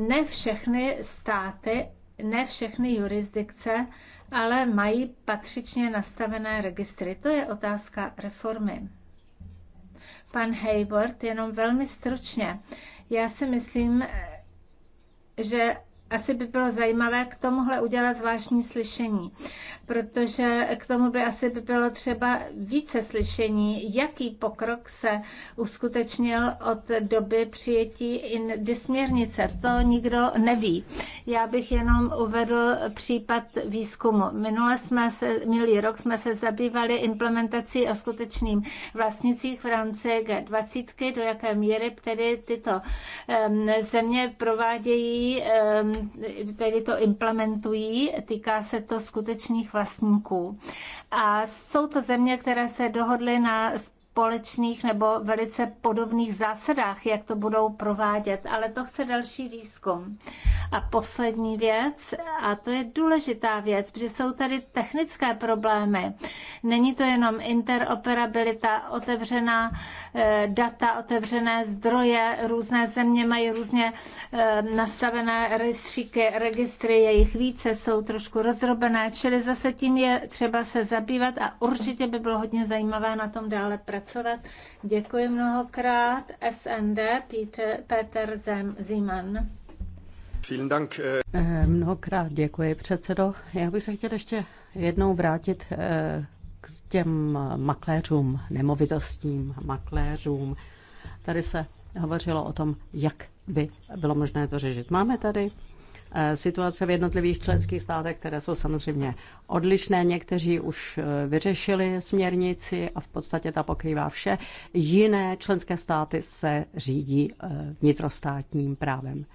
ne všechny státy, ne všechny jurisdikce, ale mají patřičně nastavené registry. To je otázka reformy. Pan Hayward, jenom velmi stručně. Já si myslím, že asi by bylo zajímavé k tomuhle udělat zvláštní slyšení, protože k tomu by asi by bylo třeba více slyšení, jaký pokrok se uskutečnil od doby přijetí směrnice. To nikdo neví. Já bych jenom uvedl případ výzkumu. Minule jsme se, minulý rok jsme se zabývali implementací o skutečným vlastnicích v rámci G20, do jaké míry tedy tyto ehm, země provádějí ehm, tedy to implementují, týká se to skutečných vlastníků. A jsou to země, které se dohodly na společných nebo velice podobných zásadách, jak to budou provádět, ale to chce další výzkum. A poslední věc, a to je důležitá věc, protože jsou tady technické problémy. Není to jenom interoperabilita, otevřená eh, data, otevřené zdroje, různé země mají různě eh, nastavené rejstříky, registry, jejich více jsou trošku rozrobené, čili zase tím je třeba se zabývat a určitě by bylo hodně zajímavé na tom dále pracovat pracovat. Děkuji mnohokrát. SND Peter, Peter Zem, Zeman. Eh. Eh, mnohokrát děkuji, předsedo. Já bych se chtěl ještě jednou vrátit eh, k těm makléřům, nemovitostním makléřům. Tady se hovořilo o tom, jak by bylo možné to řešit. Máme tady Eh, situace v jednotlivých členských státech, které jsou samozřejmě odlišné. Někteří už eh, vyřešili směrnici a v podstatě ta pokrývá vše. Jiné členské státy se řídí eh, vnitrostátním právem.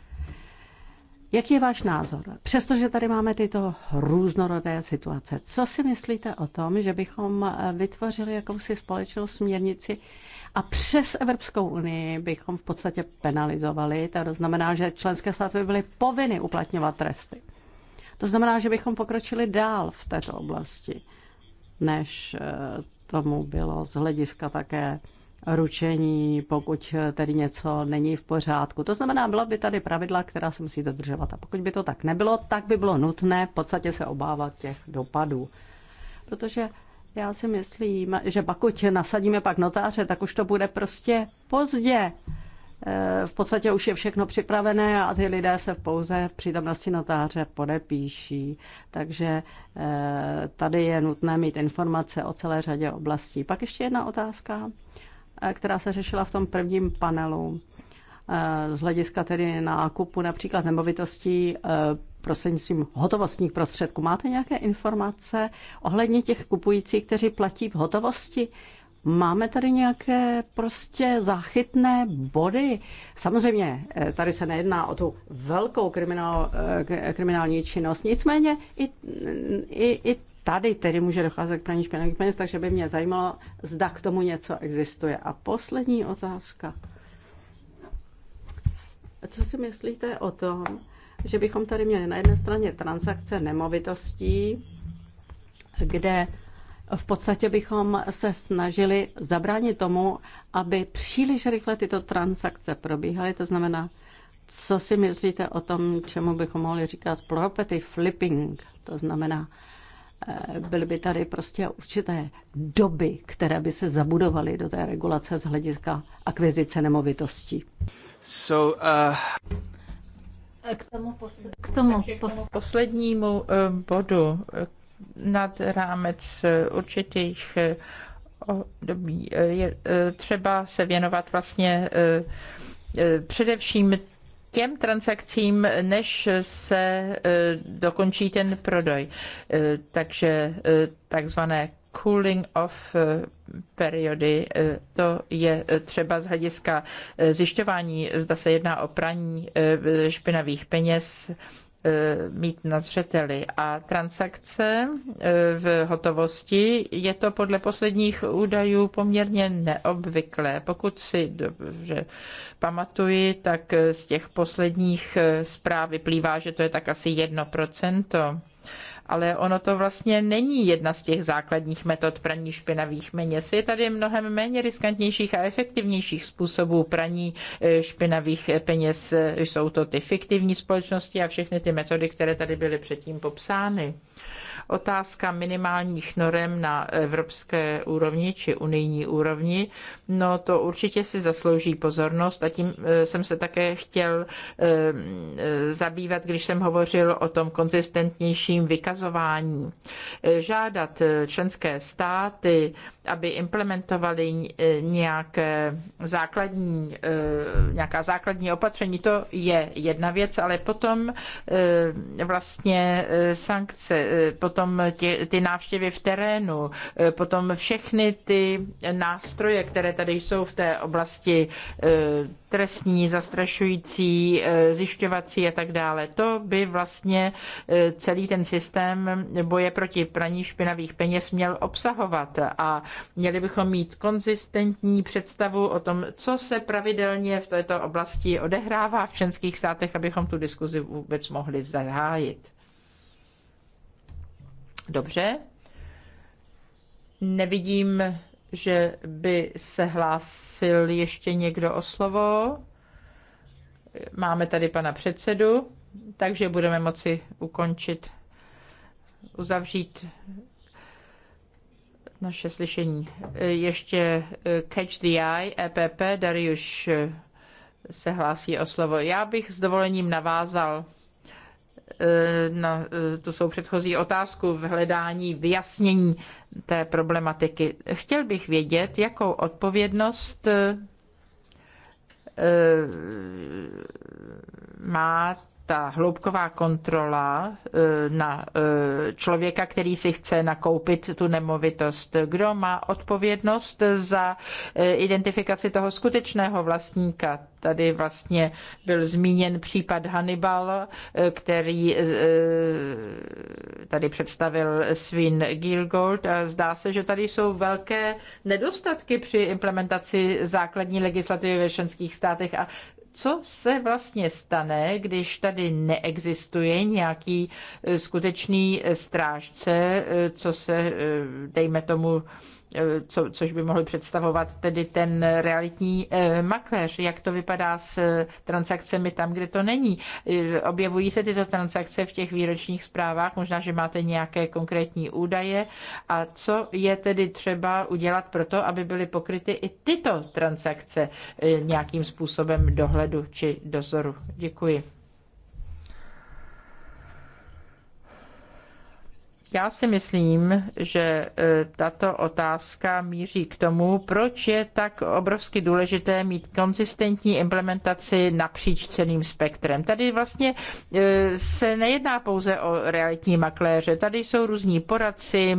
Jaký je váš názor? Přestože tady máme tyto různorodé situace, co si myslíte o tom, že bychom vytvořili jakousi společnou směrnici, a přes Evropskou unii bychom v podstatě penalizovali. To znamená, že členské státy by byly povinny uplatňovat tresty. To znamená, že bychom pokročili dál v této oblasti, než eh, tomu bylo z hlediska také ručení, pokud tedy něco není v pořádku. To znamená, byla by tady pravidla, která se musí dodržovat. A pokud by to tak nebylo, tak by bylo nutné v podstatě se obávat těch dopadů. Protože já si myslím, že pokud nasadíme pak notáře, tak už to bude prostě pozdě. E, v podstatě už je všechno připravené a ty lidé se pouze v přítomnosti notáře podepíší. Takže e, tady je nutné mít informace o celé řadě oblastí. Pak ještě jedna otázka, e, která se řešila v tom prvním panelu. Z hlediska tedy nákupu například nemovitostí prostřednictvím hotovostních prostředků. Máte nějaké informace ohledně těch kupujících, kteří platí v hotovosti? Máme tady nějaké prostě záchytné body. Samozřejmě eh, tady se nejedná o tu velkou kriminál, eh, kriminální činnost, nicméně i, i, i tady tedy může docházet k praní špinavých peněz, takže by mě zajímalo, zda k tomu něco existuje. A poslední otázka. Co si myslíte o tom, že bychom tady měli na jedné straně transakce nemovitostí, kde v podstatě bychom se snažili zabránit tomu, aby příliš rychle tyto transakce probíhaly. To znamená, co si myslíte o tom, čemu bychom mohli říkat property flipping? To znamená, eh, byly by tady prostě určité doby, které by se zabudovaly do té regulace z hlediska akvizice nemovitostí. So, uh... K tomu, posl- k tomu, pos- poslednímu eh, bodu eh, nad rámec eh, určitých období je třeba se věnovat vlastně především těm transakcím, než se dokončí ten prodej. Takže takzvané cooling off eh, periody. Eh, to je eh, třeba z hlediska zjišťování, zda se jedná o praní špinavých peněz, mít na zřeteli. A transakce v hotovosti je to podle posledních údajů poměrně neobvyklé. Pokud si dobře pamatuji, tak z těch posledních zpráv vyplývá, že to je tak asi 1% ale ono to vlastně není jedna z těch základních metod praní špinavých peněz. Je tady mnohem méně riskantnějších a efektivnějších způsobů praní eh, špinavých peněz. Jsou to ty fiktivní společnosti a všechny ty metody, které tady byly předtím popsány. Otázka minimálních norem na evropské úrovni či unijní úrovni, no to určitě si zaslouží pozornost a tím eh, jsem se také chtěl eh, eh, zabývat, když jsem hovořil o tom konzistentnějším vykazování. Žádat členské státy, aby implementovali nějaké základní, nějaká základní opatření, to je jedna věc, ale potom vlastně sankce, potom potom tě, ty návštěvy v terénu, e, potom všechny ty nástroje, které tady jsou v té oblasti e, trestní, zastrašující, e, zjišťovací a tak dále. To by vlastně celý ten systém boje proti praní špinavých peněz měl obsahovat a měli bychom mít konzistentní představu o tom, co se pravidelně v této oblasti odehrává v členských státech, abychom tu diskuzi vůbec mohli zahájit. Dobře. Nevidím, že by se hlásil ještě někdo o slovo. Máme tady pana předsedu, takže budeme moci ukončit, uzavřít naše slyšení. Ještě eh, Catch the Eye, EPP, Dariusz eh, se hlásí o slovo. Já bych s dovolením navázal Eh, na eh, tu jsou předchozí otázku v hledání vyjasnění té problematiky. Chtěl bych vědět, jakou odpovědnost eh, má ta hloubková kontrola e, na e, člověka, který si chce nakoupit tu nemovitost. Kdo má odpovědnost za e, identifikaci toho skutečného vlastníka? Tady vlastně byl zmíněn případ Hannibal, který tady představil Svin Gilgold. Zdá se, že tady jsou velké nedostatky při implementaci základní legislativy ve členských státech a co se vlastně stane, když tady neexistuje nějaký e, skutečný e, strážce, e, co se, dejme tomu, Eh, co, což by mohl představovat tedy ten realitní eh, makléř, jak to vypadá s eh, transakcemi tam, kde to není. Objevují se tyto transakce v těch výročních zprávách, možná, že máte nějaké konkrétní údaje a co je tedy třeba udělat pro to, aby byly pokryty i tyto transakce nějakým způsobem dohledu či dozoru. Děkuji. Já si myslím, že e, tato otázka míří k tomu, proč je tak obrovsky důležité mít konzistentní implementaci napříč celým spektrem. Tady vlastně e, se nejedná pouze o realitní makléře, tady jsou různí poradci,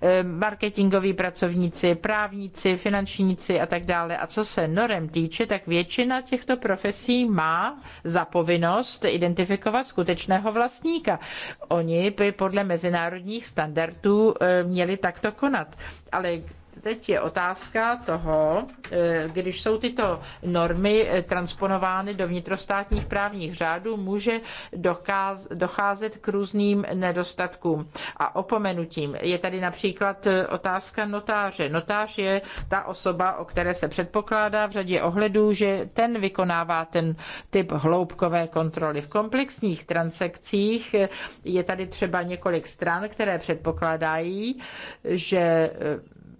e, marketingoví pracovníci, právníci, finančníci a tak dále. A co se norem týče, tak většina těchto profesí má zapovinnost identifikovat skutečného vlastníka. Oni by podle mezinárodní mezinárodních standardů eh, měli takto konat. Ale Teď je otázka toho, eh, když jsou tyto normy eh, transponovány do vnitrostátních právních řádů, může dokáz, docházet k různým nedostatkům a opomenutím. Je tady například eh, otázka notáře. Notář je ta osoba, o které se předpokládá v řadě ohledů, že ten vykonává ten typ hloubkové kontroly. V komplexních transakcích je tady třeba několik stran, které předpokládají, že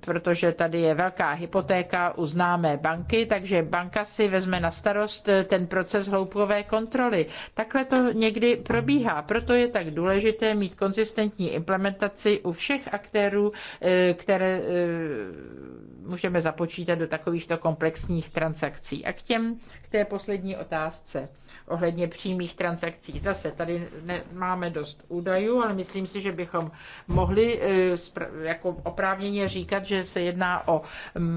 protože tady je velká hypotéka u známé banky, takže banka si vezme na starost eh, ten proces hloubkové kontroly. Takhle to někdy probíhá, proto je tak důležité mít konzistentní implementaci u všech aktérů, eh, které eh, můžeme započítat do takovýchto komplexních transakcí. A k těm, k té poslední otázce ohledně přímých transakcí. Zase tady nemáme dost údajů, ale myslím si, že bychom mohli jako oprávněně říkat, říkat, že se jedná o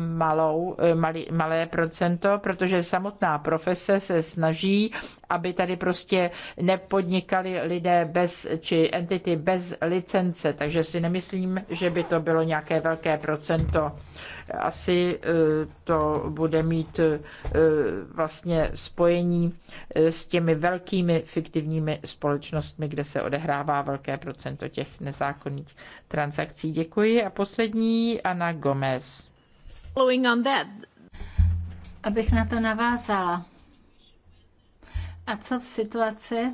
malou, eh, malý, malé procento, protože samotná profese se snaží, aby tady prostě nepodnikali lidé bez, či entity bez licence, takže si nemyslím, že by to bylo nějaké velké procento. Asi eh, to bude mít eh, vlastně spojení eh, s těmi velkými fiktivními společnostmi, kde se odehrává velké procento těch nezákonných transakcí. Děkuji. A poslední, Ana Gomez. Abych na to navázala. A co v situaci,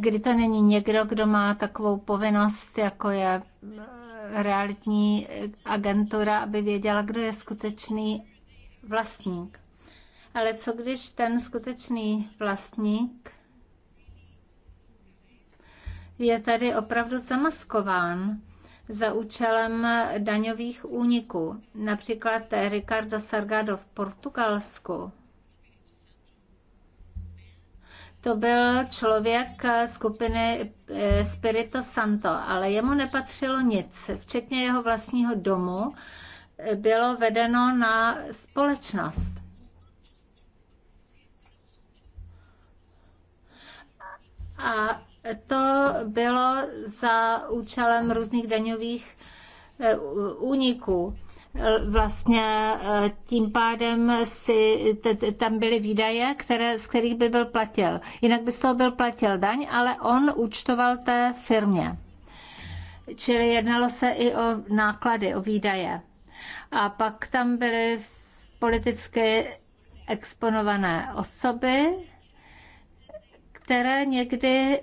kdy to není někdo, kdo má takovou povinnost, jako je eh, realitní agentura, aby věděla, kdo je skutečný vlastník. Ale co když ten skutečný vlastník je tady opravdu zamaskován za účelem daňových úniků. Například Ricardo Sargado v Portugalsku to byl člověk eh, skupiny eh, Spirito Santo, ale jemu nepatřilo nic, včetně jeho vlastního domu, eh, bylo vedeno na společnost. A to bylo za účelem různých daňových úniků. Eh, vlastně eh, tím pádem si, tam byly výdaje, které, z kterých by byl platil. Jinak by z toho byl platil daň, ale on účtoval té firmě. Čili jednalo se i o náklady, o výdaje. A pak tam byly politicky exponované osoby, které někdy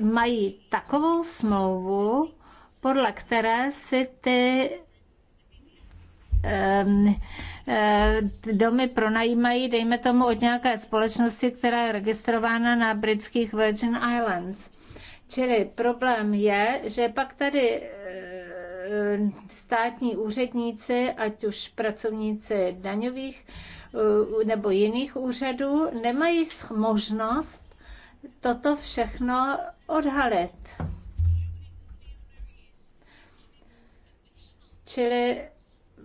mají takovou smlouvu, podle které si ty domy pronajímají, dejme tomu, od nějaké společnosti, která je registrována na britských Virgin Islands. Čili problém je, že pak tady státní úředníci, ať už pracovníci daňových nebo jiných úřadů, nemají možnost toto všechno odhalit. Čili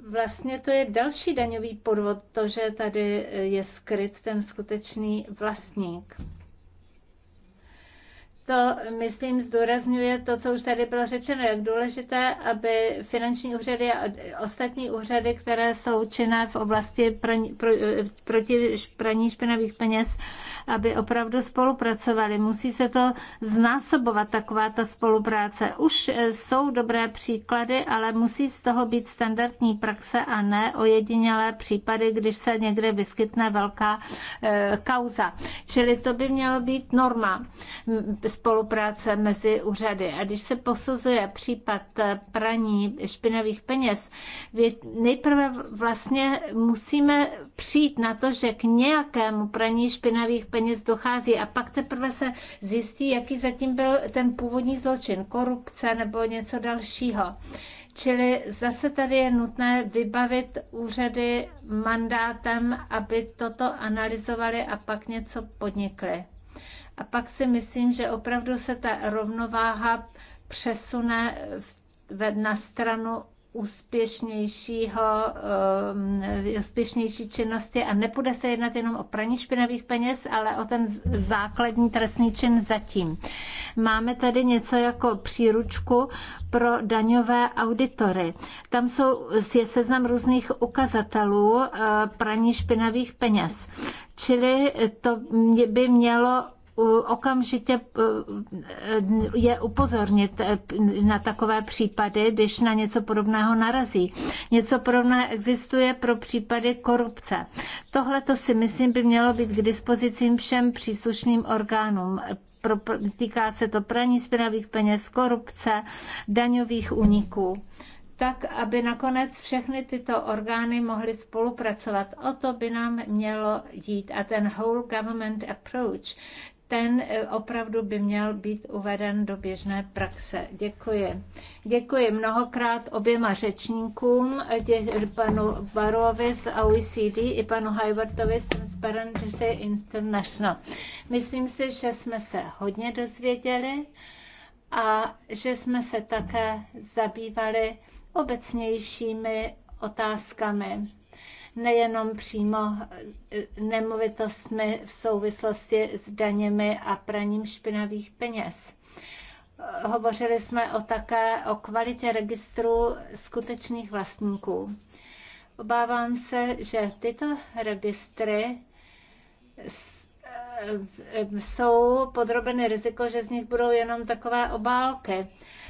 vlastně to je další daňový podvod, to, že tady je skryt ten skutečný vlastník to, myslím, zdůrazňuje to, co už tady bylo řečeno, jak důležité, aby finanční úřady a ostatní úřady, které jsou činné v oblasti praní, pro, proti praní špinavých peněz, aby opravdu spolupracovali. Musí se to znásobovat, taková ta spolupráce. Už eh, jsou dobré příklady, ale musí z toho být standardní praxe a ne ojedinělé případy, když se někde vyskytne velká e, kauza. Čili to by mělo být norma spolupráce mezi úřady. A když se posuzuje případ praní špinavých peněz, nejprve vlastně musíme přijít na to, že k nějakému praní špinavých peněz dochází a pak teprve se zjistí, jaký zatím byl ten původní zločin, korupce nebo něco dalšího. Čili zase tady je nutné vybavit úřady mandátem, aby toto analyzovali a pak něco podnikli. A pak si myslím, že opravdu se ta rovnováha přesune na stranu úspěšnějšího, um, úspěšnější činnosti a nebude se jednat jenom o praní špinavých peněz, ale o ten základní trestný čin zatím. Máme tady něco jako příručku pro daňové auditory. Tam jsou, je seznam různých ukazatelů uh, praní špinavých peněz. Čili to by mělo okamžitě je upozornit eh, na takové případy, když na něco podobného narazí. Něco podobného existuje pro případy korupce. Tohle to si myslím by mělo být k dispozici všem příslušným orgánům týká se to praní spinavých peněz, korupce, daňových úniků tak, aby nakonec všechny tyto orgány mohly spolupracovat. O to by nám mělo jít. A ten whole government approach, ten eh, opravdu by měl být uveden do běžné praxe. Děkuji. Děkuji mnohokrát oběma řečníkům, eh, panu Barovi z OECD i panu Hywardovi z Transparency International. Myslím si, že jsme se hodně dozvěděli a že jsme se také zabývali obecnějšími otázkami nejenom přímo eh, nemovitostmi v souvislosti s daněmi a praním špinavých peněz. Eh, hovořili jsme o také o kvalitě registru skutečných vlastníků. Obávám se, že tyto registry eh, jsou podrobeny riziko, že z nich budou jenom takové obálky,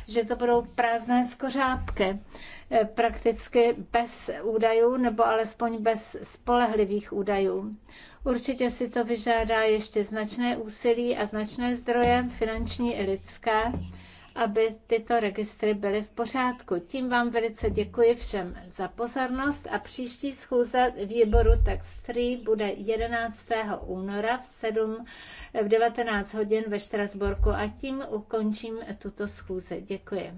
že to budou prázdné skořápky. Eh, prakticky bez údajů nebo alespoň bez spolehlivých údajů. Určitě si to vyžádá ještě značné úsilí a značné zdroje, finanční i lidské, aby tyto registry byly v pořádku. Tím vám velice děkuji všem za pozornost a příští schůze výboru Tax 3 bude 11. února v 7 v 19 hodin ve Štrasborku a tím ukončím tuto schůze. Děkuji.